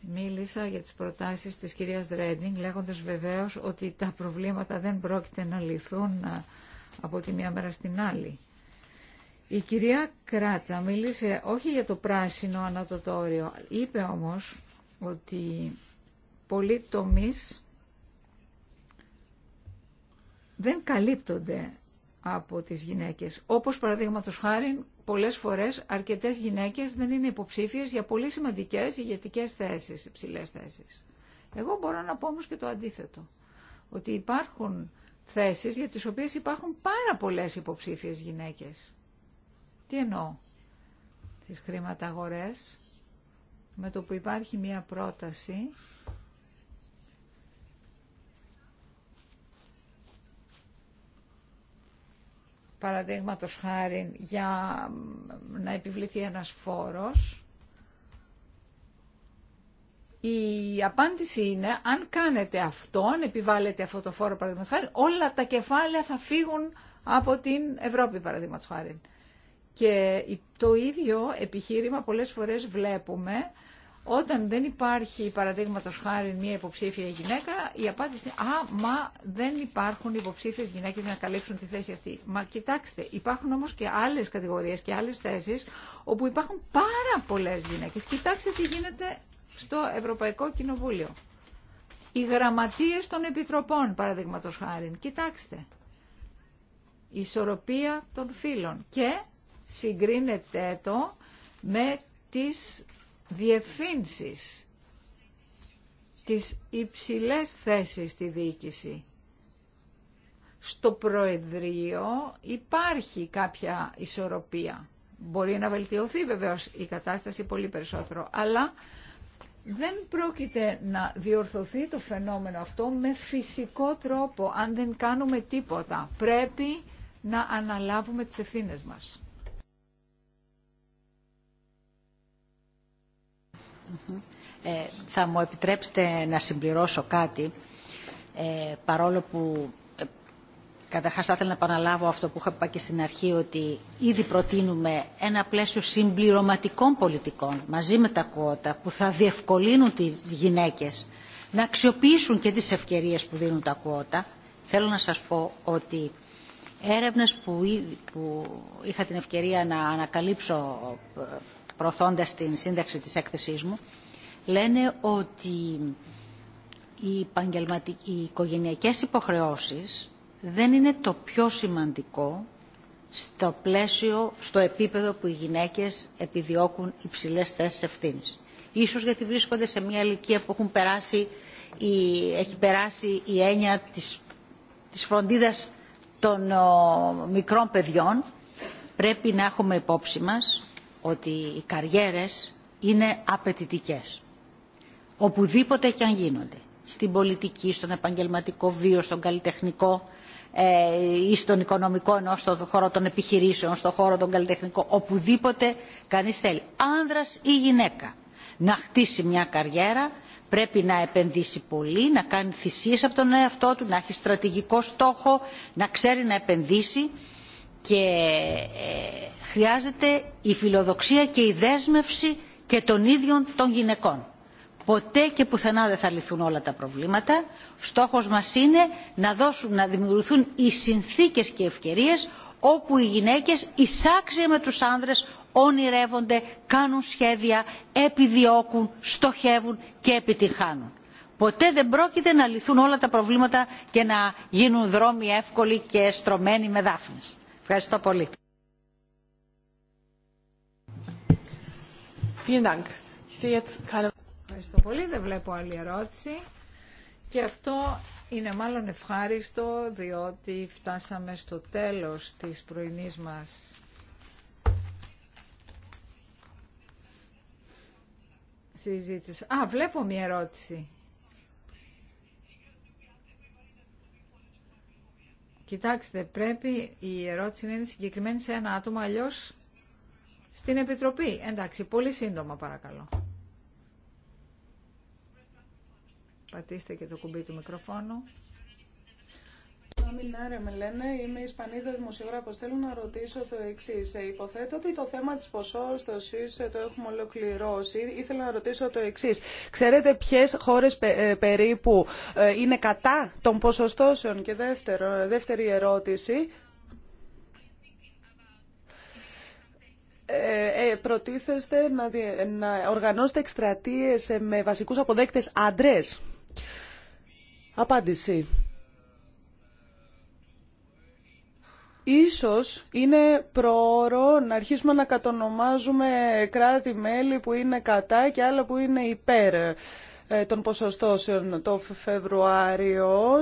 Μίλησα για τις προτάσεις της κυρίας Ρέντινγκ λέγοντας βεβαίως ότι τα προβλήματα δεν πρόκειται να λυθούν ε, από τη μία μέρα στην άλλη. Η κυρία Κράτσα μίλησε όχι για το πράσινο ανατοτόριο, είπε όμως ότι πολλοί τομείς δεν καλύπτονται από τις γυναίκες. Όπως παραδείγματος χάρη, πολλές φορές αρκετές γυναίκες δεν είναι υποψήφιες για πολύ σημαντικές ηγετικές θέσεις, υψηλές θέσεις. Εγώ μπορώ να πω όμως και το αντίθετο, ότι υπάρχουν θέσεις για τις οποίες υπάρχουν πάρα πολλές υποψήφιες γυναίκες. Τι εννοώ τις χρηματαγορές με το που υπάρχει μία πρόταση παραδείγματος χάρη για να επιβληθεί ένας φόρος η απάντηση είναι αν κάνετε αυτό, αν επιβάλλετε αυτό το φόρο παραδείγματος χάρη όλα τα κεφάλαια θα φύγουν από την Ευρώπη παραδείγματος χάρη. Και το ίδιο επιχείρημα πολλές φορές βλέπουμε όταν δεν υπάρχει παραδείγματος χάρη μια υποψήφια γυναίκα, η απάντηση είναι «Α, μα δεν υπάρχουν υποψήφιες γυναίκες να καλύψουν τη θέση αυτή». Μα κοιτάξτε, υπάρχουν όμως και άλλες κατηγορίες και άλλες θέσεις όπου υπάρχουν πάρα πολλές γυναίκες. Κοιτάξτε τι γίνεται στο Ευρωπαϊκό Κοινοβούλιο. Οι γραμματείες των επιτροπών, παραδείγματος χάρη. Κοιτάξτε. Η ισορροπία των φίλων Και συγκρίνεται το με τις διευθύνσεις, τις υψηλές θέσεις στη διοίκηση. Στο Προεδρείο υπάρχει κάποια ισορροπία. Μπορεί να βελτιωθεί βεβαίως η κατάσταση πολύ περισσότερο, αλλά δεν πρόκειται να διορθωθεί το φαινόμενο αυτό με φυσικό τρόπο, αν δεν κάνουμε τίποτα. Πρέπει να αναλάβουμε τις ευθύνες μας. Ε, θα μου επιτρέψετε να συμπληρώσω κάτι, ε, παρόλο που ε, καταρχάς θα ήθελα να επαναλάβω αυτό που είχα πει και στην αρχή, ότι ήδη προτείνουμε ένα πλαίσιο συμπληρωματικών πολιτικών μαζί με τα κουότα που θα διευκολύνουν τις γυναίκες να αξιοποιήσουν και τις ευκαιρίες που δίνουν τα κουότα Θέλω να σας πω ότι έρευνες που, που είχα την ευκαιρία να ανακαλύψω προωθώντας την σύνταξη της έκθεσής μου, λένε ότι οι, οι οικογενειακές υποχρεώσεις δεν είναι το πιο σημαντικό στο πλαίσιο, στο επίπεδο που οι γυναίκες επιδιώκουν υψηλές θέσεις ευθύνης. Ίσως γιατί βρίσκονται σε μια ηλικία που έχουν περάσει η, έχει περάσει η έννοια της, της φροντίδας των μικρών παιδιών πρέπει να έχουμε υπόψη μας ότι οι καριέρες είναι απαιτητικέ. Οπουδήποτε και αν γίνονται. Στην πολιτική, στον επαγγελματικό βίο, στον καλλιτεχνικό ε, ή στον οικονομικό ενώ στον χώρο των επιχειρήσεων, στον χώρο των καλλιτεχνικών, οπουδήποτε κανείς θέλει. Άνδρας ή γυναίκα να χτίσει μια καριέρα πρέπει να επενδύσει πολύ, να κάνει θυσίες από τον εαυτό του, να έχει στρατηγικό στόχο, να ξέρει να επενδύσει και ε, χρειάζεται η φιλοδοξία και η δέσμευση και των ίδιων των γυναικών. Ποτέ και πουθενά δεν θα λυθούν όλα τα προβλήματα. Στόχος μας είναι να, να δημιουργηθούν οι συνθήκες και ευκαιρίες όπου οι γυναίκες εισάξια με τους άνδρες ονειρεύονται, κάνουν σχέδια, επιδιώκουν, στοχεύουν και επιτυχάνουν. Ποτέ δεν πρόκειται να λυθούν όλα τα προβλήματα και να γίνουν δρόμοι εύκολοι και στρωμένοι με δάφνες. Ευχαριστώ πολύ. Ευχαριστώ πολύ. Δεν βλέπω άλλη ερώτηση. Και αυτό είναι μάλλον ευχάριστο, διότι φτάσαμε στο τέλος της πρωινής μας συζήτησης. Α, βλέπω μία ερώτηση. Κοιτάξτε, πρέπει η ερώτηση να είναι συγκεκριμένη σε ένα άτομο, αλλιώ στην Επιτροπή. Εντάξει, πολύ σύντομα παρακαλώ. Πατήστε και το κουμπί του μικροφόνου. Μιλάρα ναι, με λένε, είμαι Ισπανίδα δημοσιογράφος. Θέλω να ρωτήσω το εξή. Ε, υποθέτω ότι το θέμα της ποσόστοσης ε, το έχουμε ολοκληρώσει. Ήθελα να ρωτήσω το εξή. Ξέρετε ποιες χώρες ε, περίπου είναι κατά των ποσοστώσεων. Και δεύτερο, δεύτερη ερώτηση. Ε, προτίθεστε να, να οργανώσετε εκστρατείες με βασικούς αποδέκτες άντρες. Απάντηση. Ίσως είναι προώρο να αρχίσουμε να κατονομάζουμε κράτη-μέλη που είναι κατά και άλλα που είναι υπέρ ε, των ποσοστώσεων. Το Φεβρουάριο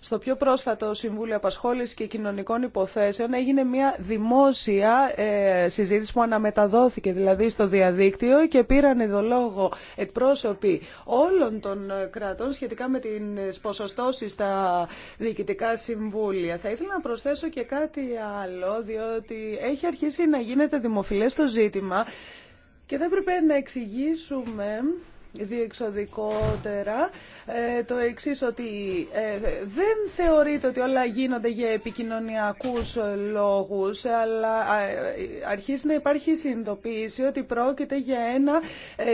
στο πιο πρόσφατο Συμβούλιο Απασχόλησης και Κοινωνικών Υποθέσεων έγινε μια δημόσια ε, συζήτηση που αναμεταδόθηκε δηλαδή στο διαδίκτυο και πήραν εδώ λόγο εκπρόσωποι όλων των κρατών σχετικά με την ποσοστώσεις στα διοικητικά συμβούλια. Θα ήθελα να προσθέσω και κάτι άλλο, διότι έχει αρχίσει να γίνεται δημοφιλές το ζήτημα και θα έπρεπε να εξηγήσουμε διεξοδικότερα ε, το εξή ότι ε, δεν θεωρείται ότι όλα γίνονται για επικοινωνιακούς λόγους αλλά ε, αρχίζει να υπάρχει συνειδητοποίηση ότι πρόκειται για ένα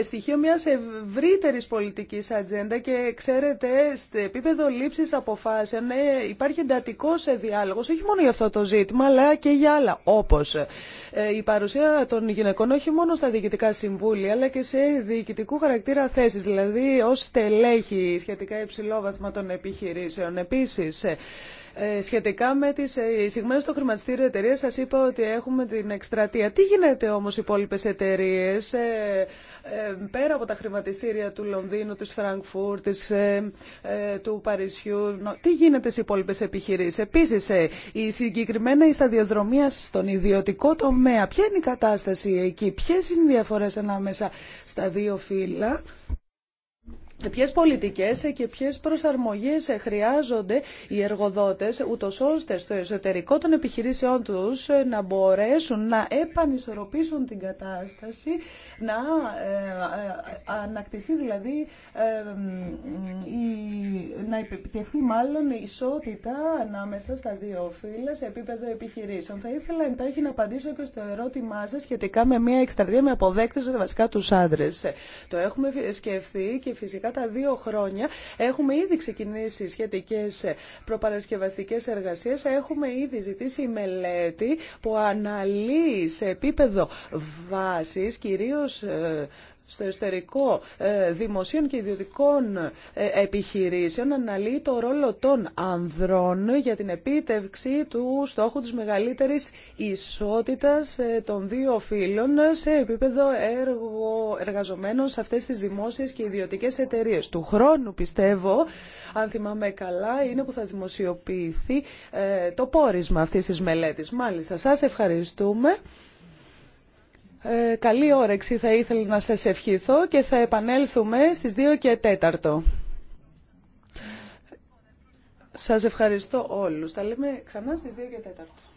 στοιχείο μιας ευρύτερης πολιτικής ατζέντα και ξέρετε σε επίπεδο λήψης αποφάσεων υπάρχει εντατικός διάλογος όχι μόνο για αυτό το ζήτημα αλλά και για άλλα όπως η παρουσία των γυναικών όχι μόνο στα διοικητικά συμβούλια αλλά και σε διοικητικού χαρακτήρα θέσεις, δηλαδή ως στελέχη σχετικά υψηλόβαθμα των επιχειρήσεων. Επίσης, ε, ε, σχετικά με τις ε, εισηγμένες στο χρηματιστήριο εταιρείες, σα είπα ότι έχουμε την εκστρατεία. Τι γίνεται όμως οι υπόλοιπε εταιρείε ε, πέρα από τα χρηματιστήρια του Λονδίνου, της ε, του Παρισιού. Τι γίνεται στις υπόλοιπε επιχειρήσεις. Επίσης, η συγκεκριμένα η σταδιοδρομία στον ιδιωτικό τομέα. Ποια είναι η κατάσταση εκεί, ποιε είναι οι διαφορέ ανάμεσα στα δύο φύλλα. Ποιε πολιτικές και ποιε προσαρμογές χρειάζονται οι εργοδότες ούτω ώστε στο εσωτερικό των επιχειρήσεών τους να μπορέσουν να επανισορροπήσουν την κατάσταση, να ε, ε, ανακτηθεί δηλαδή, ε, να επιτευχθεί μάλλον ισότητα ανάμεσα στα δύο φύλλα σε επίπεδο επιχειρήσεων. Θα ήθελα εντάχει να απαντήσω και στο ερώτημά σα σχετικά με μια εκστρατεία με αποδέκτες βασικά του άντρε. Το έχουμε σκεφτεί και φυσικά τα δύο χρόνια έχουμε ήδη ξεκινήσει σχετικές προπαρασκευαστικές εργασίες. Έχουμε ήδη ζητήσει μελέτη που αναλύει σε επίπεδο βάσης κυρίως ε, στο εσωτερικό ε, δημοσίων και ιδιωτικών ε, επιχειρήσεων αναλύει το ρόλο των ανδρών για την επίτευξη του στόχου της μεγαλύτερης ισότητας ε, των δύο φύλων σε επίπεδο έργο, εργαζομένων σε αυτές τις δημόσιες και ιδιωτικές εταιρείες. Του χρόνου πιστεύω, αν θυμάμαι καλά, είναι που θα δημοσιοποιηθεί το πόρισμα αυτής της μελέτης. Μάλιστα, σας ευχαριστούμε. Ε, καλή όρεξη θα ήθελα να σας ευχηθώ και θα επανέλθουμε στις 2 και 4. Σας ευχαριστώ όλους. Τα λέμε ξανά στις 2 και 4.